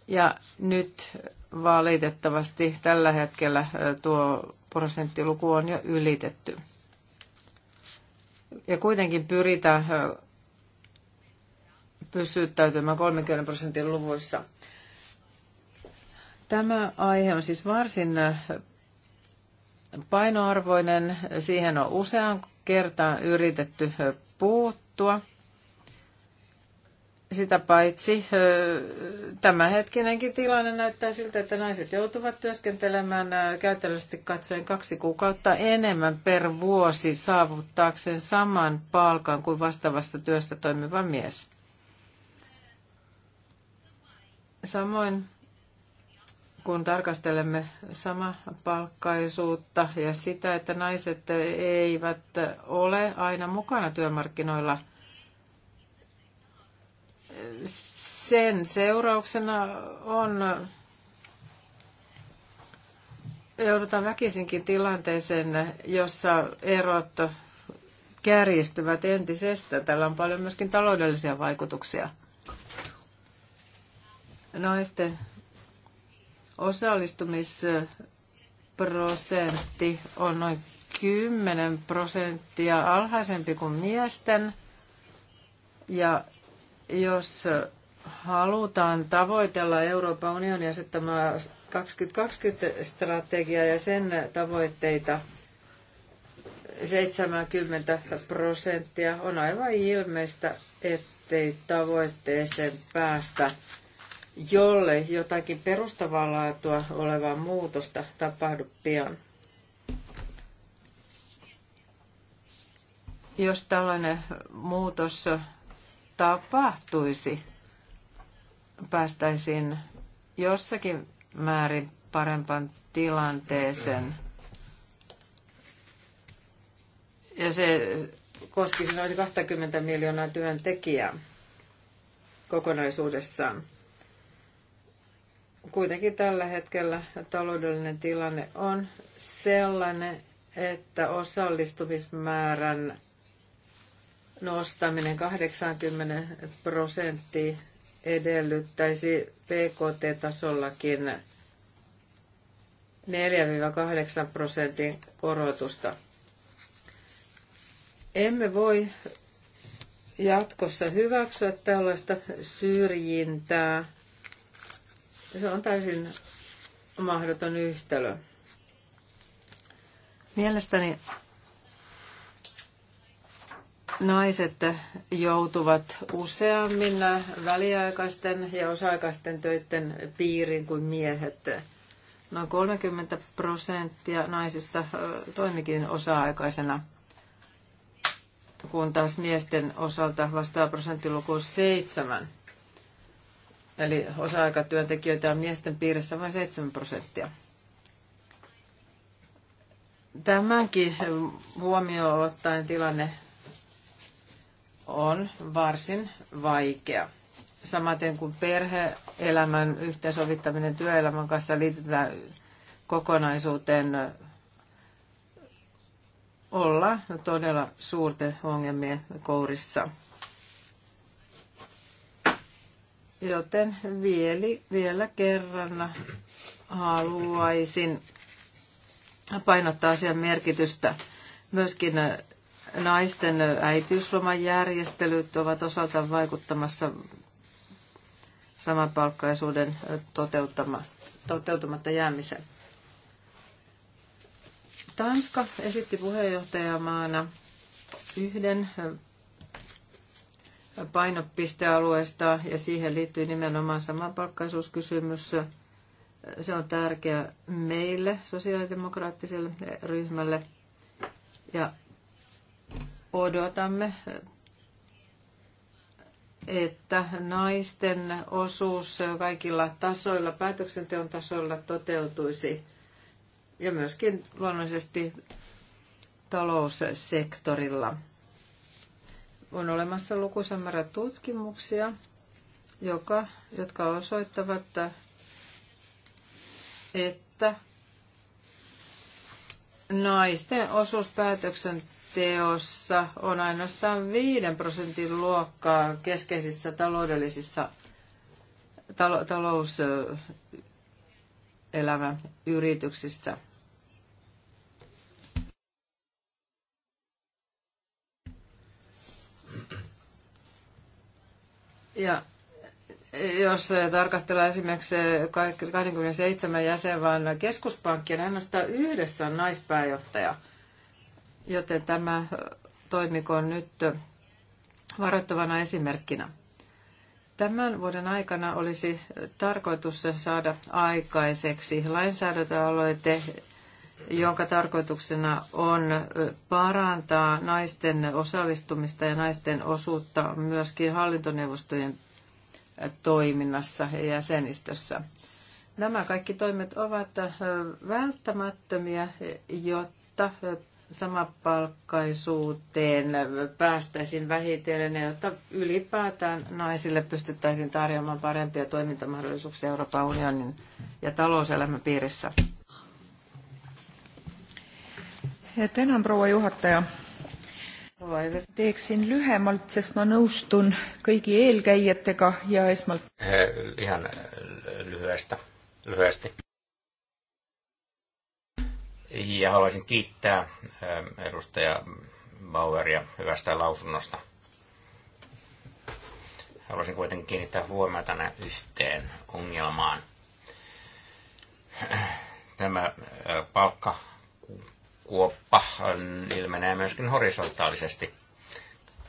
ja nyt valitettavasti tällä hetkellä tuo prosenttiluku on jo ylitetty. Ja kuitenkin pyritään pysyttäytymään 30 prosentin luvuissa. Tämä aihe on siis varsin painoarvoinen. Siihen on usean kertaan yritetty puuttua. Sitä paitsi tämänhetkinenkin tilanne näyttää siltä, että naiset joutuvat työskentelemään käytännössä katsoen kaksi kuukautta enemmän per vuosi saavuttaakseen saman palkan kuin vastaavasta työstä toimiva mies. Samoin kun tarkastelemme palkkaisuutta ja sitä, että naiset eivät ole aina mukana työmarkkinoilla, sen seurauksena on joudutaan väkisinkin tilanteeseen, jossa erot kärjistyvät entisestä. Tällä on paljon myöskin taloudellisia vaikutuksia. Naisten osallistumisprosentti on noin 10 prosenttia alhaisempi kuin miesten. Ja jos halutaan tavoitella Euroopan unionin asettamaa 2020-strategiaa ja sen tavoitteita, 70 prosenttia on aivan ilmeistä, ettei tavoitteeseen päästä jolle jotakin laatua olevaa muutosta tapahdu pian. Jos tällainen muutos tapahtuisi, päästäisiin jossakin määrin parempaan tilanteeseen. Ja se koskisi noin 20 miljoonaa työntekijää kokonaisuudessaan kuitenkin tällä hetkellä taloudellinen tilanne on sellainen, että osallistumismäärän nostaminen 80 prosenttia edellyttäisi PKT-tasollakin 4-8 prosentin korotusta. Emme voi jatkossa hyväksyä tällaista syrjintää se on täysin mahdoton yhtälö. Mielestäni naiset joutuvat useammin väliaikaisten ja osa-aikaisten töiden piiriin kuin miehet. Noin 30 prosenttia naisista toimikin osa-aikaisena, kun taas miesten osalta vastaa prosenttiluku 7. Eli osa-aikatyöntekijöitä on miesten piirissä vain 7 prosenttia. Tämänkin huomioon ottaen tilanne on varsin vaikea. Samaten kun perhe-elämän yhteensovittaminen työelämän kanssa liitetään kokonaisuuteen, olla todella suurten ongelmien kourissa. Joten vielä, vielä kerran haluaisin painottaa asian merkitystä. Myöskin naisten äitiysloman järjestelyt ovat osaltaan vaikuttamassa samanpalkkaisuuden toteutumatta jäämiseen. Tanska esitti puheenjohtajamaana yhden painopistealueesta ja siihen liittyy nimenomaan samapalkkaisuuskysymys. Se on tärkeä meille, sosiaalidemokraattiselle ryhmälle. Ja odotamme, että naisten osuus kaikilla tasoilla, päätöksenteon tasoilla toteutuisi ja myöskin luonnollisesti taloussektorilla. On olemassa lukuisa määrä tutkimuksia, joka, jotka osoittavat, että naisten osuus päätöksenteossa on ainoastaan 5 prosentin luokkaa keskeisissä taloudellisissa tal- talouselämän yrityksissä. Ja jos tarkastellaan esimerkiksi 27 jäsenvallan keskuspankkia, niin ainoastaan yhdessä on naispääjohtaja. Joten tämä on nyt varoittavana esimerkkinä. Tämän vuoden aikana olisi tarkoitus saada aikaiseksi lainsäädäntöaloite, jonka tarkoituksena on parantaa naisten osallistumista ja naisten osuutta myöskin hallintoneuvostojen toiminnassa ja jäsenistössä. Nämä kaikki toimet ovat välttämättömiä, jotta samapalkkaisuuteen päästäisiin vähitellen ja jotta ylipäätään naisille pystyttäisiin tarjoamaan parempia toimintamahdollisuuksia Euroopan unionin ja talouselämän piirissä tänan proua juhataja teeksin lühemalt sest ma nõustun kõigi eelkäijatega ja esmalt eh, ihan eh, lyhyestä, lyhyesti ja haluaisin kiittää eh, edustaja Baueria hyvästä lausunnosta haluaisin kuitenkin kiinnittää huomiota yhteen ongelmaan. Tämä palkka, kuoppa ilmenee myöskin horisontaalisesti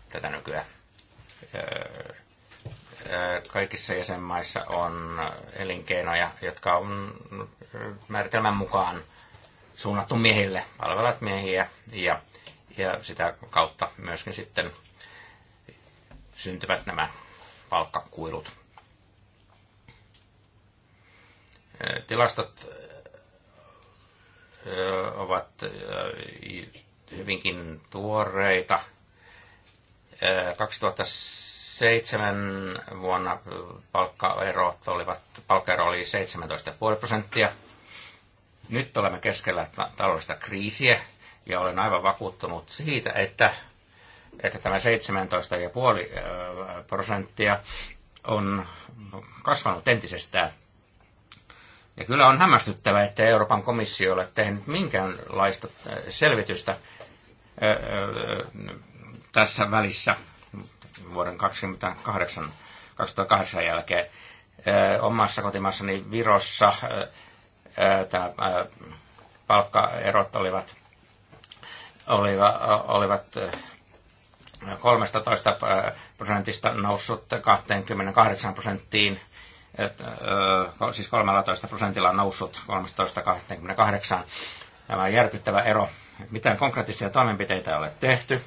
tätä nykyään. Kaikissa jäsenmaissa on elinkeinoja, jotka on määritelmän mukaan suunnattu miehille, palvelat miehiä ja, ja sitä kautta myöskin sitten syntyvät nämä palkkakuilut. Tilastot ovat hyvinkin tuoreita. 2007 vuonna palkkaerot olivat, palkkaero oli 17,5 prosenttia. Nyt olemme keskellä taloudellista kriisiä ja olen aivan vakuuttunut siitä, että, että tämä 17,5 prosenttia on kasvanut entisestään – ja kyllä on hämmästyttävää, että Euroopan komissio ole tehnyt minkäänlaista äh, selvitystä äh, äh, tässä välissä vuoden 2008, 2008 jälkeen omassa kotimaassani Virossa tämä palkkaerot olivat, olivat, olivat 13 prosentista noussut 28 prosenttiin et, ö, siis 13 prosentilla on noussut 13-28. Tämä on järkyttävä ero. Mitään konkreettisia toimenpiteitä ei ole tehty.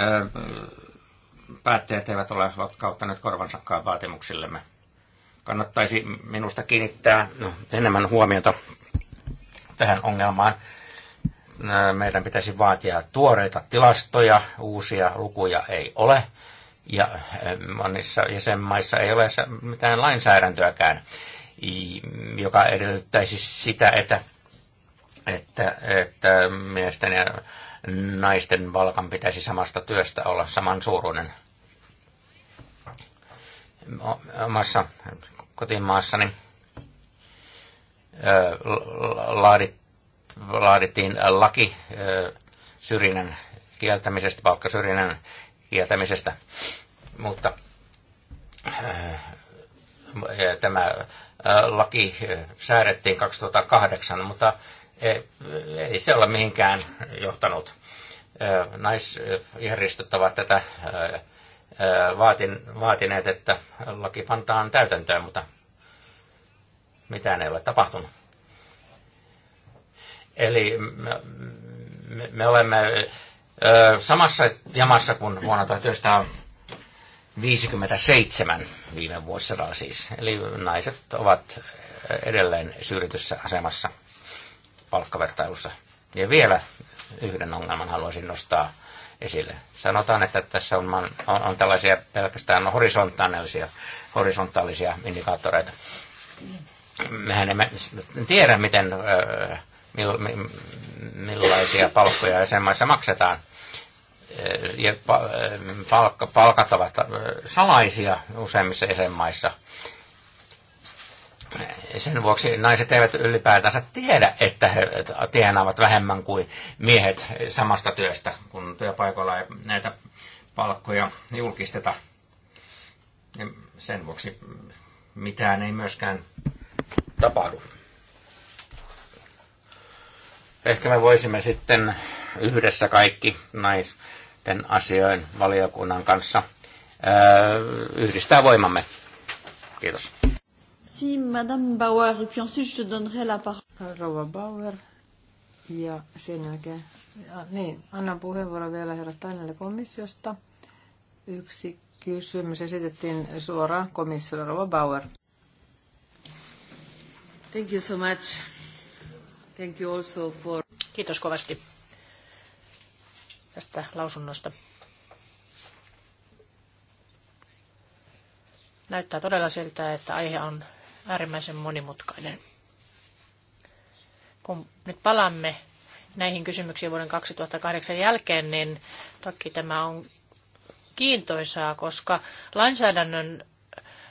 Ö, päätteet eivät ole lotkauttaneet korvansakaan vaatimuksillemme. Kannattaisi minusta kiinnittää no, enemmän huomiota tähän ongelmaan. Meidän pitäisi vaatia tuoreita tilastoja, uusia lukuja ei ole – ja eh, monissa jäsenmaissa ei ole mitään lainsäädäntöäkään, joka edellyttäisi sitä, että, että, että miesten ja naisten valkan pitäisi samasta työstä olla samansuuruinen. Omassa kotimaassani eh, laadittiin laki eh, syrjinnän kieltämisestä, palkkasyrjinnän kieltämisestä. Mutta äh, tämä äh, laki äh, säädettiin 2008, mutta ei se ole mihinkään johtanut. Naisjärjestöt ovat tätä vaatin, vaatineet, että laki pantaan täytäntöön, mutta mitään ei ole tapahtunut. Eli me, me olemme samassa jamassa kuin vuonna 1957 viime vuosisadalla siis. Eli naiset ovat edelleen syrjityssä asemassa palkkavertailussa. Ja vielä yhden ongelman haluaisin nostaa esille. Sanotaan, että tässä on, on, on tällaisia pelkästään horisontaalisia, horisontaalisia indikaattoreita. Mehän emme tiedä, miten Öö, millaisia palkkoja jäsenmaissa maksetaan. Ja palkka, palkat ovat salaisia useimmissa jäsenmaissa. Sen vuoksi naiset eivät ylipäätänsä tiedä, että he tienaavat vähemmän kuin miehet samasta työstä, kun työpaikoilla ei näitä palkkoja julkisteta. Sen vuoksi mitään ei myöskään tapahdu. Ehkä me voisimme sitten yhdessä kaikki naisten asioiden valiokunnan kanssa yhdistää voimamme. Kiitos. Si, Madame Bauer, et puis ensuite je donnerai la parole. Rouva Bauer, ja sen jälkeen, ja, niin, annan puheenvuoron vielä herra Tainelle komissiosta. Yksi kysymys esitettiin suoraan komissiolle, Rouva Bauer. Thank you so much. Thank you also for... Kiitos kovasti tästä lausunnosta. Näyttää todella siltä, että aihe on äärimmäisen monimutkainen. Kun nyt palaamme näihin kysymyksiin vuoden 2008 jälkeen, niin toki tämä on kiintoisaa, koska lainsäädännön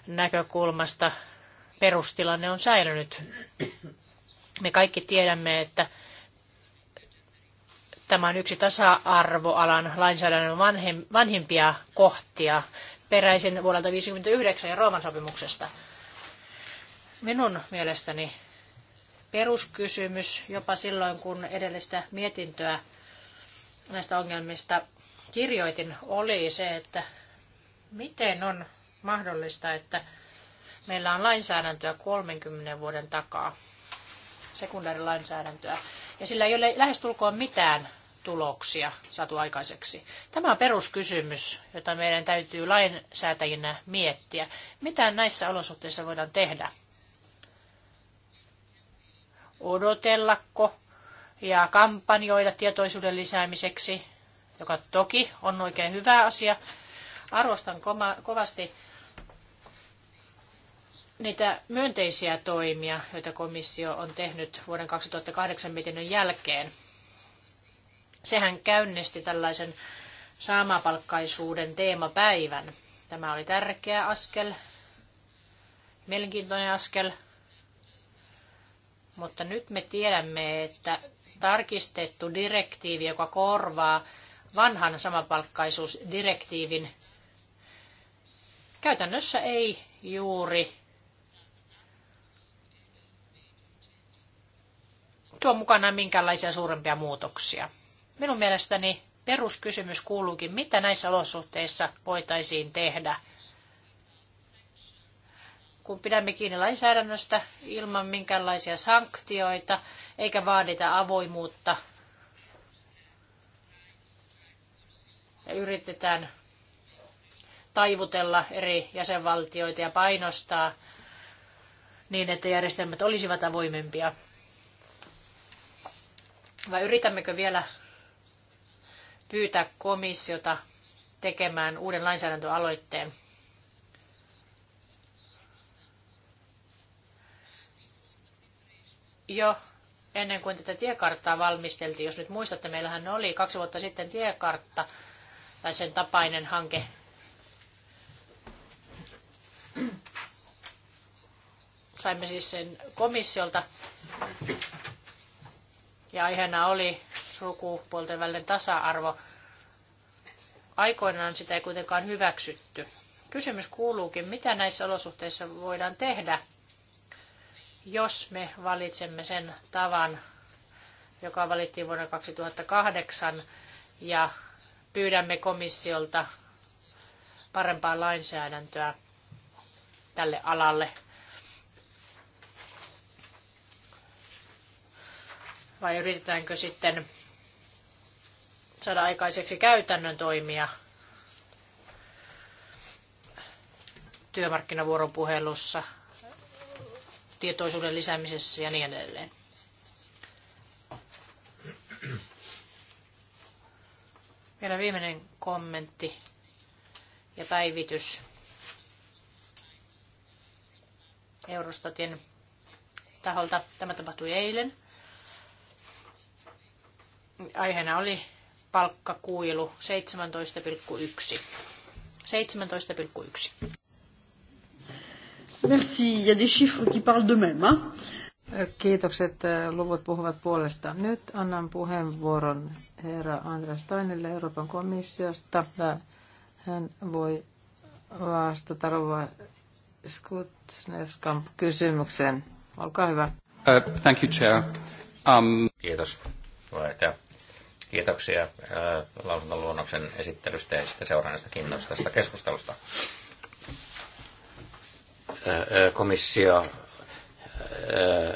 näkökulmasta perustilanne on säilynyt. Me kaikki tiedämme, että tämä on yksi tasa-arvoalan lainsäädännön vanhimpia kohtia peräisin vuodelta 1959 ja Rooman sopimuksesta. Minun mielestäni peruskysymys jopa silloin, kun edellistä mietintöä näistä ongelmista kirjoitin, oli se, että miten on mahdollista, että meillä on lainsäädäntöä 30 vuoden takaa sekundaarilainsäädäntöä. Ja sillä ei ole lähestulkoon mitään tuloksia saatu aikaiseksi. Tämä on peruskysymys, jota meidän täytyy lainsäätäjinä miettiä. Mitä näissä olosuhteissa voidaan tehdä? Odotellako ja kampanjoida tietoisuuden lisäämiseksi, joka toki on oikein hyvä asia. Arvostan kovasti niitä myönteisiä toimia, joita komissio on tehnyt vuoden 2008 mietinnön jälkeen. Sehän käynnisti tällaisen saamapalkkaisuuden teemapäivän. Tämä oli tärkeä askel, mielenkiintoinen askel, mutta nyt me tiedämme, että tarkistettu direktiivi, joka korvaa vanhan samapalkkaisuusdirektiivin, käytännössä ei juuri tuo mukanaan minkäänlaisia suurempia muutoksia. Minun mielestäni peruskysymys kuuluukin, mitä näissä olosuhteissa voitaisiin tehdä, kun pidämme kiinni lainsäädännöstä ilman minkäänlaisia sanktioita, eikä vaadita avoimuutta ja yritetään taivutella eri jäsenvaltioita ja painostaa niin, että järjestelmät olisivat avoimempia. Vai yritämmekö vielä pyytää komissiota tekemään uuden lainsäädäntöaloitteen? Jo ennen kuin tätä tiekarttaa valmisteltiin, jos nyt muistatte, meillähän oli kaksi vuotta sitten tiekartta tai sen tapainen hanke. Saimme siis sen komissiolta ja aiheena oli sukupuolten välinen tasa-arvo. Aikoinaan sitä ei kuitenkaan hyväksytty. Kysymys kuuluukin, mitä näissä olosuhteissa voidaan tehdä, jos me valitsemme sen tavan, joka valittiin vuonna 2008, ja pyydämme komissiolta parempaa lainsäädäntöä tälle alalle vai yritetäänkö sitten saada aikaiseksi käytännön toimia työmarkkinavuoropuhelussa, tietoisuuden lisäämisessä ja niin edelleen. Vielä viimeinen kommentti ja päivitys Eurostatin taholta. Tämä tapahtui eilen. Aiheena oli palkkakuilu 17,1. 17,1. Merci. Il y a des chiffres qui parlent de même, Hein? Kiitokset, luvut puhuvat puolesta. Nyt annan puheenvuoron herra Andreas Steinille Euroopan komissiosta. Hän voi vastata Rova Skutnevskamp kysymykseen. Olkaa hyvä. Uh, thank you, Chair. Um... Kiitos puheenjohtaja. Kiitoksia äh, lausuntoluonnoksen esittelystä ja sitten seuraavasta kiinnostavasta keskustelusta. Äh, äh, komissio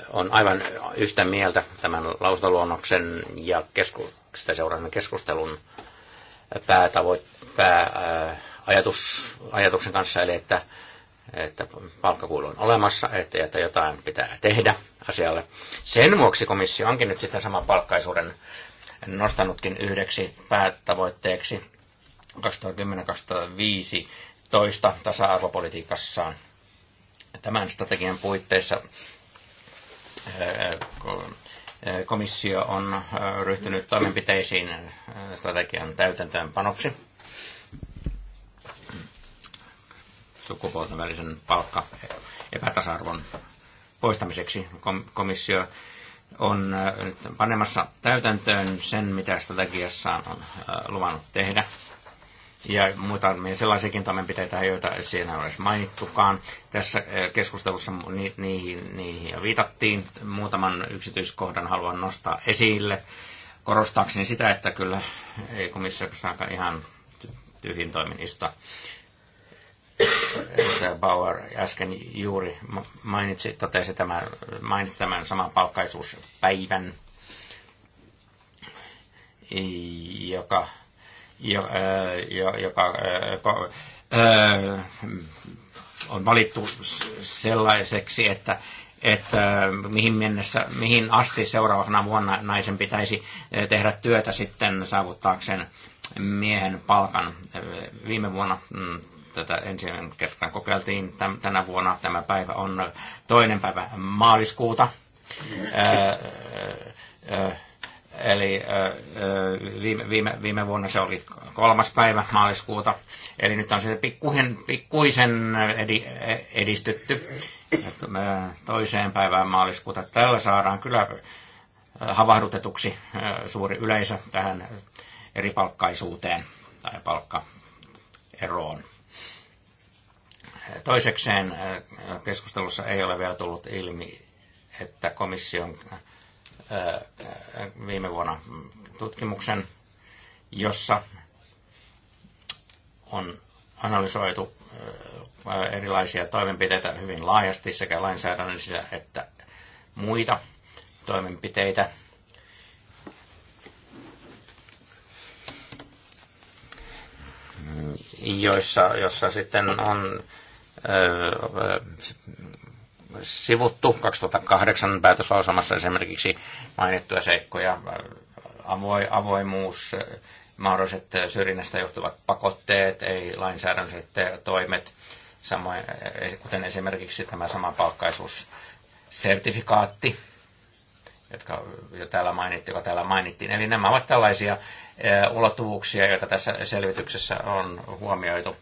on aivan yhtä mieltä tämän lausuntoluonnoksen ja kesku, sitä seuraavan keskustelun päätavoit, pääajatus, ajatuksen kanssa, eli että, että palkkakuilu on olemassa, että, että jotain pitää tehdä – asialle. Sen vuoksi komissio onkin nyt sitten saman palkkaisuuden nostanutkin yhdeksi päätavoitteeksi 2010-2015 tasa-arvopolitiikassaan. Tämän strategian puitteissa komissio on ryhtynyt toimenpiteisiin strategian täytäntöönpanoksi. Sukupuolten välisen palkka epätasa-arvon poistamiseksi. Komissio on äh, nyt panemassa täytäntöön sen, mitä strategiassaan on äh, luvannut tehdä. Ja muutamia sellaisiakin toimenpiteitä, joita siinä ei olisi mainittukaan. Tässä äh, keskustelussa niihin, niihin jo viitattiin. Muutaman yksityiskohdan haluan nostaa esille. Korostaakseni sitä, että kyllä ei komissiossa ihan tyhjin toiminnista Bauer äsken juuri mainitsi, totesi tämän, mainitsi tämän saman palkkaisuuspäivän, joka, jo, jo, joka ko, ö, on valittu sellaiseksi, että, että mihin, mennessä, mihin asti seuraavana vuonna naisen pitäisi tehdä työtä sitten saavuttaakseen miehen palkan. Viime vuonna mm, tätä ensimmäinen kertaa kokeiltiin tänä vuonna. Tämä päivä on toinen päivä maaliskuuta. Eli viime, viime, viime vuonna se oli kolmas päivä maaliskuuta. Eli nyt on se pikkuisen, pikkuisen edistytty toiseen päivään maaliskuuta. Tällä saadaan kyllä havahdutetuksi suuri yleisö tähän eripalkkaisuuteen tai palkkaeroon. Toisekseen äh, keskustelussa ei ole vielä tullut ilmi, että komission äh, äh, viime vuonna tutkimuksen, jossa on analysoitu erilaisia toimenpiteitä hyvin laajasti, sekä lainsäädännöllisiä että muita toimenpiteitä. Joissa, jossa sitten on sivuttu 2008 päätöslausamassa esimerkiksi mainittuja seikkoja, avoimuus, mahdolliset syrjinnästä johtuvat pakotteet, ei lainsäädännölliset toimet, samoin, e, kuten esimerkiksi tämä samanpalkkaisuussertifikaatti, jotka jo täällä mainittiin, joka täällä mainittiin. Eli nämä ovat tällaisia ulottuvuuksia, joita tässä selvityksessä on huomioitu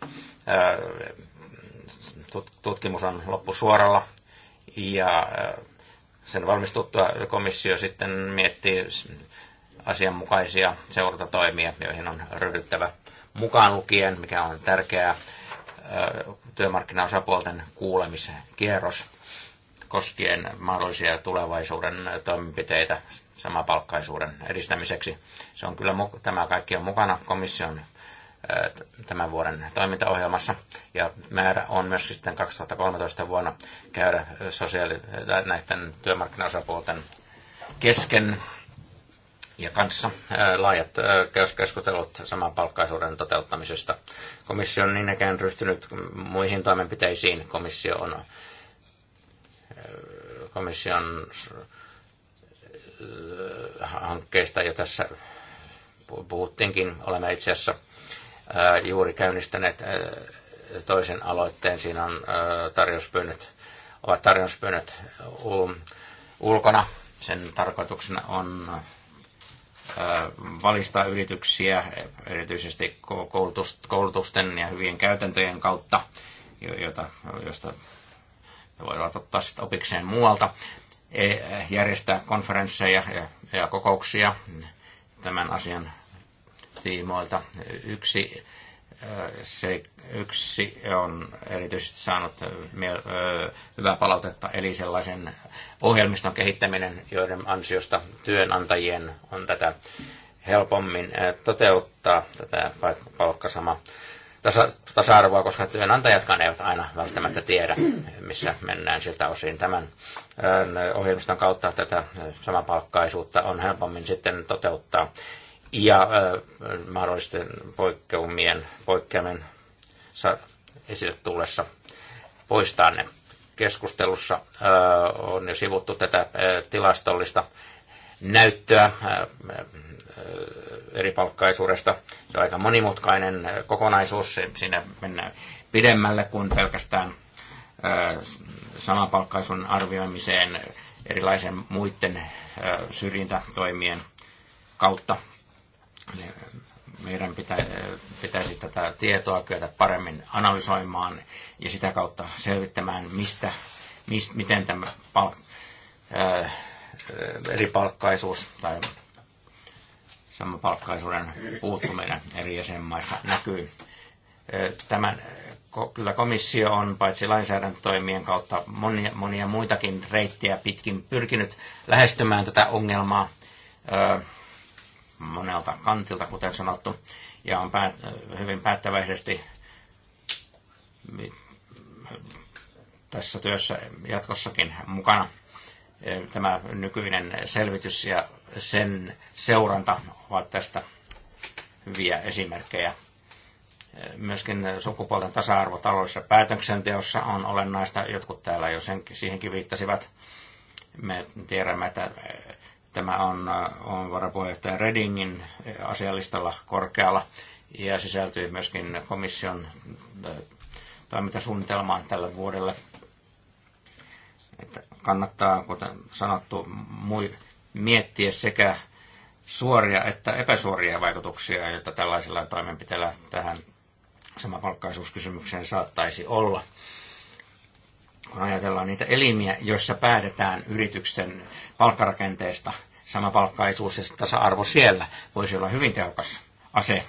tutkimus on loppusuoralla ja äh, sen valmistuttua komissio sitten miettii asianmukaisia seurantatoimia, joihin on ryhdyttävä mukaan lukien, mikä on tärkeää äh, työmarkkinaosapuolten kuulemiskierros koskien mahdollisia tulevaisuuden toimenpiteitä samapalkkaisuuden edistämiseksi. Se on kyllä, tämä kaikki on mukana komission tämän vuoden toimintaohjelmassa. Ja määrä on myös sitten 2013 vuonna käydä sosiaali- näiden työmarkkinaosapuolten kesken ja kanssa laajat keskustelut palkkaisuuden toteuttamisesta. Komissio on niin ikään ryhtynyt muihin toimenpiteisiin. Komissio on komission hankkeista jo tässä puhuttiinkin. Olemme itse asiassa juuri käynnistäneet toisen aloitteen. Siinä on tarjouspyynnöt, ovat tarjouspyynnöt ulkona. Sen tarkoituksena on valistaa yrityksiä erityisesti koulutusten ja hyvien käytäntöjen kautta, jota, josta voivat ottaa sit opikseen muualta, e-, järjestää konferensseja ja kokouksia tämän asian tiimoilta. Yksi, se, yksi on erityisesti saanut hyvää palautetta, eli sellaisen ohjelmiston kehittäminen, joiden ansiosta työnantajien on tätä helpommin toteuttaa, tätä palkkasama tasa, tasa-arvoa, koska työnantajatkaan eivät aina välttämättä tiedä, missä mennään siltä osin. Tämän ohjelmiston kautta tätä samapalkkaisuutta on helpommin sitten toteuttaa ja mahdollisten poikkeumien, poikkeamien esille tullessa poistaa ne. Keskustelussa on jo sivuttu tätä tilastollista näyttöä eri palkkaisuudesta. Se on aika monimutkainen kokonaisuus. Siinä mennään pidemmälle kuin pelkästään palkkaisun arvioimiseen erilaisen muiden syrjintätoimien kautta niin, meidän pitä, pitäisi tätä tietoa kyetä paremmin analysoimaan ja sitä kautta selvittämään, mistä, mist, miten tämä palk, ää, eri palkkaisuus tai palkkaisuuden puuttuminen eri jäsenmaissa näkyy. Tämän, kyllä komissio on paitsi lainsäädäntötoimien kautta monia, monia muitakin reittejä pitkin pyrkinyt lähestymään tätä ongelmaa. Ää, monelta kantilta, kuten sanottu, ja on päät, hyvin päättäväisesti tässä työssä jatkossakin mukana. E, tämä nykyinen selvitys ja sen seuranta ovat tästä hyviä esimerkkejä. E, myöskin sukupuolten tasa-arvo taloudessa päätöksenteossa on olennaista. Jotkut täällä jo sen, siihenkin viittasivat. Me tiedämme, että Tämä on, äh, on varapuheenjohtaja Redingin äh, asialistalla korkealla ja sisältyy myöskin komission äh, toimintasuunnitelmaan tälle vuodelle. Että kannattaa, kuten sanottu, miettiä sekä suoria että epäsuoria vaikutuksia, joita tällaisilla toimenpiteillä tähän samapalkkaisuuskysymykseen saattaisi olla ajatellaan niitä elimiä, joissa päätetään yrityksen palkkarakenteesta, palkkaisuus ja tasa-arvo siellä voisi olla hyvin tehokas ase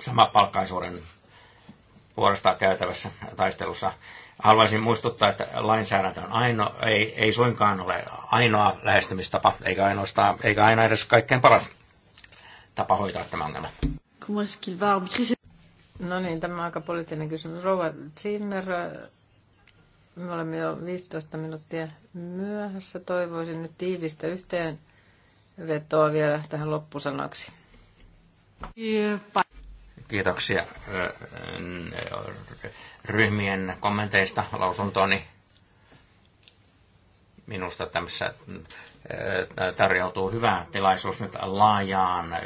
sama palkkaisuuden puolesta käytävässä taistelussa. Haluaisin muistuttaa, että lainsäädäntö on aino, ei, ei suinkaan ole ainoa lähestymistapa, eikä, ainoastaan, eikä aina edes kaikkein paras tapa hoitaa tämä ongelma. No niin, tämä on aika poliittinen kysymys. Rouva Zimmer, me olemme jo 15 minuuttia myöhässä. Toivoisin nyt tiivistä yhteenvetoa vielä tähän loppusanaksi. Kiitoksia ryhmien kommenteista lausuntoni. Minusta tämmössä tarjoutuu hyvä tilaisuus nyt laajaan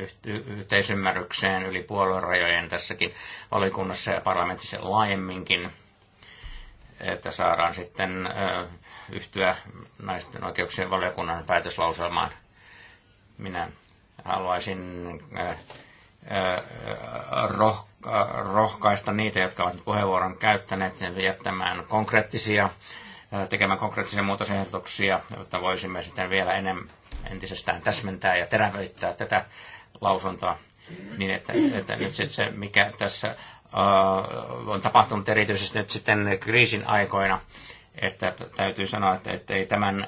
yhteisymmärrykseen yli puoluerajojen tässäkin valikunnassa ja parlamentissa laajemminkin että saadaan sitten yhtyä naisten oikeuksien valiokunnan päätöslauselmaan. Minä haluaisin rohkaista niitä, jotka ovat puheenvuoron käyttäneet, jättämään konkreettisia, tekemään konkreettisia muutosehdotuksia, jotta voisimme sitten vielä enemmän entisestään täsmentää ja terävöittää tätä lausuntoa. Niin että, että nyt se, se, mikä tässä on tapahtunut erityisesti nyt sitten kriisin aikoina. Että täytyy sanoa, että, että ei tämän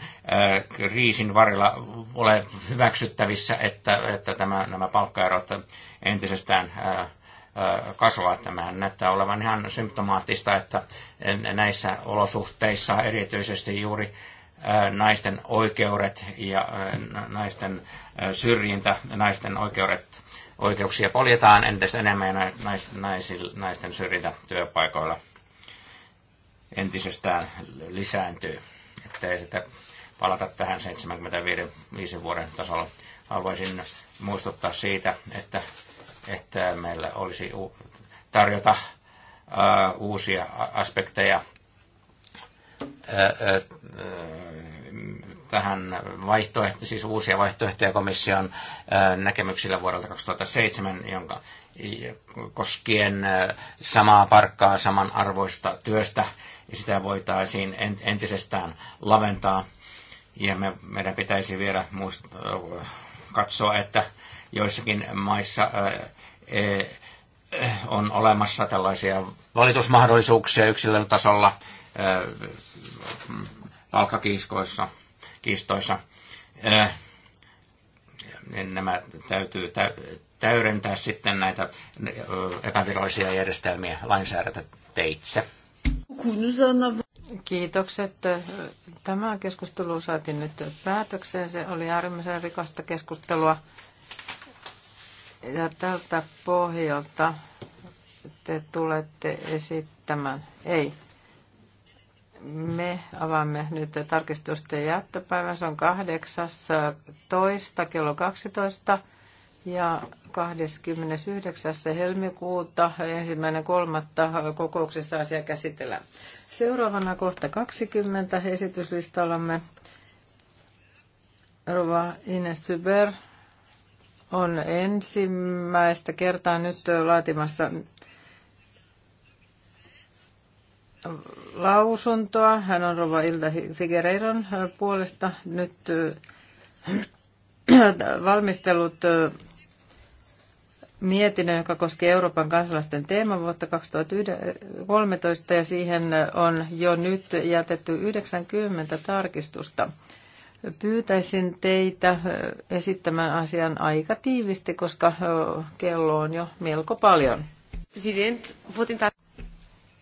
kriisin varrella ole hyväksyttävissä, että, että tämä, nämä palkkaerot entisestään kasvaa. Tämähän näyttää olevan ihan symptomaattista, että näissä olosuhteissa erityisesti juuri naisten oikeudet ja naisten syrjintä, naisten oikeudet oikeuksia poljetaan entistä enemmän ja naisten syrjintä työpaikoilla entisestään lisääntyy. Että ei sitä palata tähän 75 vuoden tasolla. Haluaisin muistuttaa siitä, että, että meillä olisi tarjota uh, uusia aspekteja uh, uh, tähän vaihtoehto, siis uusia vaihtoehtoja komission näkemyksillä vuodelta 2007, jonka koskien samaa parkkaa samanarvoista työstä, ja sitä voitaisiin entisestään laventaa. Ja me, meidän pitäisi vielä muist, katsoa, että joissakin maissa e, on olemassa tällaisia valitusmahdollisuuksia yksilön tasolla palkkakiiskoissa – kiistoissa, niin nämä täytyy täydentää sitten näitä epävirallisia järjestelmiä lainsäädäntöteitse. Kiitokset. Tämä keskustelu saatiin nyt päätökseen. Se oli äärimmäisen rikasta keskustelua. Ja tältä pohjalta te tulette esittämään, ei, me avaamme nyt tarkistusten jättöpäivän. Se on 18. kello 12 ja 29. helmikuuta ensimmäinen kolmatta kokouksessa asia käsitellään. Seuraavana kohta 20 esityslistallamme Rova Ines Zyber on ensimmäistä kertaa nyt laatimassa lausuntoa. Hän on Rova Ilda Figereiron äh, puolesta nyt äh, valmistellut äh, mietinnön, joka koskee Euroopan kansalaisten teeman vuotta 2013 ja siihen on jo nyt jätetty 90 tarkistusta. Pyytäisin teitä esittämään asian aika tiivisti, koska kello on jo melko paljon. President,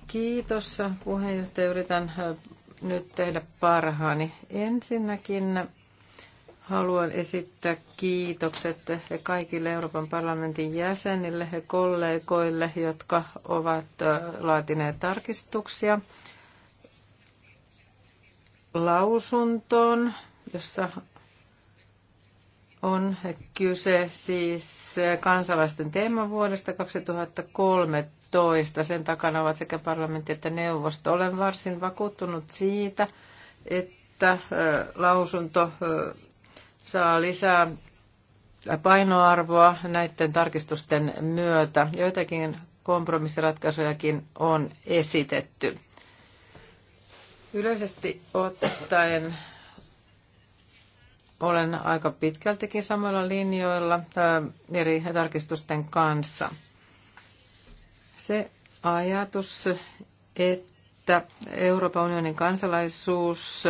Kiitos puheenjohtaja. Yritän nyt tehdä parhaani. Ensinnäkin haluan esittää kiitokset kaikille Euroopan parlamentin jäsenille ja kollegoille, jotka ovat laatineet tarkistuksia lausuntoon, jossa on kyse siis kansalaisten teemavuodesta 2013. Sen takana ovat sekä parlamentti että neuvosto. Olen varsin vakuuttunut siitä, että lausunto saa lisää painoarvoa näiden tarkistusten myötä. Joitakin kompromissiratkaisujakin on esitetty. Yleisesti ottaen olen aika pitkältikin samoilla linjoilla äh, eri tarkistusten kanssa. Se ajatus, että Euroopan unionin kansalaisuus,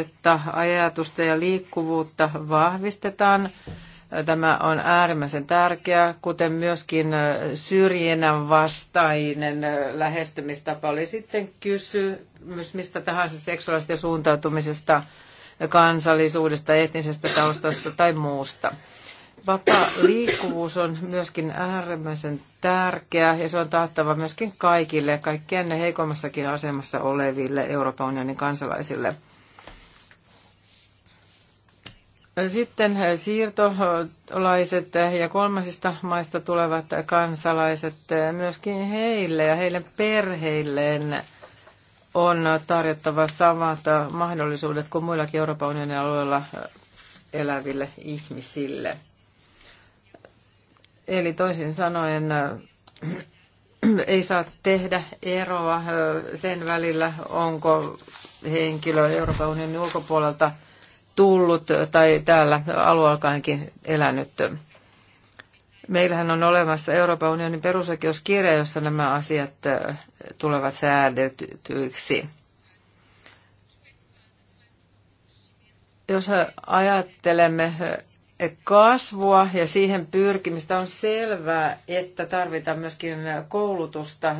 että ajatusta ja liikkuvuutta vahvistetaan, äh, tämä on äärimmäisen tärkeää, kuten myöskin äh, syrjinnän vastainen lähestymistapa oli sitten kysymys mistä tahansa seksuaalista suuntautumisesta – kansallisuudesta, etnisestä taustasta tai muusta. Vapaa liikkuvuus on myöskin äärimmäisen tärkeä ja se on taattava myöskin kaikille, kaikkien ne heikommassakin asemassa oleville Euroopan unionin kansalaisille. Sitten siirtolaiset ja kolmasista maista tulevat kansalaiset, myöskin heille ja heidän perheilleen – on tarjottava samat mahdollisuudet kuin muillakin Euroopan unionin alueella eläville ihmisille. Eli toisin sanoen ei saa tehdä eroa sen välillä, onko henkilö Euroopan unionin ulkopuolelta tullut tai täällä alueellakaankin elänyt. Meillähän on olemassa Euroopan unionin perusoikeuskirja, jossa nämä asiat tulevat säädetyiksi. Jos ajattelemme kasvua ja siihen pyrkimistä, on selvää, että tarvitaan myöskin koulutusta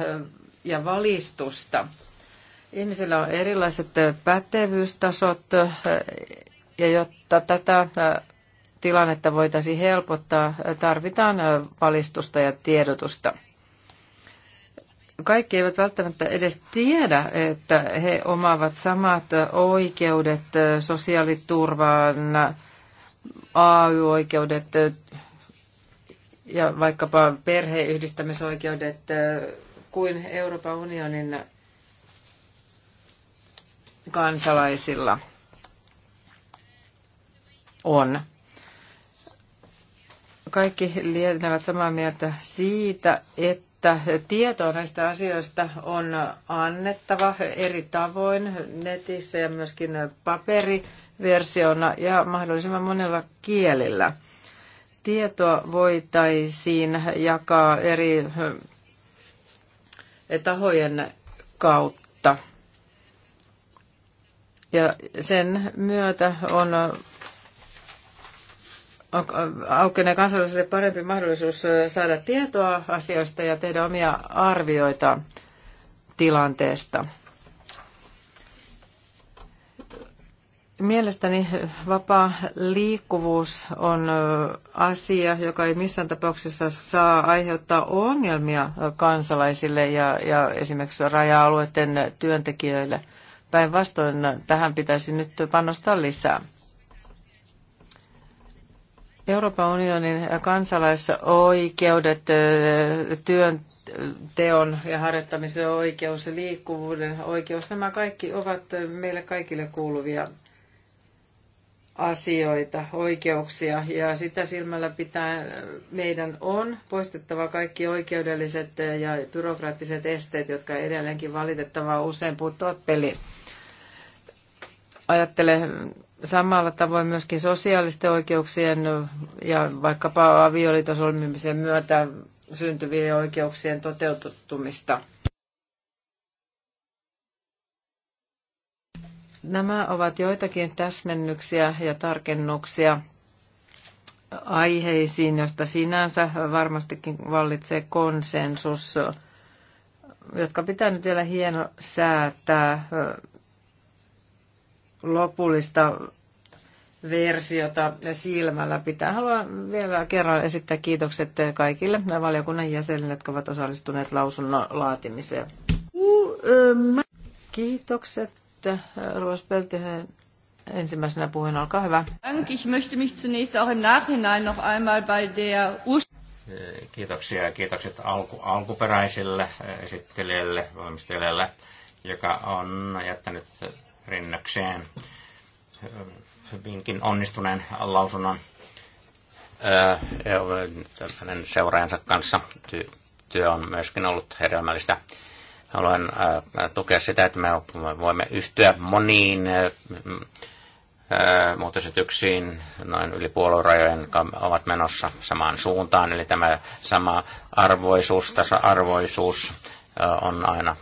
ja valistusta. Ihmisillä on erilaiset pätevyystasot, ja jotta tätä tilannetta voitaisiin helpottaa, tarvitaan valistusta ja tiedotusta. Kaikki eivät välttämättä edes tiedä, että he omaavat samat oikeudet sosiaaliturvaan, AY-oikeudet ja vaikkapa perheyhdistämisoikeudet kuin Euroopan unionin kansalaisilla on. Kaikki lienevät samaa mieltä siitä, että tietoa näistä asioista on annettava eri tavoin netissä ja myöskin paperiversiona ja mahdollisimman monella kielellä. Tietoa voitaisiin jakaa eri eh, tahojen kautta. Ja sen myötä on Äh, aukenee kansalaisille parempi mahdollisuus äh, saada tietoa asioista ja tehdä omia arvioita tilanteesta. Mielestäni vapaa liikkuvuus on äh, asia, joka ei missään tapauksessa saa aiheuttaa ongelmia kansalaisille ja, ja esimerkiksi raja-alueiden työntekijöille. Päinvastoin tähän pitäisi nyt panostaa lisää. Euroopan unionin kansalaisoikeudet, työn teon ja harjoittamisen oikeus, liikkuvuuden oikeus, nämä kaikki ovat meille kaikille kuuluvia asioita, oikeuksia ja sitä silmällä pitää meidän on poistettava kaikki oikeudelliset ja byrokraattiset esteet, jotka edelleenkin valitettavaa usein puuttuvat peliin. Ajattelen samalla tavoin myöskin sosiaalisten oikeuksien ja vaikkapa avioliitosolmimisen solmimisen myötä syntyvien oikeuksien toteutumista. Nämä ovat joitakin täsmennyksiä ja tarkennuksia aiheisiin, joista sinänsä varmastikin vallitsee konsensus, jotka pitää nyt vielä hieno säätää lopullista versiota silmällä pitää. Haluan vielä kerran esittää kiitokset kaikille valiokunnan jäsenille, jotka ovat osallistuneet lausunnon laatimiseen. Kiitokset. Ruos Peltihän ensimmäisenä puheen olkaa hyvä. Ich möchte mich zunächst auch im Nachhinein noch einmal bei der Kiitoksia ja kiitokset alku, alkuperäiselle esittelijälle, valmistelijalle, joka on jättänyt rinnakseen. hyvinkin onnistuneen lausunnon hänen seuraajansa kanssa. Työ on myöskin ollut hedelmällistä. Haluan tukea sitä, että me voimme yhtyä moniin muutosityksiin noin yli puoluerajojen, jotka ovat menossa samaan suuntaan, eli tämä sama arvoisuus, tasa-arvoisuus, on aina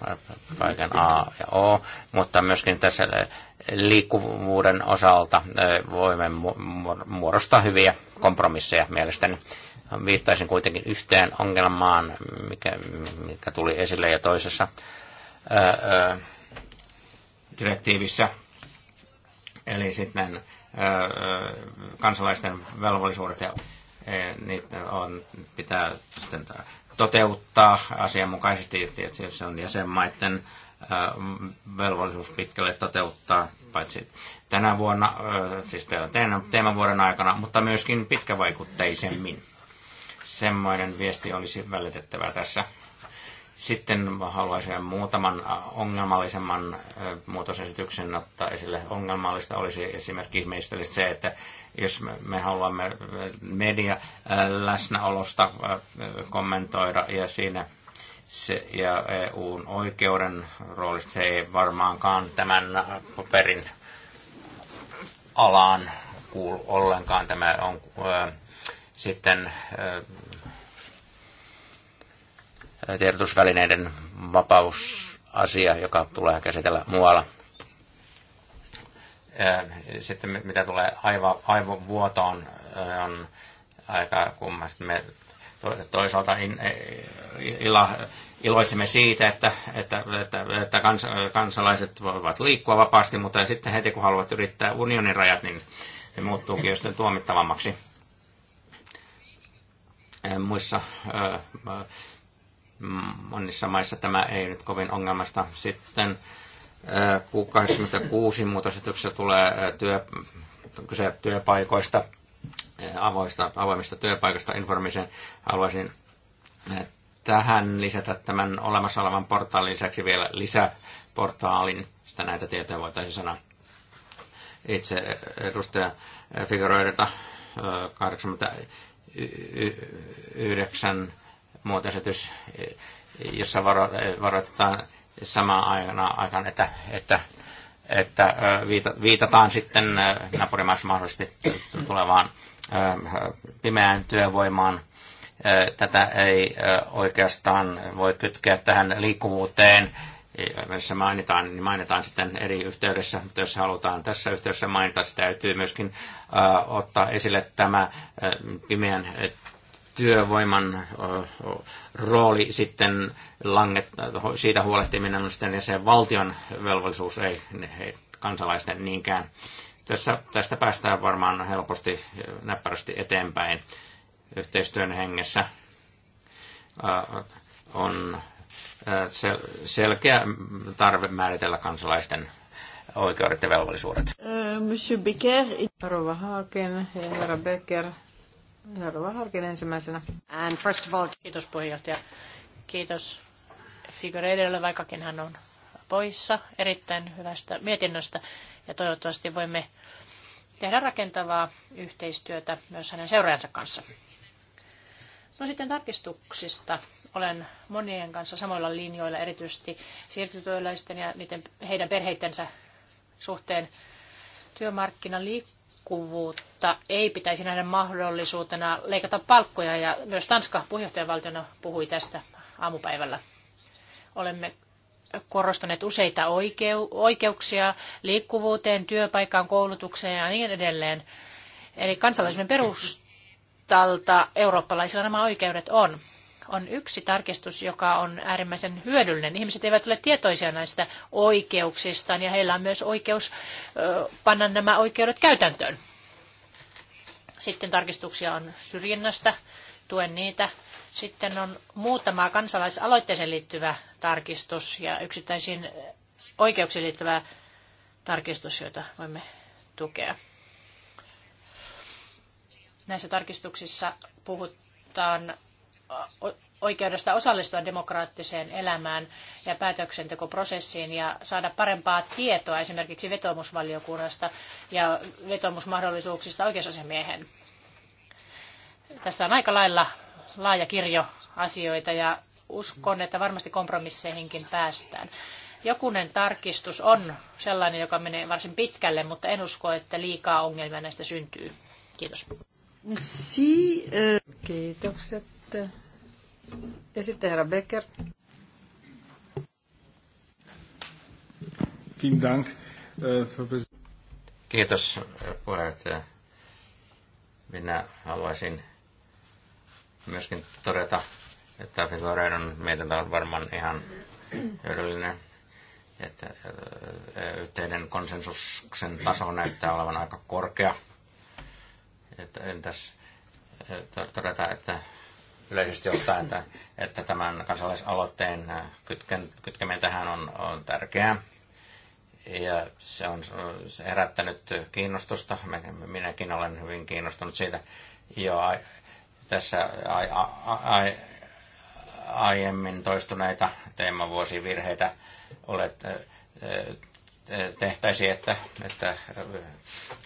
kaiken A ja O, mutta myöskin tässä liikkuvuuden osalta voimme muodostaa hyviä kompromisseja mielestäni. Viittaisin kuitenkin yhteen ongelmaan, mikä, mikä tuli esille jo toisessa ää, direktiivissä, eli sitten ää, kansalaisten velvollisuudet ja e, niitä on, pitää sitten toteuttaa asianmukaisesti. Tietysti se on jäsenmaiden velvollisuus pitkälle toteuttaa, paitsi tänä vuonna, siis teidän vuoden aikana, mutta myöskin pitkävaikutteisemmin. Semmoinen viesti olisi välitettävä tässä sitten haluaisin muutaman äh, ongelmallisemman äh, muutosesityksen ottaa esille. Ongelmallista olisi esimerkiksi meistä se, että jos me haluamme äh, media läsnäolosta kommentoida ja siinä se, ja EUn oikeuden roolista se ei varmaankaan tämän paperin alaan kuulu ollenkaan. Tämä on sitten tiedotusvälineiden vapausasia, joka tulee käsitellä muualla. Sitten mitä tulee aivo, aivovuotoon, eh, on aika kummasti. Me toisaalta in, eh, ila, siitä, että, että, että, että kans, kansalaiset voivat liikkua vapaasti, mutta sitten heti kun haluat yrittää unionin rajat, niin se muuttuukin jo sitten tuomittavammaksi. Eh, muissa Monissa maissa tämä ei nyt kovin ongelmasta. Sitten Q86 muutosesityksessä tulee työ, kyse työpaikoista, avoista, avoimista työpaikoista informiseen. Haluaisin tähän lisätä tämän olemassa olevan portaalin lisäksi vielä lisäportaalin, sitä näitä tietoja voitaisiin sanoa itse edustaja Figueroideta 89 muotoesitys, jossa varo, varoitetaan samaan aikana, aikaan, että, että, että viitataan sitten naapurimaissa mahdollisesti tulevaan pimeään työvoimaan. Tätä ei oikeastaan voi kytkeä tähän liikkuvuuteen, missä mainitaan, niin mainitaan sitten eri yhteydessä, mutta jos halutaan tässä yhteydessä mainita, se täytyy myöskin ottaa esille tämä pimeän työvoiman rooli sitten langet, siitä huolehtiminen on sitten ja se valtion velvollisuus, ei, ei kansalaisten niinkään. Tässä, tästä päästään varmaan helposti näppärästi eteenpäin yhteistyön hengessä. On selkeä tarve määritellä kansalaisten oikeudet ja velvollisuudet. Monsieur Becker, Rova Haken, herra Becker Jarva Harkin ensimmäisenä. And first of all, kiitos puheenjohtaja. Kiitos Figureidolle, vaikkakin hän on poissa erittäin hyvästä mietinnöstä ja toivottavasti voimme tehdä rakentavaa yhteistyötä myös hänen seuraajansa kanssa. No sitten tarkistuksista. Olen monien kanssa samoilla linjoilla, erityisesti siirtytyöläisten ja niiden, heidän perheittensä suhteen työmarkkinaliikkeelle liikkuvuutta ei pitäisi nähdä mahdollisuutena leikata palkkoja, ja myös Tanska puheenjohtajavaltiona puhui tästä aamupäivällä. Olemme korostaneet useita oikeu- oikeuksia liikkuvuuteen, työpaikkaan, koulutukseen ja niin edelleen. Eli kansalaisuuden perustalta eurooppalaisilla nämä oikeudet on on yksi tarkistus, joka on äärimmäisen hyödyllinen. Ihmiset eivät ole tietoisia näistä oikeuksistaan ja heillä on myös oikeus panna nämä oikeudet käytäntöön. Sitten tarkistuksia on syrjinnästä, tuen niitä. Sitten on muutama kansalaisaloitteeseen liittyvä tarkistus ja yksittäisiin oikeuksiin liittyvä tarkistus, joita voimme tukea. Näissä tarkistuksissa puhutaan oikeudesta osallistua demokraattiseen elämään ja päätöksentekoprosessiin ja saada parempaa tietoa esimerkiksi vetomusvaliokunnasta ja vetomusmahdollisuuksista oikeusasiamiehen. Tässä on aika lailla laaja kirjo asioita ja uskon, että varmasti kompromisseihinkin päästään. Jokunen tarkistus on sellainen, joka menee varsin pitkälle, mutta en usko, että liikaa ongelmia näistä syntyy. Kiitos. Euh, Kiitokset ja sitten herra Becker. Äh, Kiitos äh, puheenjohtaja. Minä haluaisin myöskin todeta, että Figoreidon mietintä on varmaan ihan hyödyllinen. Että äh, yhteinen konsensuksen taso näyttää olevan aika korkea. Että entäs todeta, että yleisesti ottaen, että, että tämän kansalaisaloitteen äh, kytken, kytkeminen tähän on, on tärkeää. Ja se on se herättänyt kiinnostusta. Minäkin olen hyvin kiinnostunut siitä jo tässä ai, ai, ai, aiemmin toistuneita teemavuosivirheitä olet, äh, äh, tehtäisiin, että, että,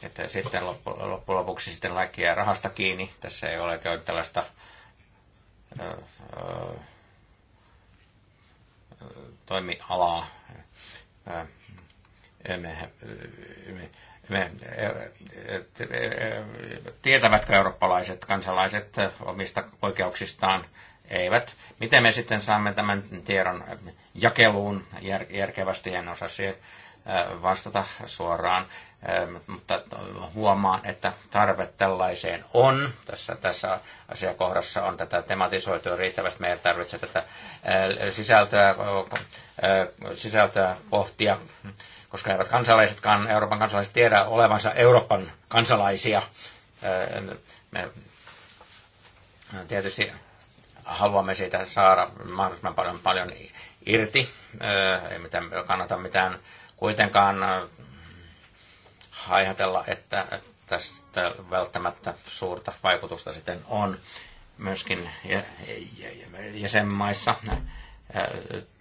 että sitten loppujen lopuksi sitten lakia rahasta kiinni. Tässä ei ole oikein tällaista toimialaa. Me, tietävätkö eurooppalaiset kansalaiset omista oikeuksistaan? Eivät. Miten me sitten saamme tämän tiedon jakeluun järkevästi? En osaa siihen vastata suoraan mutta huomaan, että tarve tällaiseen on. Tässä, tässä asiakohdassa on tätä tematisoitua riittävästi. Meidän tarvitsee tätä sisältöä, sisältöä pohtia, koska eivät kansalaisetkaan, Euroopan kansalaiset tiedä olevansa Euroopan kansalaisia. Me tietysti haluamme siitä saada mahdollisimman paljon, paljon irti. Ei mitään, kannata mitään kuitenkaan haihatella, että tästä välttämättä suurta vaikutusta sitten on myöskin jäsenmaissa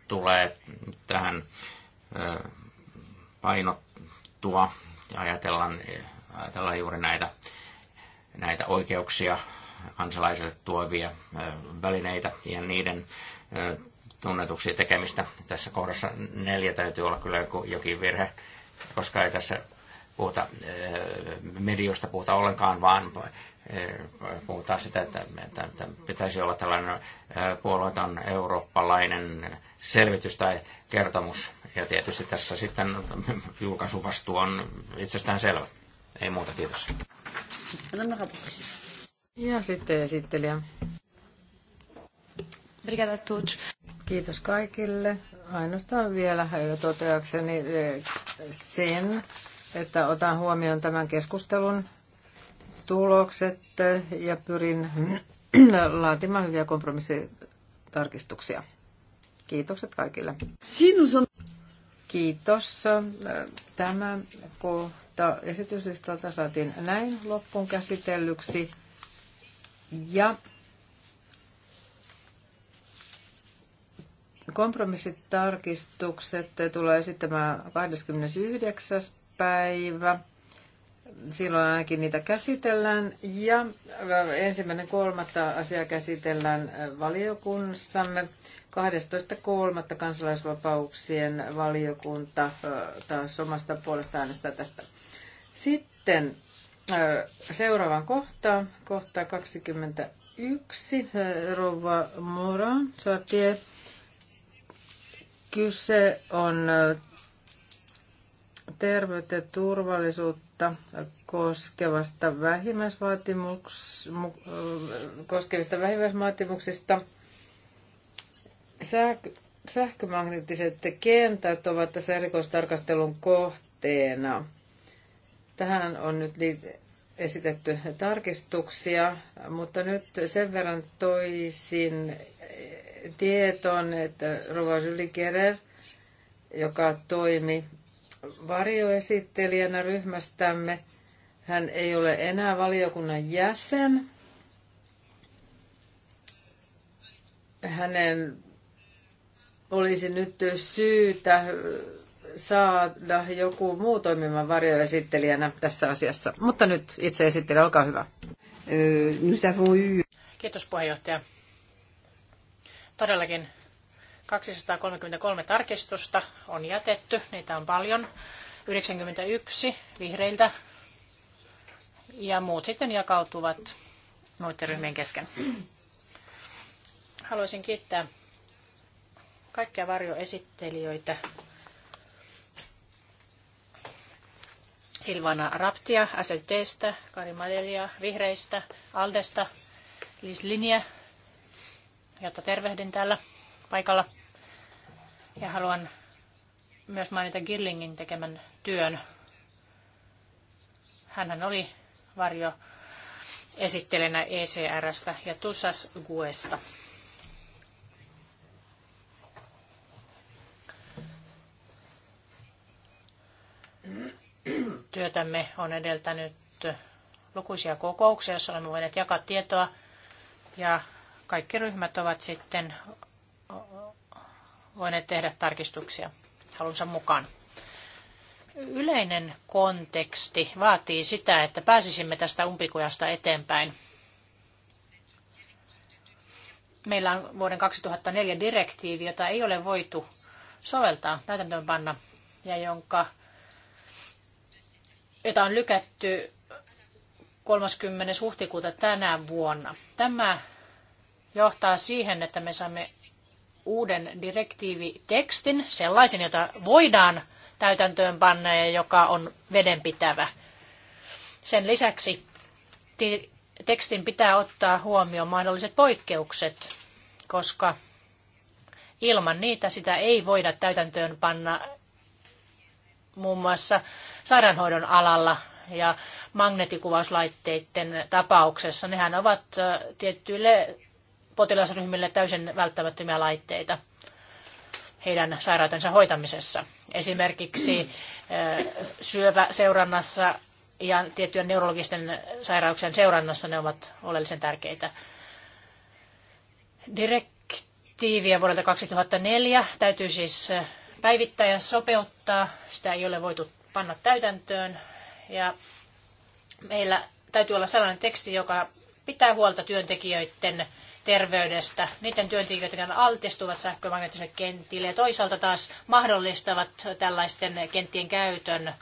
tulee tähän painottua ja ajatellaan, ajatellaan juuri näitä, näitä oikeuksia kansalaisille tuovia välineitä ja niiden tunnetuksia tekemistä. Tässä kohdassa neljä täytyy olla kyllä jokin virhe, koska ei tässä puhuta eh, medioista puhuta ollenkaan, vaan eh, puhutaan sitä, että, että, että pitäisi olla tällainen eh, puolueeton eurooppalainen selvitys tai kertomus. Ja tietysti tässä sitten julkaisuvastuu on itsestään selvä. Ei muuta, kiitos. Ja sitten esittelijä. Kiitos kaikille. Ainoastaan vielä toteakseni sen, että otan huomioon tämän keskustelun tulokset ja pyrin laatimaan hyviä kompromissitarkistuksia. Kiitokset kaikille. Sinus on... Kiitos. Tämä kohta esityslistalta saatiin näin loppuun käsitellyksi. Ja kompromissitarkistukset tulee esittämään 29 päivä. Silloin ainakin niitä käsitellään. Ja äh, ensimmäinen kolmatta asia käsitellään äh, valiokunnassamme. 12.3. kansalaisvapauksien valiokunta äh, taas omasta puolesta äänestää tästä. Sitten seuraavan kohtaan, kohta 21, Rova Moran, Satie. Kyse on terveyttä ja turvallisuutta koskevasta vähimmäisvaatimuks, äh, koskevista vähimmäisvaatimuksista. Sähkömagneettiset kentät ovat tässä erikoistarkastelun kohteena. Tähän on nyt esitetty tarkistuksia, mutta nyt sen verran toisin tietoon, että Rova Juli joka toimi varjoesittelijänä ryhmästämme. Hän ei ole enää valiokunnan jäsen. Hänen olisi nyt syytä saada joku muu toimimaan varjoesittelijänä tässä asiassa. Mutta nyt itse esittelijä, olkaa hyvä. Kiitos puheenjohtaja. Todellakin 233 tarkistusta on jätetty, niitä on paljon. 91 vihreiltä ja muut sitten jakautuvat muiden ryhmien kesken. Haluaisin kiittää kaikkia varjoesittelijöitä. Silvana Raptia, SLTstä, Kari Madelia, Vihreistä, Aldesta, Liz Linje, jota tervehdin täällä paikalla. Ja haluan myös mainita Girlingin tekemän työn. Hänhän oli varjo esittelenä ECRstä ja Tussas Guesta. Työtämme on edeltänyt lukuisia kokouksia, joissa olemme voineet jakaa tietoa ja kaikki ryhmät ovat sitten voineet tehdä tarkistuksia halunsa mukaan. Yleinen konteksti vaatii sitä, että pääsisimme tästä umpikujasta eteenpäin. Meillä on vuoden 2004 direktiivi, jota ei ole voitu soveltaa, täytäntöönpanna, ja jonka, jota on lykätty 30. huhtikuuta tänä vuonna. Tämä johtaa siihen, että me saamme uuden direktiivitekstin, sellaisen, jota voidaan täytäntöön panna ja joka on vedenpitävä. Sen lisäksi tekstin pitää ottaa huomioon mahdolliset poikkeukset, koska ilman niitä sitä ei voida täytäntöön panna muun muassa sairaanhoidon alalla ja magneettikuvauslaitteiden tapauksessa. Nehän ovat tiettyille potilasryhmille täysin välttämättömiä laitteita heidän sairautensa hoitamisessa. Esimerkiksi syöväseurannassa ja tiettyjen neurologisten sairauksien seurannassa ne ovat oleellisen tärkeitä. Direktiiviä vuodelta 2004 täytyy siis päivittää ja sopeuttaa. Sitä ei ole voitu panna täytäntöön. Ja meillä täytyy olla sellainen teksti, joka pitää huolta työntekijöiden terveydestä, niiden työntekijöitä, jotka altistuvat sähkömagneettiselle kentille ja toisaalta taas mahdollistavat tällaisten kenttien käytön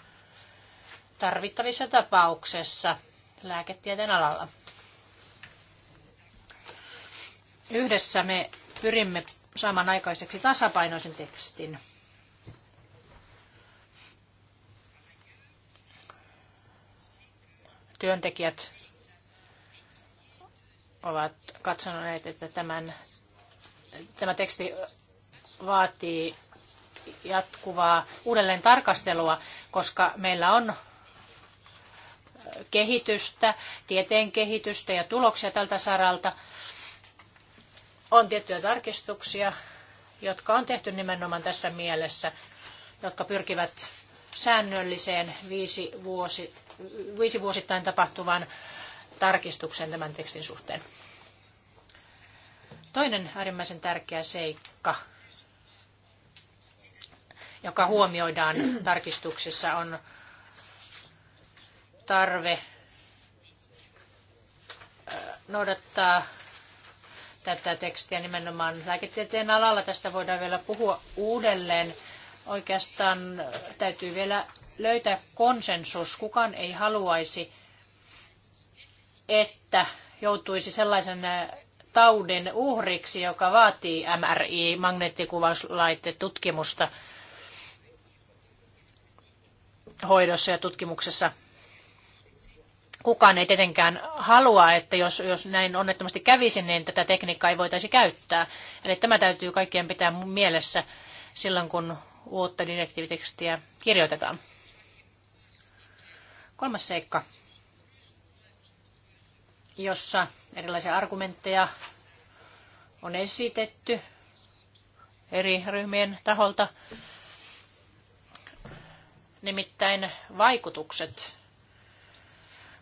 tarvittavissa tapauksessa lääketieteen alalla. Yhdessä me pyrimme saamaan aikaiseksi tasapainoisen tekstin. Työntekijät ovat katsoneet, että tämän, tämä teksti vaatii jatkuvaa uudelleen tarkastelua, koska meillä on kehitystä, tieteen kehitystä ja tuloksia tältä saralta. On tiettyjä tarkistuksia, jotka on tehty nimenomaan tässä mielessä, jotka pyrkivät säännölliseen viisi, vuosi, viisi vuosittain tapahtuvan tarkistuksen tämän tekstin suhteen. Toinen äärimmäisen tärkeä seikka, joka huomioidaan tarkistuksessa, on tarve noudattaa tätä tekstiä nimenomaan lääketieteen alalla. Tästä voidaan vielä puhua uudelleen. Oikeastaan täytyy vielä löytää konsensus. Kukaan ei haluaisi että joutuisi sellaisen äh, taudin uhriksi, joka vaatii MRI, magneettikuvauslaitetutkimusta hoidossa ja tutkimuksessa. Kukaan ei tietenkään halua, että jos, jos näin onnettomasti kävisi, niin tätä tekniikkaa ei voitaisi käyttää. Eli tämä täytyy kaikkien pitää mielessä silloin, kun uutta direktiivitekstiä kirjoitetaan. Kolmas seikka jossa erilaisia argumentteja on esitetty eri ryhmien taholta. Nimittäin vaikutukset,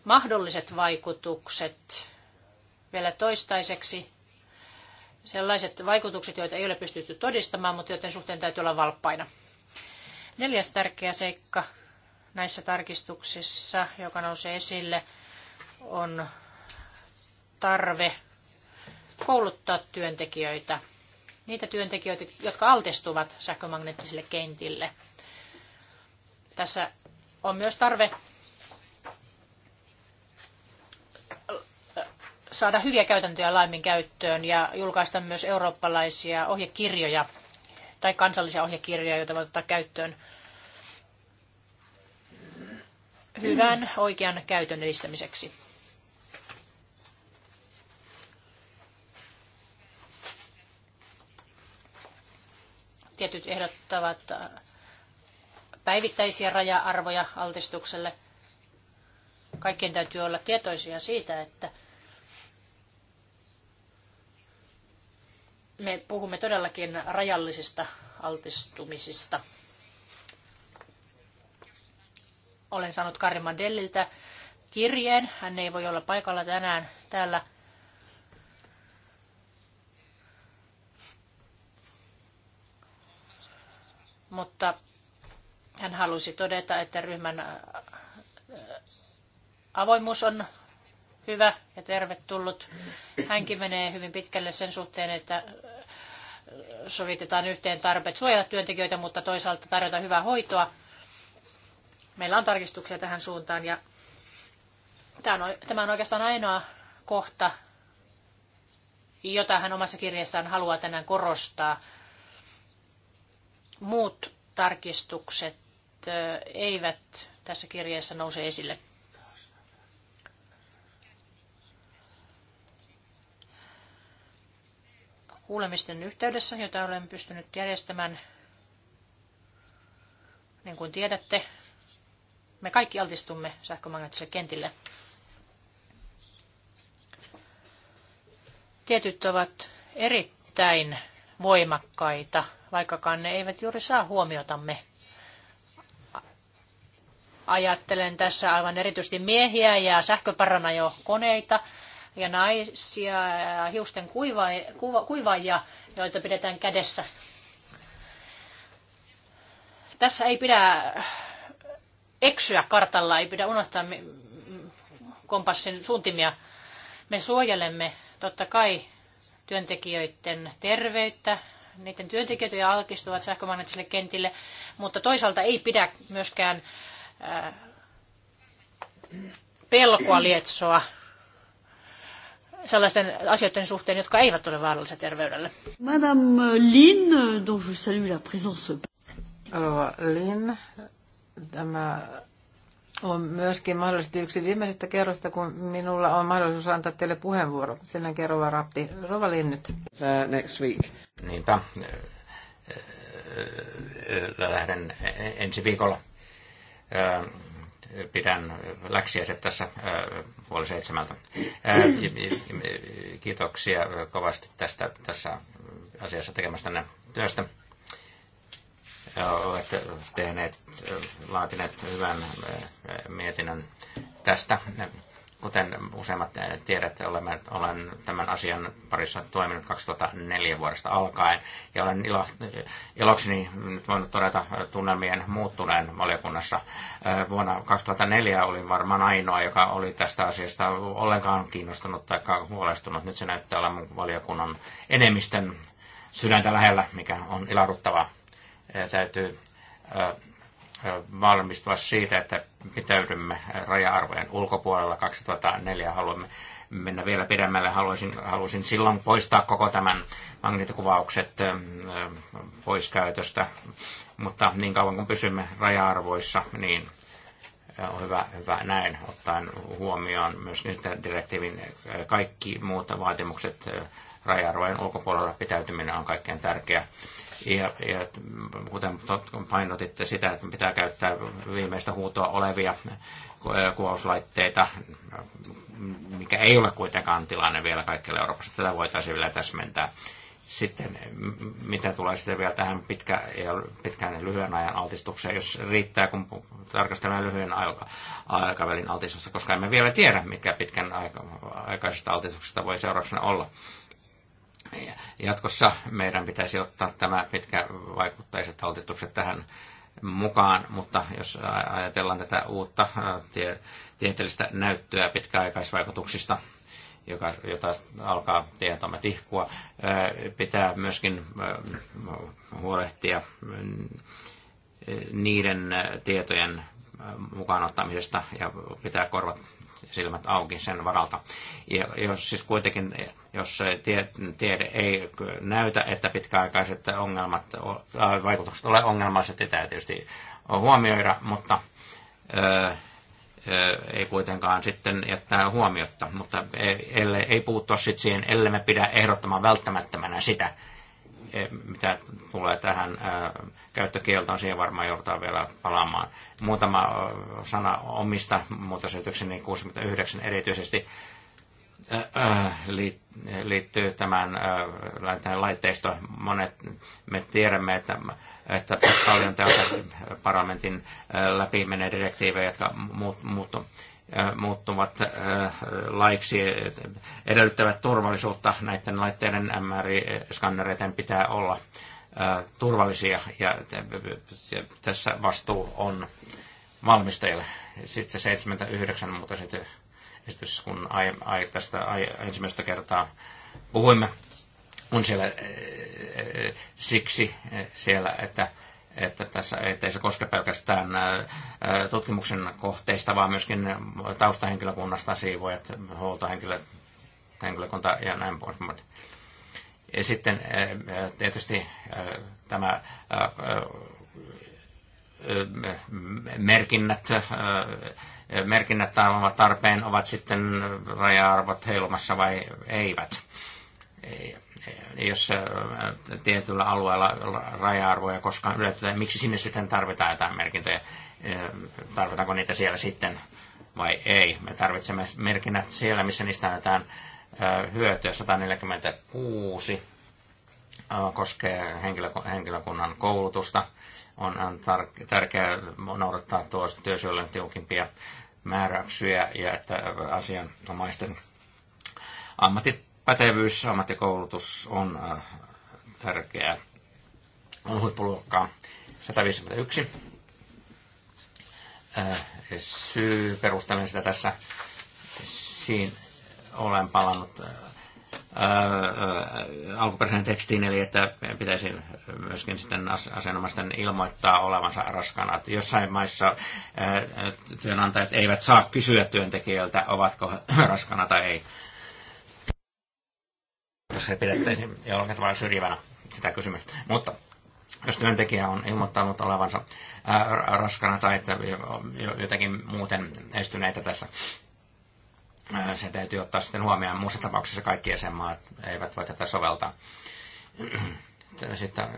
mahdolliset vaikutukset vielä toistaiseksi, sellaiset vaikutukset, joita ei ole pystytty todistamaan, mutta joiden suhteen täytyy olla valppaina. Neljäs tärkeä seikka näissä tarkistuksissa, joka nousee esille, on tarve kouluttaa työntekijöitä, niitä työntekijöitä, jotka altistuvat sähkömagneettisille kentille. Tässä on myös tarve saada hyviä käytäntöjä laimin käyttöön ja julkaista myös eurooppalaisia ohjekirjoja tai kansallisia ohjekirjoja, joita voi ottaa käyttöön hyvän oikean käytön edistämiseksi. Tietyt ehdottavat äh, päivittäisiä raja-arvoja altistukselle. Kaikkien täytyy olla tietoisia siitä, että me puhumme todellakin rajallisista altistumisista. Olen saanut Karima Delliltä kirjeen. Hän ei voi olla paikalla tänään täällä mutta hän halusi todeta, että ryhmän äh, äh, avoimuus on hyvä ja tervetullut. Hänkin menee hyvin pitkälle sen suhteen, että äh, sovitetaan yhteen tarpeet suojata työntekijöitä, mutta toisaalta tarjota hyvää hoitoa. Meillä on tarkistuksia tähän suuntaan ja tämä on oikeastaan ainoa kohta, jota hän omassa kirjassaan haluaa tänään korostaa – muut tarkistukset eivät tässä kirjeessä nouse esille. Kuulemisten yhteydessä, jota olen pystynyt järjestämään, niin kuin tiedätte, me kaikki altistumme sähkömagneettiselle kentille. Tietyt ovat erittäin voimakkaita – vaikkakaan ne eivät juuri saa huomiotamme. Ajattelen tässä aivan erityisesti miehiä ja sähköparanajokoneita ja naisia ja hiusten kuivaajia, joita pidetään kädessä. Tässä ei pidä eksyä kartalla, ei pidä unohtaa kompassin suuntimia. Me suojelemme totta kai työntekijöiden terveyttä, niiden työntekijöitä ja alkistuvat sähkömagneettisille kentille, mutta toisaalta ei pidä myöskään äh, pelkoa lietsoa sellaisten asioiden suhteen, jotka eivät ole vaarallisia terveydelle. Madame Lin, dont je salue la présence. Lin, tämä on myöskin mahdollisesti yksi viimeisestä kerrosta, kun minulla on mahdollisuus antaa teille puheenvuoro. sinä kerrova rapti. Rovalin nyt. Uh, next week. Niinpä. Uh, uh, uh, lähden ensi viikolla. Pidän läksiäiset tässä puoli seitsemältä. Kiitoksia kovasti tästä tässä asiassa tekemästänne työstä olette tehneet, laatineet hyvän mietinnön tästä. Kuten useimmat tiedätte, olemme, olen tämän asian parissa toiminut 2004 vuodesta alkaen ja olen ilo, ilokseni nyt voinut todeta tunnelmien muuttuneen valiokunnassa. Vuonna 2004 olin varmaan ainoa, joka oli tästä asiasta ollenkaan kiinnostunut tai huolestunut. Nyt se näyttää olevan valiokunnan enemmistön sydäntä lähellä, mikä on ilahduttavaa täytyy valmistua siitä, että pitäydymme raja-arvojen ulkopuolella 2004 haluamme mennä vielä pidemmälle. Haluaisin, halusin silloin poistaa koko tämän magnetikuvaukset pois käytöstä, mutta niin kauan kuin pysymme raja-arvoissa, niin on hyvä, hyvä näin, ottaen huomioon myös direktiivin kaikki muut vaatimukset raja-arvojen ulkopuolella pitäytyminen on kaikkein tärkeää ja, ja kuten painotitte sitä, että pitää käyttää viimeistä huutoa olevia kuvauslaitteita, mikä ei ole kuitenkaan tilanne vielä kaikkialla Euroopassa. Tätä voitaisiin vielä täsmentää. Sitten mitä tulee sitten vielä tähän pitkä, pitkään ja lyhyen ajan altistukseen, jos riittää, kun tarkastellaan lyhyen aikavälin altistusta, koska emme vielä tiedä, mikä pitkän aikaisesta altistuksesta voi seurauksena olla. Jatkossa meidän pitäisi ottaa tämä vaikuttaiset altitukset tähän mukaan, mutta jos ajatellaan tätä uutta tie, tieteellistä näyttöä pitkäaikaisvaikutuksista, joka, jota alkaa tietomme tihkua, pitää myöskin huolehtia mm, niiden tietojen mukaan ottamisesta ja pitää korvat silmät auki sen varalta. Ja jos siis kuitenkin, jos tiede ei näytä, että pitkäaikaiset ongelmat, äh, vaikutukset ole ongelmaiset, tätä tietysti huomioida, mutta ö, äh, ö, äh, ei kuitenkaan sitten jättää huomiota, mutta ei, ei puuttua sitten siihen, ellei me pidä ehdottoman välttämättömänä sitä, Eh, mitä tulee tähän eh, käyttökieltoon, siihen varmaan joudutaan vielä palaamaan. Muutama eh, sana omista muutosyritykseni 69 erityisesti liittyy tämän, tämän laitteisto. Monet me tiedämme, että, että paljon tältä parlamentin läpi menee direktiivejä, jotka muut, muut, muuttuvat laiksi edellyttävät turvallisuutta. Näiden laitteiden MR-skannereiden pitää olla turvallisia ja tässä vastuu on valmistajille. Sitten se 79 muuta esitys, kun ai, tästä ensimmäistä kertaa puhuimme, on siellä siksi siellä, että että tässä ettei se koske pelkästään tutkimuksen kohteista, vaan myöskin taustahenkilökunnasta, huoltohenkilöt, henkilökunta ja näin pois. Ja sitten tietysti tämä merkinnät, merkinnät ovat tarpeen, ovat sitten raja-arvot heilumassa vai eivät jos tietyllä alueella raja-arvoja koskaan ylätetään, niin miksi sinne sitten tarvitaan jotain merkintöjä, tarvitaanko niitä siellä sitten vai ei. Me tarvitsemme merkinnät siellä, missä niistä on jotain hyötyä. 146 koskee henkilökunnan koulutusta. On tärkeää noudattaa tuo työsuojelun tiukimpia määräyksiä ja että asianomaisten ammatit pätevyys, ammattikoulutus on äh, tärkeää. On huippuluokkaa 151. Äh, syy, perustelen sitä tässä. Siinä olen palannut äh, alkuperäisen tekstiin, eli että pitäisi myöskin sitten asianomaisten ilmoittaa olevansa raskana. Että jossain maissa työnantajat eivät saa kysyä työntekijöiltä, ovatko raskana tai ei jos se pidettäisiin jollakin tavalla syrjivänä, sitä kysymys. Mutta jos työntekijä on ilmoittanut olevansa raskana tai että jotenkin muuten estyneitä tässä, se täytyy ottaa sitten huomioon. Muussa tapauksessa kaikki jäsenmaat eivät voi tätä soveltaa. Sitten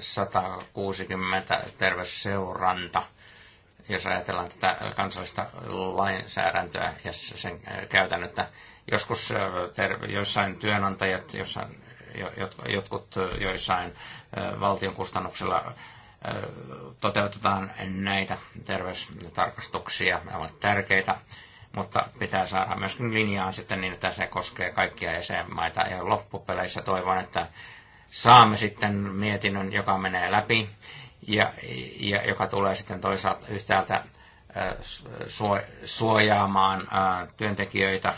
160 terveysseuranta, jos ajatellaan tätä kansallista lainsäädäntöä ja sen käytännöttä, Joskus äh, ter- joissain työnantajat, jossain, jotkut äh, joissain äh, valtion kustannuksella toteutetaan näitä terveystarkastuksia. Ne ovat tärkeitä, mutta pitää saada myöskin linjaan sitten niin, että se koskee kaikkia jäsenmaita. Ja loppupeleissä toivon, että saamme sitten mietinnön, joka menee läpi ja, ja joka tulee sitten toisaalta yhtäältä suojaamaan työntekijöitä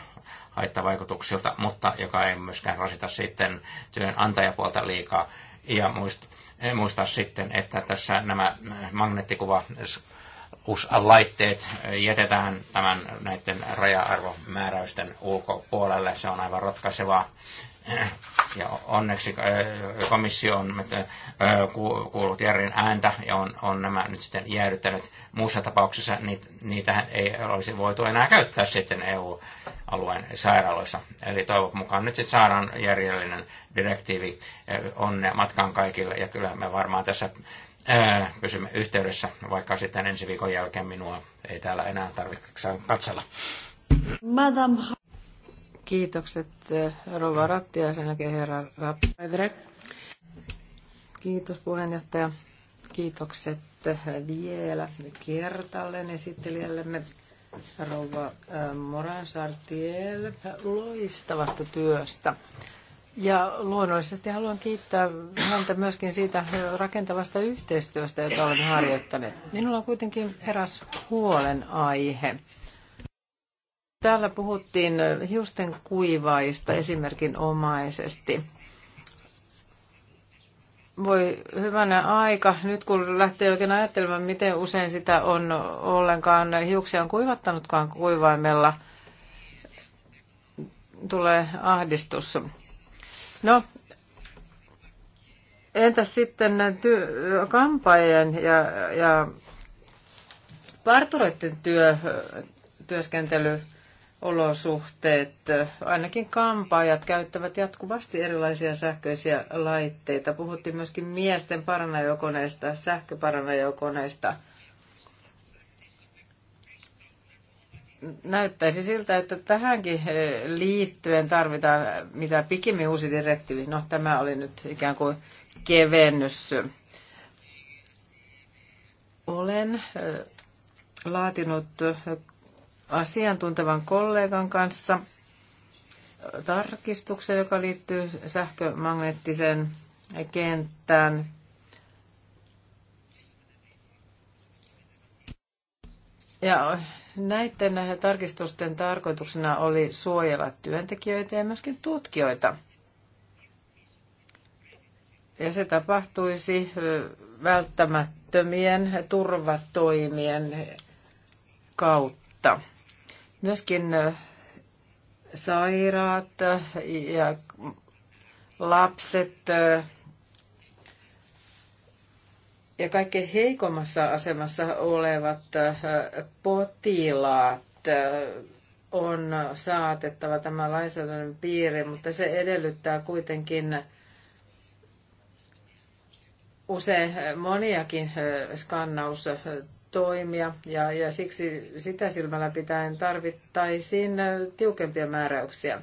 haittavaikutuksilta, mutta joka ei myöskään rasita sitten työnantajapuolta liikaa. Ja muistaa sitten, että tässä nämä magneettikuva laitteet jätetään tämän näiden raja-arvomääräysten ulkopuolelle. Se on aivan ratkaisevaa. Ja onneksi äh, komissio on äh, kuullut järjen ääntä ja on, on nämä nyt sitten jäädyttänyt. Muussa tapauksessa niitä, ei olisi voitu enää käyttää sitten EU, alueen sairaaloissa. Eli toivon mukaan nyt sitten saadaan järjellinen direktiivi eh, onne matkaan kaikille, ja kyllä me varmaan tässä ää, eh, pysymme yhteydessä, vaikka sitten ensi viikon jälkeen minua ei täällä enää tarvitse katsella. Madam. Kiitokset eh, Rova Ratti ja sen jälkeen herra Rappaidre. Kiitos puheenjohtaja. Kiitokset vielä kertalleen esittelijällemme rouva Moran Sartiel loistavasta työstä. Ja luonnollisesti haluan kiittää häntä myöskin siitä rakentavasta yhteistyöstä, jota olemme harjoittaneet. Minulla on kuitenkin eräs huolenaihe. Täällä puhuttiin hiusten kuivaista esimerkin omaisesti voi hyvänä aika, nyt kun lähtee oikein ajattelemaan, miten usein sitä on ollenkaan, hiuksia on kuivattanutkaan kuivaimella, tulee ahdistus. No, entäs sitten ty- kampaajien ja, ja partureiden työ, työskentely? olosuhteet. Ainakin kampaajat käyttävät jatkuvasti erilaisia sähköisiä laitteita. Puhuttiin myöskin miesten paranajokoneista, sähköparanajokoneista. Näyttäisi siltä, että tähänkin eh, liittyen tarvitaan mitä pikimmin uusi direktiivi. No tämä oli nyt ikään kuin kevennys. Olen eh, laatinut asiantuntevan kollegan kanssa tarkistuksen, joka liittyy sähkömagneettiseen kenttään. Ja näiden tarkistusten tarkoituksena oli suojella työntekijöitä ja myöskin tutkijoita. Ja se tapahtuisi välttämättömien turvatoimien kautta. Myöskin sairaat ja lapset ja kaikkein heikommassa asemassa olevat potilaat on saatettava tämän lainsäädännön piiriin, mutta se edellyttää kuitenkin usein moniakin skannaustoimia toimia ja, ja siksi sitä silmällä pitäen tarvittaisiin tiukempia määräyksiä.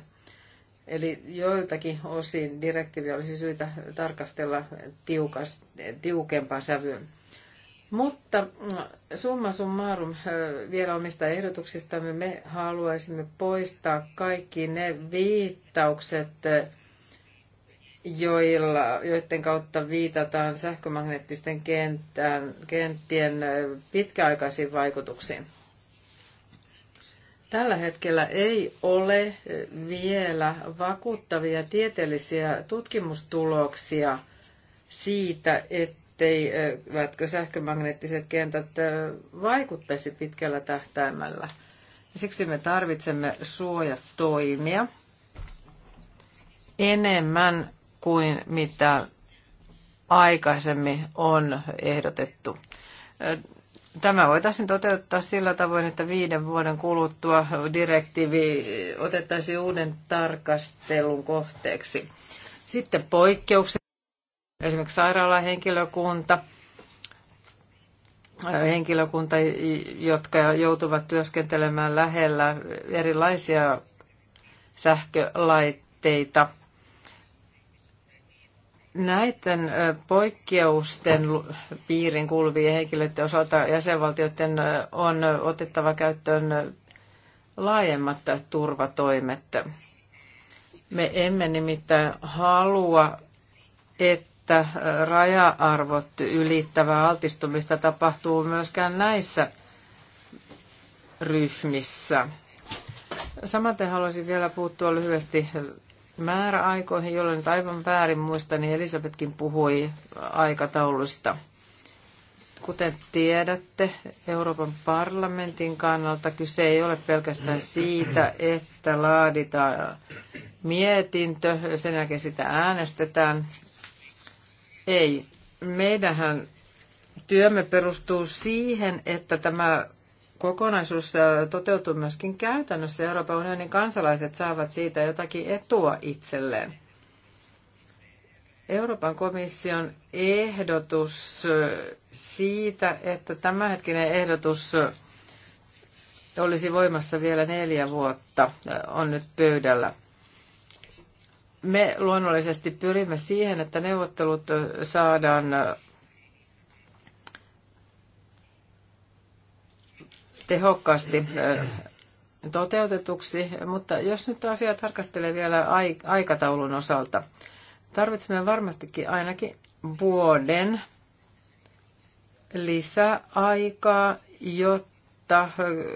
Eli joiltakin osin direktiivi olisi syytä tarkastella tiukas, tiukempaan sävyyn. Mutta mm, summa summarum vielä omista ehdotuksistamme me haluaisimme poistaa kaikki ne viittaukset, joilla, joiden kautta viitataan sähkömagneettisten kenttään, kenttien pitkäaikaisiin vaikutuksiin. Tällä hetkellä ei ole vielä vakuuttavia tieteellisiä tutkimustuloksia siitä, etteivätkö sähkömagneettiset kentät vaikuttaisi pitkällä tähtäimellä. Siksi me tarvitsemme suojatoimia enemmän kuin mitä aikaisemmin on ehdotettu. Tämä voitaisiin toteuttaa sillä tavoin, että viiden vuoden kuluttua direktiivi otettaisiin uuden tarkastelun kohteeksi. Sitten poikkeukset, esimerkiksi sairaalahenkilökunta, henkilökunta, jotka joutuvat työskentelemään lähellä erilaisia sähkölaitteita – Näiden poikkeusten piirin kuuluvien henkilöiden osalta jäsenvaltioiden on otettava käyttöön laajemmat turvatoimet. Me emme nimittäin halua, että raja-arvot ylittävää altistumista tapahtuu myöskään näissä ryhmissä. Samaten haluaisin vielä puuttua lyhyesti määräaikoihin, jolloin nyt aivan väärin muista, niin Elisabetkin puhui aikataulusta. Kuten tiedätte, Euroopan parlamentin kannalta kyse ei ole pelkästään siitä, että laaditaan mietintö ja sen jälkeen sitä äänestetään. Ei. meidän työmme perustuu siihen, että tämä kokonaisuus äh, toteutuu myöskin käytännössä. Euroopan unionin kansalaiset saavat siitä jotakin etua itselleen. Euroopan komission ehdotus äh, siitä, että tämänhetkinen ehdotus äh, olisi voimassa vielä neljä vuotta, on nyt pöydällä. Me luonnollisesti pyrimme siihen, että neuvottelut saadaan tehokkaasti toteutetuksi, mutta jos nyt asiaa tarkastelee vielä aikataulun osalta, tarvitsemme varmastikin ainakin vuoden lisäaikaa, jotta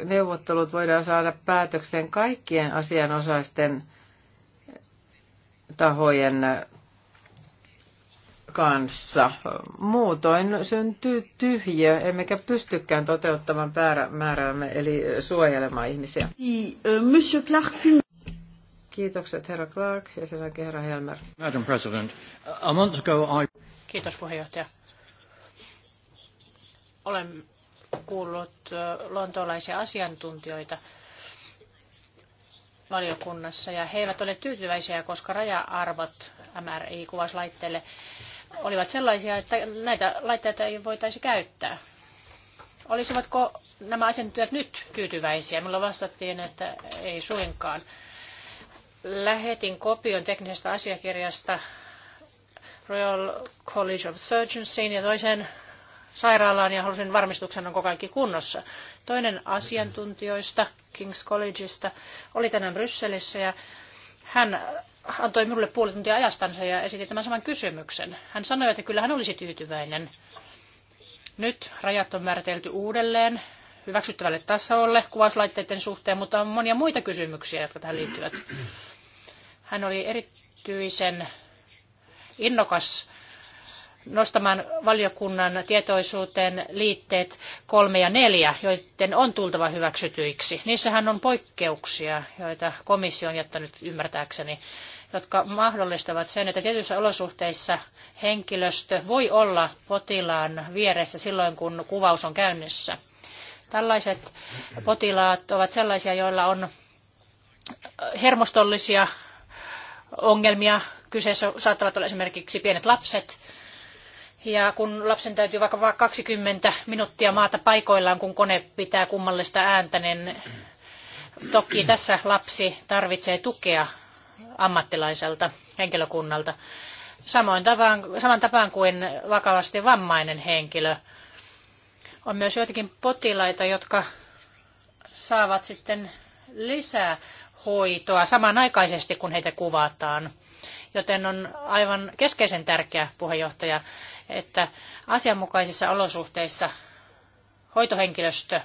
neuvottelut voidaan saada päätökseen kaikkien asianosaisten tahojen kanssa. Muutoin syntyy tyhjiö, emmekä pystykään toteuttamaan päämääräämme, eli suojelemaan ihmisiä. E, Monsieur Clark. Kiitokset herra Clark ja sen jälkeen herra Helmer. Madam President, a month ago I... Kiitos puheenjohtaja. Olen kuullut lontoolaisia asiantuntijoita valiokunnassa ja he eivät ole tyytyväisiä, koska raja-arvot MRI-kuvauslaitteelle olivat sellaisia, että näitä laitteita ei voitaisi käyttää. Olisivatko nämä asiantuntijat nyt tyytyväisiä? Minulla vastattiin, että ei suinkaan. Lähetin kopion teknisestä asiakirjasta Royal College of Surgeonsiin ja toisen sairaalaan ja halusin varmistuksen, onko kaikki kunnossa. Toinen asiantuntijoista King's Collegeista oli tänään Brysselissä ja hän antoi minulle puoli tuntia ajastansa ja esitti tämän saman kysymyksen. Hän sanoi, että kyllä hän olisi tyytyväinen. Nyt rajat on määritelty uudelleen hyväksyttävälle tasolle kuvauslaitteiden suhteen, mutta on monia muita kysymyksiä, jotka tähän liittyvät. Hän oli erityisen innokas nostamaan valiokunnan tietoisuuteen liitteet kolme ja neljä, joiden on tultava hyväksytyiksi. Niissähän on poikkeuksia, joita komissio on jättänyt ymmärtääkseni jotka mahdollistavat sen, että tietyissä olosuhteissa henkilöstö voi olla potilaan vieressä silloin, kun kuvaus on käynnissä. Tällaiset potilaat ovat sellaisia, joilla on hermostollisia ongelmia. Kyseessä saattavat olla esimerkiksi pienet lapset. Ja kun lapsen täytyy vaikka kaksikymmentä 20 minuuttia maata paikoillaan, kun kone pitää kummallista ääntä, niin toki tässä lapsi tarvitsee tukea ammattilaiselta, henkilökunnalta. Samoin tapaan, saman tapaan kuin vakavasti vammainen henkilö. On myös joitakin potilaita, jotka saavat sitten lisää hoitoa samanaikaisesti, kun heitä kuvataan. Joten on aivan keskeisen tärkeä puheenjohtaja, että asianmukaisissa olosuhteissa hoitohenkilöstö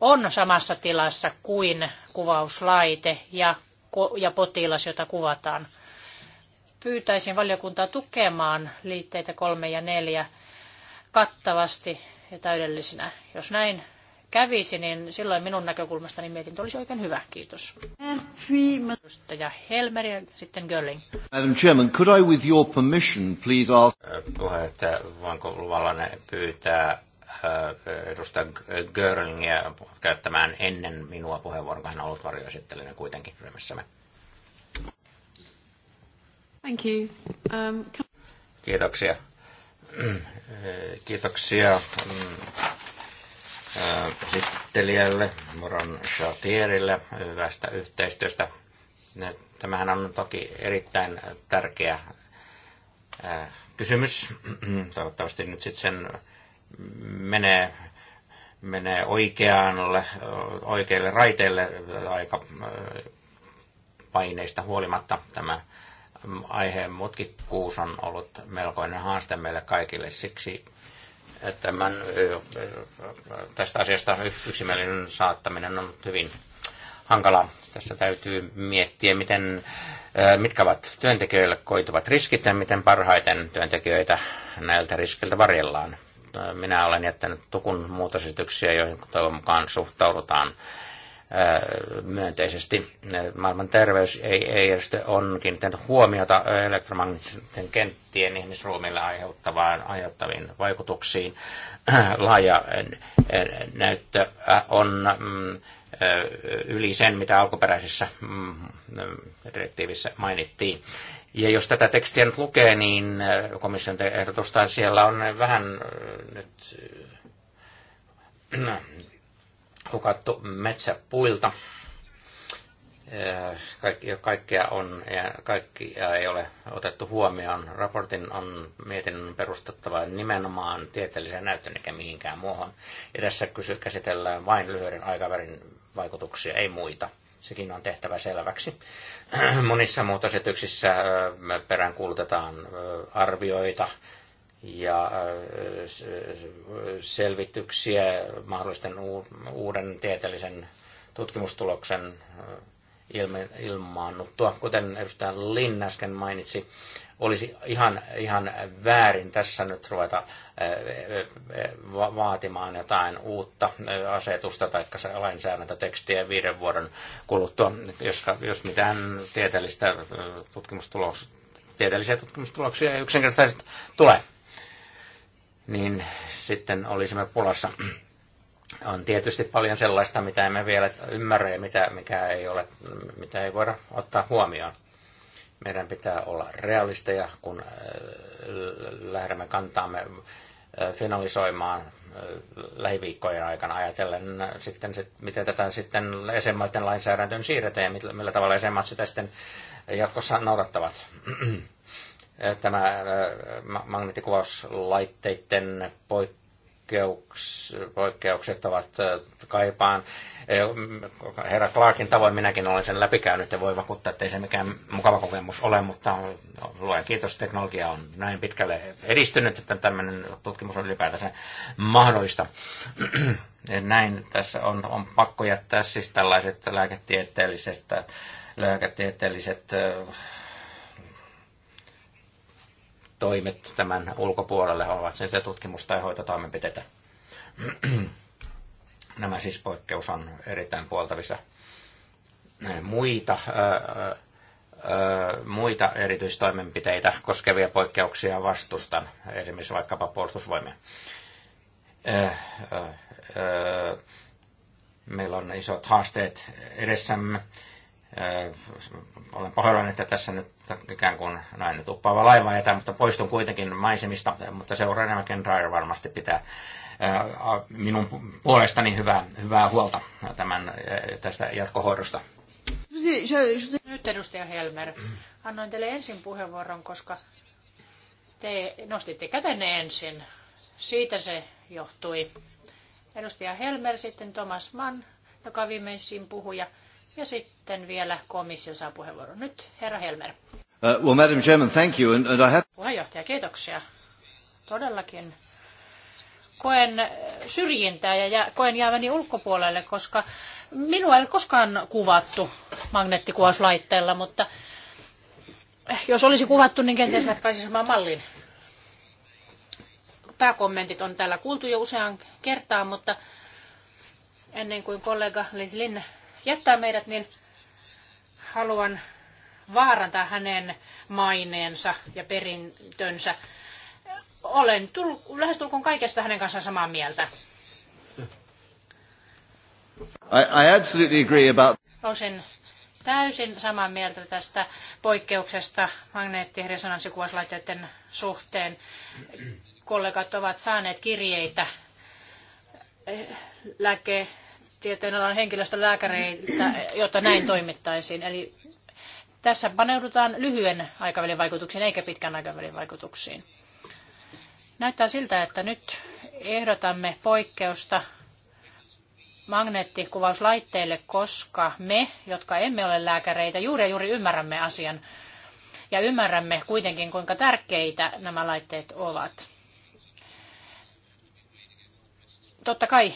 on samassa tilassa kuin kuvauslaite ja ja potilas, jota kuvataan. Pyytäisin valiokuntaa tukemaan liitteitä kolme ja neljä kattavasti ja täydellisinä. Jos näin kävisi, niin silloin minun näkökulmastani mietintö olisi oikein hyvä. Kiitos. Ja Helmer ja sitten Görling. Madam Chairman, could I with your permission please ask... Puheenjohtaja, voinko luvallanne pyytää Äh, edustaja Görlingiä käyttämään ennen minua puheenvuoron, hän on ollut varjoesittelijänä kuitenkin ryhmässämme. Thank you. Um, can... Kiitoksia. Äh, kiitoksia mm, äh, esittelijälle, Moron Chartierille hyvästä yhteistyöstä. Tämähän on toki erittäin tärkeä kysymys. Toivottavasti nyt sitten sen menee, menee oikealle, oikeille raiteille aika paineista huolimatta tämä aiheen mutkikkuus on ollut melkoinen haaste meille kaikille. Siksi tämän, tästä asiasta yksimielinen saattaminen on hyvin hankalaa. Tässä täytyy miettiä, miten, mitkä ovat työntekijöille koituvat riskit ja miten parhaiten työntekijöitä näiltä riskiltä varjellaan minä olen jättänyt tukun muutosesityksiä, joihin toivon mukaan suhtaudutaan myönteisesti. Maailman terveysjärjestö on kiinnittänyt huomiota elektromagnettisten kenttien ihmisruumille aiheuttavaan, aiheuttaviin vaikutuksiin. Laaja näyttö on mm, yli sen, mitä alkuperäisessä mm, direktiivissä mainittiin. Ja jos tätä tekstiä nyt lukee, niin äh, komission ehdotusta siellä on vähän äh, nyt äh, hukattu metsäpuilta. kaikkea on, ja ei ole otettu huomioon. Raportin on mietinnön perustettava nimenomaan tieteellisen näyttöön eikä mihinkään muuhun. Ja tässä käsitellään vain lyhyen aikavälin vaikutuksia, ei muita. Sekin on tehtävä selväksi. Monissa perään peräänkuulutetaan arvioita ja selvityksiä mahdollisten uuden tieteellisen tutkimustuloksen ilmaannuttua. Kuten edustaja Linn äsken mainitsi, olisi ihan, ihan väärin tässä nyt ruveta vaatimaan jotain uutta asetusta tai lainsäädäntötekstiä viiden vuoden kuluttua, jos, jos mitään tieteellistä tutkimustulos, tieteellisiä tutkimustuloksia ei yksinkertaisesti tule, niin sitten olisimme pulassa on tietysti paljon sellaista, mitä emme vielä ymmärrä ja mitä, mikä ei ole, mitä ei voida ottaa huomioon. Meidän pitää olla realisteja, kun äh, lähdemme kantaamme äh, finalisoimaan äh, lähiviikkojen aikana ajatellen sitten, miten tätä sitten jäsenmaiden lainsäädäntöön siirretään ja millä, millä tavalla jäsenmaat sitä sitten jatkossa noudattavat. Tämä magneettikuvauslaitteiden poik- poikkeuks, poikkeukset ovat kaipaan. E, herra Clarkin tavoin minäkin olen sen läpikäynyt ja voi vakuuttaa, että ei se mikään mukava kokemus ole, mutta luen kiitos, teknologia on näin pitkälle edistynyt, että tämmöinen tutkimus on ylipäätänsä mahdollista. näin tässä on, on pakko jättää siis tällaiset lääketieteelliset, lääketieteelliset toimet tämän ulkopuolelle ovat sen se tutkimus- tai hoitotoimenpiteitä. Nämä siis poikkeus on erittäin puoltavissa. Muita, ää, ää, muita erityistoimenpiteitä koskevia poikkeuksia vastustan, esimerkiksi vaikkapa puolustusvoimia. meillä on isot haasteet edessämme Äh, olen pahoillani, että tässä nyt ikään kuin näin uppaava laiva jätä, mutta poistun kuitenkin maisemista, mutta Ken McIntyre varmasti pitää äh, minun puolestani hyvää, hyvää huolta tämän, äh, tästä jatkohoidosta. Nyt edustaja Helmer, annoin teille ensin puheenvuoron, koska te nostitte kätenne ensin. Siitä se johtui. Edustaja Helmer, sitten Thomas Mann, joka viimeisin puhuja. Ja sitten vielä komissio saa puheenvuoron. Nyt herra Helmer. Uh, well, Madam Chairman, thank you. And, and I have... Puheenjohtaja, kiitoksia. Todellakin koen syrjintää ja koen jääväni ulkopuolelle, koska minua ei koskaan kuvattu magneettikuvauslaitteella, mutta jos olisi kuvattu, niin kenties jatkaisin samaan mallin Pääkommentit on täällä kuultu jo useaan kertaan, mutta ennen kuin kollega Lislin jättää meidät, niin haluan vaarantaa hänen maineensa ja perintönsä. Olen tull- lähestulkoon kaikesta hänen kanssaan samaa mieltä. I, I absolutely agree about... Osin täysin samaa mieltä tästä poikkeuksesta magneettiresonanssikuvauslaitteiden suhteen. Kollegat ovat saaneet kirjeitä eh, lääke tieteenalan henkilöstä, lääkäreiltä, jotta näin toimittaisiin. Eli tässä paneudutaan lyhyen aikavälin vaikutuksiin eikä pitkän aikavälin vaikutuksiin. Näyttää siltä, että nyt ehdotamme poikkeusta magneettikuvauslaitteille, koska me, jotka emme ole lääkäreitä, juuri ja juuri ymmärrämme asian ja ymmärrämme kuitenkin, kuinka tärkeitä nämä laitteet ovat. Totta kai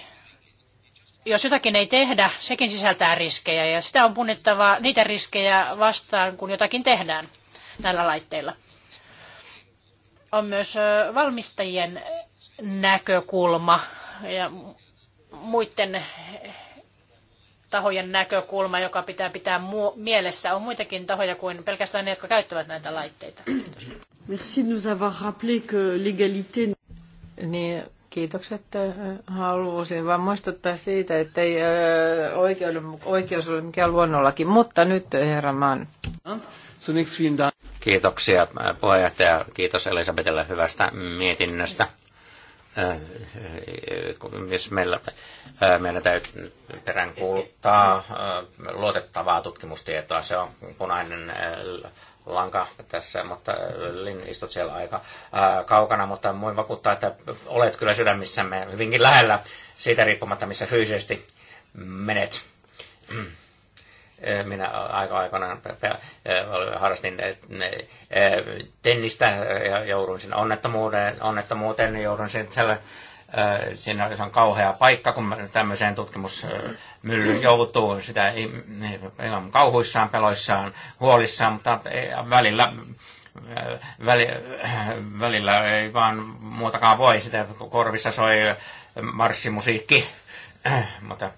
jos jotakin ei tehdä, sekin sisältää riskejä ja sitä on punnittava niitä riskejä vastaan, kun jotakin tehdään näillä laitteilla. On myös valmistajien näkökulma ja muiden tahojen näkökulma, joka pitää pitää mielessä. On muitakin tahoja kuin pelkästään ne, jotka käyttävät näitä laitteita. Kiitos. Merci de nous avoir rappelé que l'égalité... Niin, Kiitokset. Äh, Haluaisin vain muistuttaa siitä, että ei äh, oikeuden, oikeus ole mikään luonnollakin, mutta nyt äh, herra Maan. Kiitoksia puheenjohtaja. Kiitos Elisabetille hyvästä mietinnöstä. Jos meillä, meillä täytyy peräänkuuluttaa luotettavaa tutkimustietoa, se on punainen lanka tässä, mutta äh, Lin istut siellä aika ää, äh, kaukana, mutta voin vakuuttaa, että olet kyllä sydämissämme hyvinkin lähellä siitä riippumatta, missä fyysisesti menet. Äh, minä aika aikoinaan harrastin tennistä ja jouduin sinne onnettomuuteen, onnettomuuteen niin joudun sinne siinä on kauhea paikka, kun tämmöiseen tutkimusmyllyyn joutuu. Sitä ei, ei ole kauhuissaan, peloissaan, huolissaan, mutta välillä, välillä, välillä ei vaan muutakaan voi. Sitä korvissa soi marssimusiikki, mutta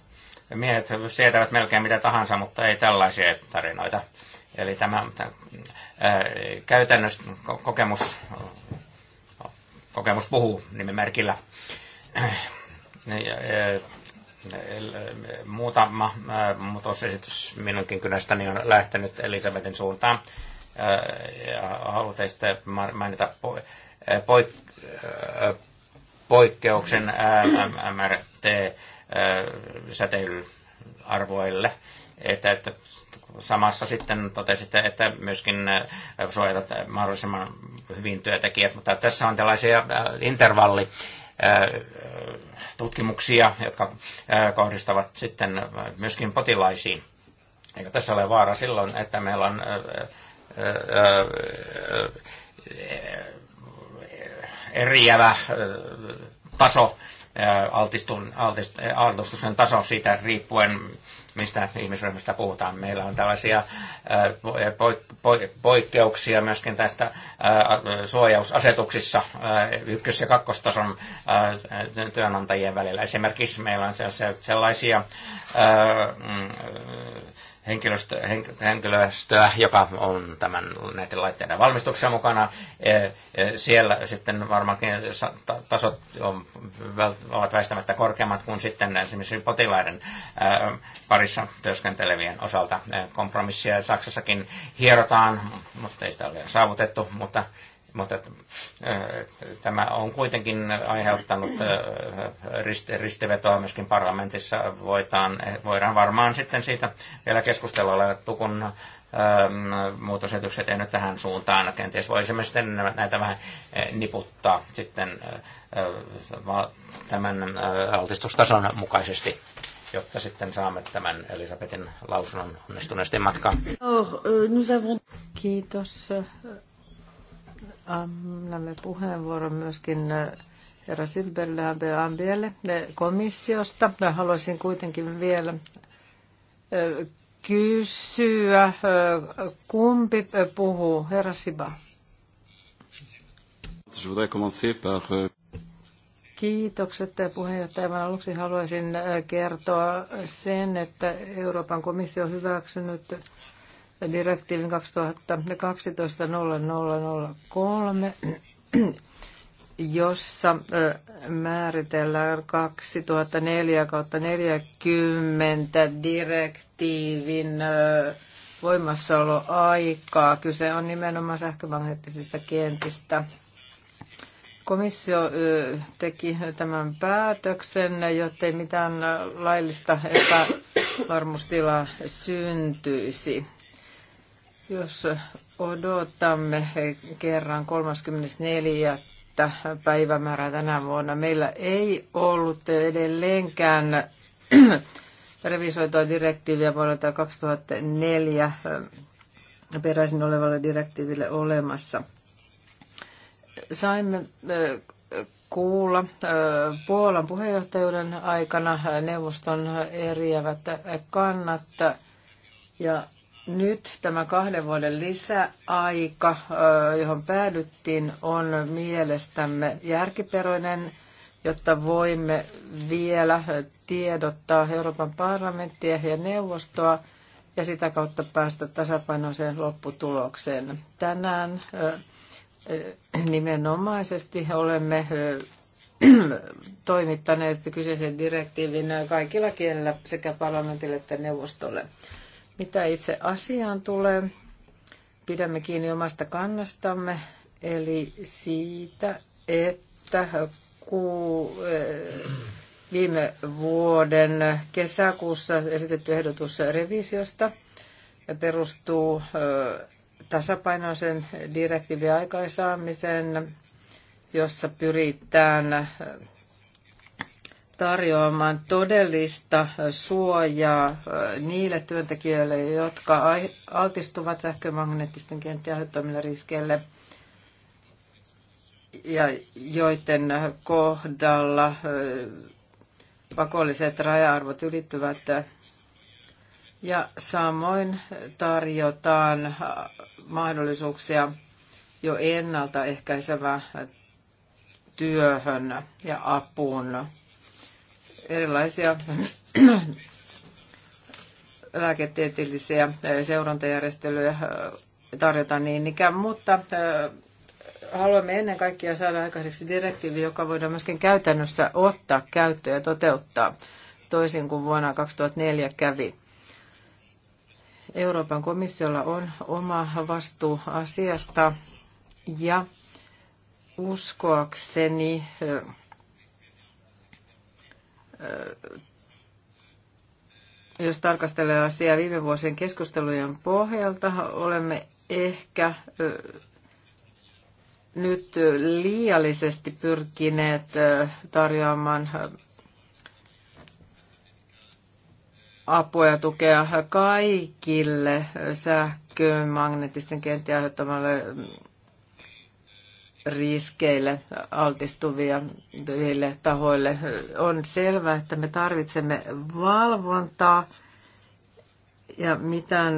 miehet sietävät melkein mitä tahansa, mutta ei tällaisia tarinoita. Eli tämä, tämä käytännössä kokemus kokemus puhuu nimimerkillä. Niin, muutama muutosesitys minunkin kynästäni on lähtenyt Elisabetin suuntaan. Ja haluaisin sitten mainita poik, poikkeuksen MRT-säteilyarvoille. Että, että samassa sitten totesitte, että myöskin suojatat mahdollisimman hyvin työntekijät, mutta tässä on tällaisia intervalli tutkimuksia, jotka kohdistavat sitten myöskin potilaisiin. Eikä tässä ole vaara silloin, että meillä on eriävä taso, altistuksen taso siitä riippuen, mistä ihmisryhmistä puhutaan. Meillä on tällaisia äh, poikkeuksia myöskin tästä äh, suojausasetuksissa äh, ykkös- ja kakkostason työnantajien välillä. Esimerkiksi meillä on sellaisia mm, henkilöstö, henkilöstöä, joka on tämän, näiden laitteiden valmistuksessa mukana. E, e, siellä sitten varmaankin tasot on, ovat väistämättä korkeammat kuin sitten esimerkiksi potilaiden parissa työskentelevien osalta. E, kompromissia Saksassakin hierotaan, mutta ei sitä ole saavutettu, mutta mutta äh, tämä on kuitenkin aiheuttanut äh, ristivetoa myöskin parlamentissa. Voitaan, voidaan varmaan sitten siitä vielä keskustella oletettu, kun ähm, muutosetykset ei nyt tähän suuntaan. Kenties voisimme sitten näitä vähän äh, niputtaa sitten tämän altistustason mukaisesti jotta sitten saamme tämän Elisabetin lausunnon onnistuneesti matkaan. Euh, Kiitos Annamme puheenvuoron myöskin äh, herra Silberle Ambielle äh, komissiosta. Haluaisin kuitenkin vielä äh, kysyä, kumpi puhuu, herra Siba? Euh, Kiitokset puheenjohtaja. Mä aluksi haluaisin kertoa sen, että Euroopan komissio on hyväksynyt direktiivin 2012-0003, jossa määritellään 2004-40 direktiivin voimassaoloaikaa. Kyse on nimenomaan sähkömagneettisista kentistä. Komissio teki tämän päätöksen, jottei mitään laillista epävarmuustilaa syntyisi. Jos odotamme kerran 34. päivämäärää tänä vuonna, meillä ei ollut edelleenkään revisoitua direktiiviä vuodelta 2004 peräisin olevalle direktiiville olemassa. Saimme äh, kuulla äh, Puolan puheenjohtajuuden aikana neuvoston eriävät kannat ja nyt tämä kahden vuoden lisäaika, johon päädyttiin, on mielestämme järkiperoinen, jotta voimme vielä tiedottaa Euroopan parlamenttia ja neuvostoa ja sitä kautta päästä tasapainoiseen lopputulokseen. Tänään nimenomaisesti olemme toimittaneet kyseisen direktiivin kaikilla kielillä sekä parlamentille että neuvostolle. Mitä itse asiaan tulee, pidämme kiinni omasta kannastamme, eli siitä, että ku, eh, viime vuoden kesäkuussa esitetty ehdotus revisiosta perustuu eh, tasapainoisen direktiivin aikaisaamiseen, jossa pyritään eh, tarjoamaan todellista suojaa äh, niille työntekijöille, jotka altistuvat sähkömagneettisten kenttien aiheuttamille riskeille ja joiden kohdalla äh, pakolliset raja-arvot ylittyvät. Ja samoin tarjotaan äh, mahdollisuuksia jo ennaltaehkäisevään työhön ja apuun erilaisia lääketieteellisiä äh, seurantajärjestelyjä äh, tarjota niin ikään, mutta äh, haluamme ennen kaikkea saada aikaiseksi direktiivi, joka voidaan myöskin käytännössä ottaa käyttöön ja toteuttaa toisin kuin vuonna 2004 kävi. Euroopan komissiolla on oma vastuu asiasta ja uskoakseni jos tarkastelee asiaa viime vuosien keskustelujen pohjalta, olemme ehkä nyt liiallisesti pyrkineet tarjoamaan apua ja tukea kaikille sähkömagneettisten kenttien aiheuttamalle riskeille altistuvia tahoille. On selvää, että me tarvitsemme valvontaa ja mitään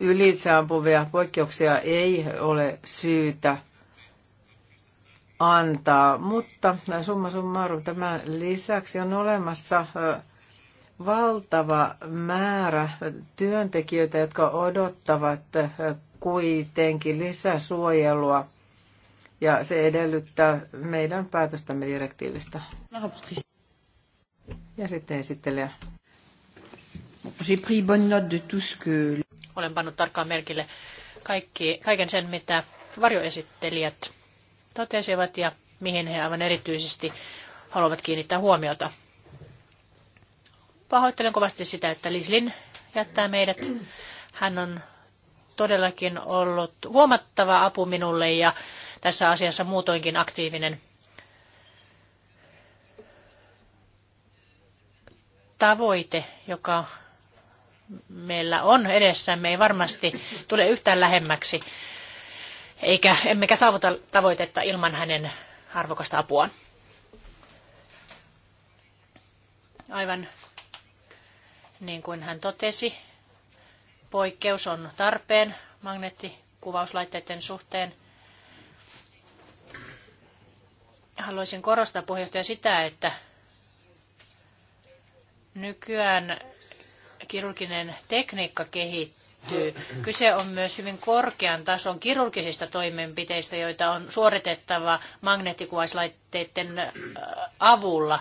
ylitseampuvia poikkeuksia ei ole syytä antaa, mutta summa summarum tämän lisäksi on olemassa valtava määrä työntekijöitä, jotka odottavat kuitenkin lisää suojelua ja se edellyttää meidän päätöstämme direktiivistä. Ja sitten esittelijä. Olen pannut tarkkaan merkille kaikki, kaiken sen, mitä varjoesittelijät totesivat ja mihin he aivan erityisesti haluavat kiinnittää huomiota. Pahoittelen kovasti sitä, että Lislin jättää meidät. Hän on todellakin ollut huomattava apu minulle ja tässä asiassa muutoinkin aktiivinen. Tavoite, joka meillä on edessämme, ei varmasti tule yhtään lähemmäksi, eikä emmekä saavuta tavoitetta ilman hänen arvokasta apuaan. Aivan niin kuin hän totesi, poikkeus on tarpeen magneettikuvauslaitteiden suhteen. Haluaisin korostaa puheenjohtaja sitä, että nykyään kirurginen tekniikka kehittyy. Kyse on myös hyvin korkean tason kirurgisista toimenpiteistä, joita on suoritettava magneettikuvauslaitteiden avulla.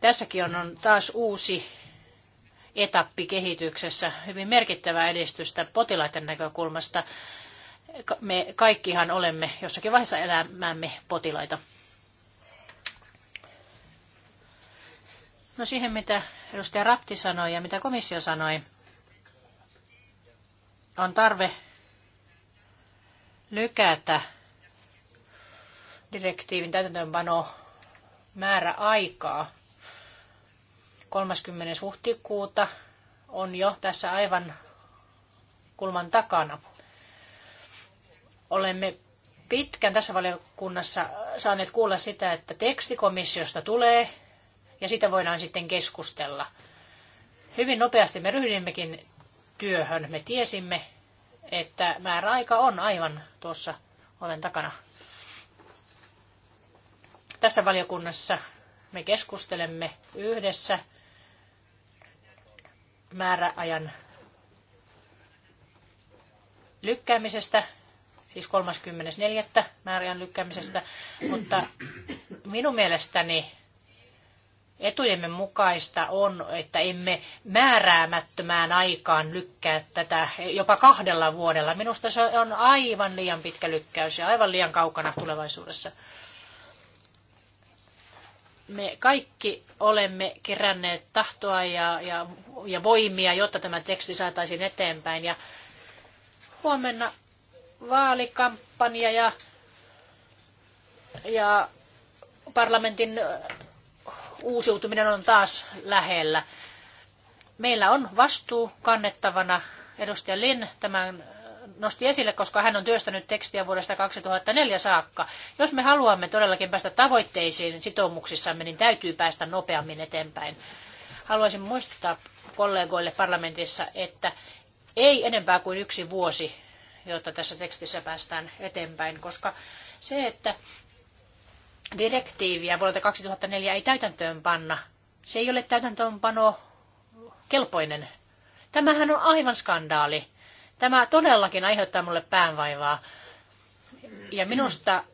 Tässäkin on taas uusi etappi kehityksessä, hyvin merkittävää edistystä potilaiden näkökulmasta. Me kaikkihan olemme jossakin vaiheessa elämämme potilaita. No siihen, mitä edustaja Rapti sanoi ja mitä komissio sanoi, on tarve lykätä direktiivin täytäntöönpano määrä aikaa 30. huhtikuuta on jo tässä aivan kulman takana. Olemme pitkän tässä valiokunnassa saaneet kuulla sitä, että tekstikomissiosta tulee ja sitä voidaan sitten keskustella. Hyvin nopeasti me ryhdimmekin työhön. Me tiesimme, että määräaika on aivan tuossa oven takana. Tässä valiokunnassa me keskustelemme yhdessä määräajan lykkäämisestä, siis 34. määräajan lykkäämisestä, mutta minun mielestäni etujemme mukaista on, että emme määräämättömään aikaan lykkää tätä jopa kahdella vuodella. Minusta se on aivan liian pitkä lykkäys ja aivan liian kaukana tulevaisuudessa me kaikki olemme keränneet tahtoa ja, ja, ja voimia, jotta tämä teksti saataisiin eteenpäin. Ja huomenna vaalikampanja ja, ja parlamentin uusiutuminen on taas lähellä. Meillä on vastuu kannettavana. Edustaja Lin tämän nosti esille, koska hän on työstänyt tekstiä vuodesta 2004 saakka. Jos me haluamme todellakin päästä tavoitteisiin sitoumuksissamme, niin täytyy päästä nopeammin eteenpäin. Haluaisin muistuttaa kollegoille parlamentissa, että ei enempää kuin yksi vuosi, jotta tässä tekstissä päästään eteenpäin, koska se, että direktiiviä vuodelta 2004 ei täytäntöön panna, se ei ole täytäntöönpano kelpoinen. Tämähän on aivan skandaali. Tämä todellakin aiheuttaa minulle päänvaivaa. Ja minusta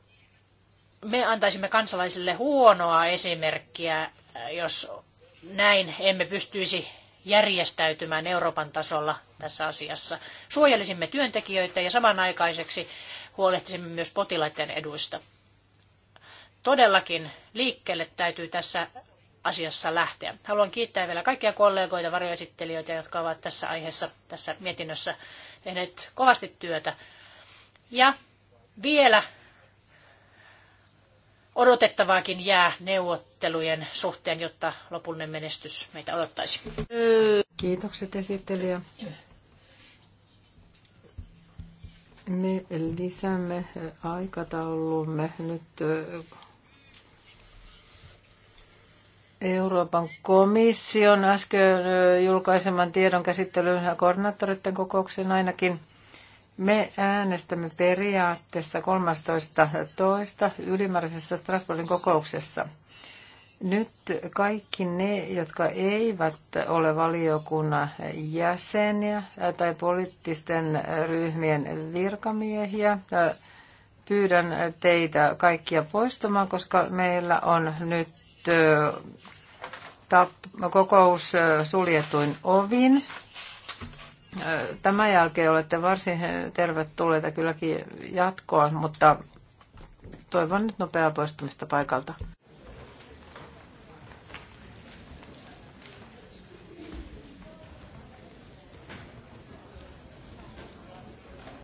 me antaisimme kansalaisille huonoa esimerkkiä, jos näin emme pystyisi järjestäytymään Euroopan tasolla tässä asiassa. Suojelisimme työntekijöitä ja samanaikaiseksi huolehtisimme myös potilaiden eduista. Todellakin liikkeelle täytyy tässä asiassa lähteä. Haluan kiittää vielä kaikkia kollegoita, varjoesittelijöitä, jotka ovat tässä aiheessa, tässä mietinnössä tehneet kovasti työtä. Ja vielä odotettavaakin jää neuvottelujen suhteen, jotta lopullinen menestys meitä odottaisi. Kiitokset esittelijä. Me lisäämme aikataulumme nyt Euroopan komission äsken julkaiseman tiedon käsittelyyn ja koordinaattoreiden kokouksen ainakin. Me äänestämme periaatteessa 13.2. ylimääräisessä Strasbourgin kokouksessa. Nyt kaikki ne, jotka eivät ole valiokunnan jäseniä tai poliittisten ryhmien virkamiehiä, pyydän teitä kaikkia poistumaan, koska meillä on nyt kokous suljetuin ovin. Tämän jälkeen olette varsin tervetulleita kylläkin jatkoon, mutta toivon nyt nopeaa poistumista paikalta.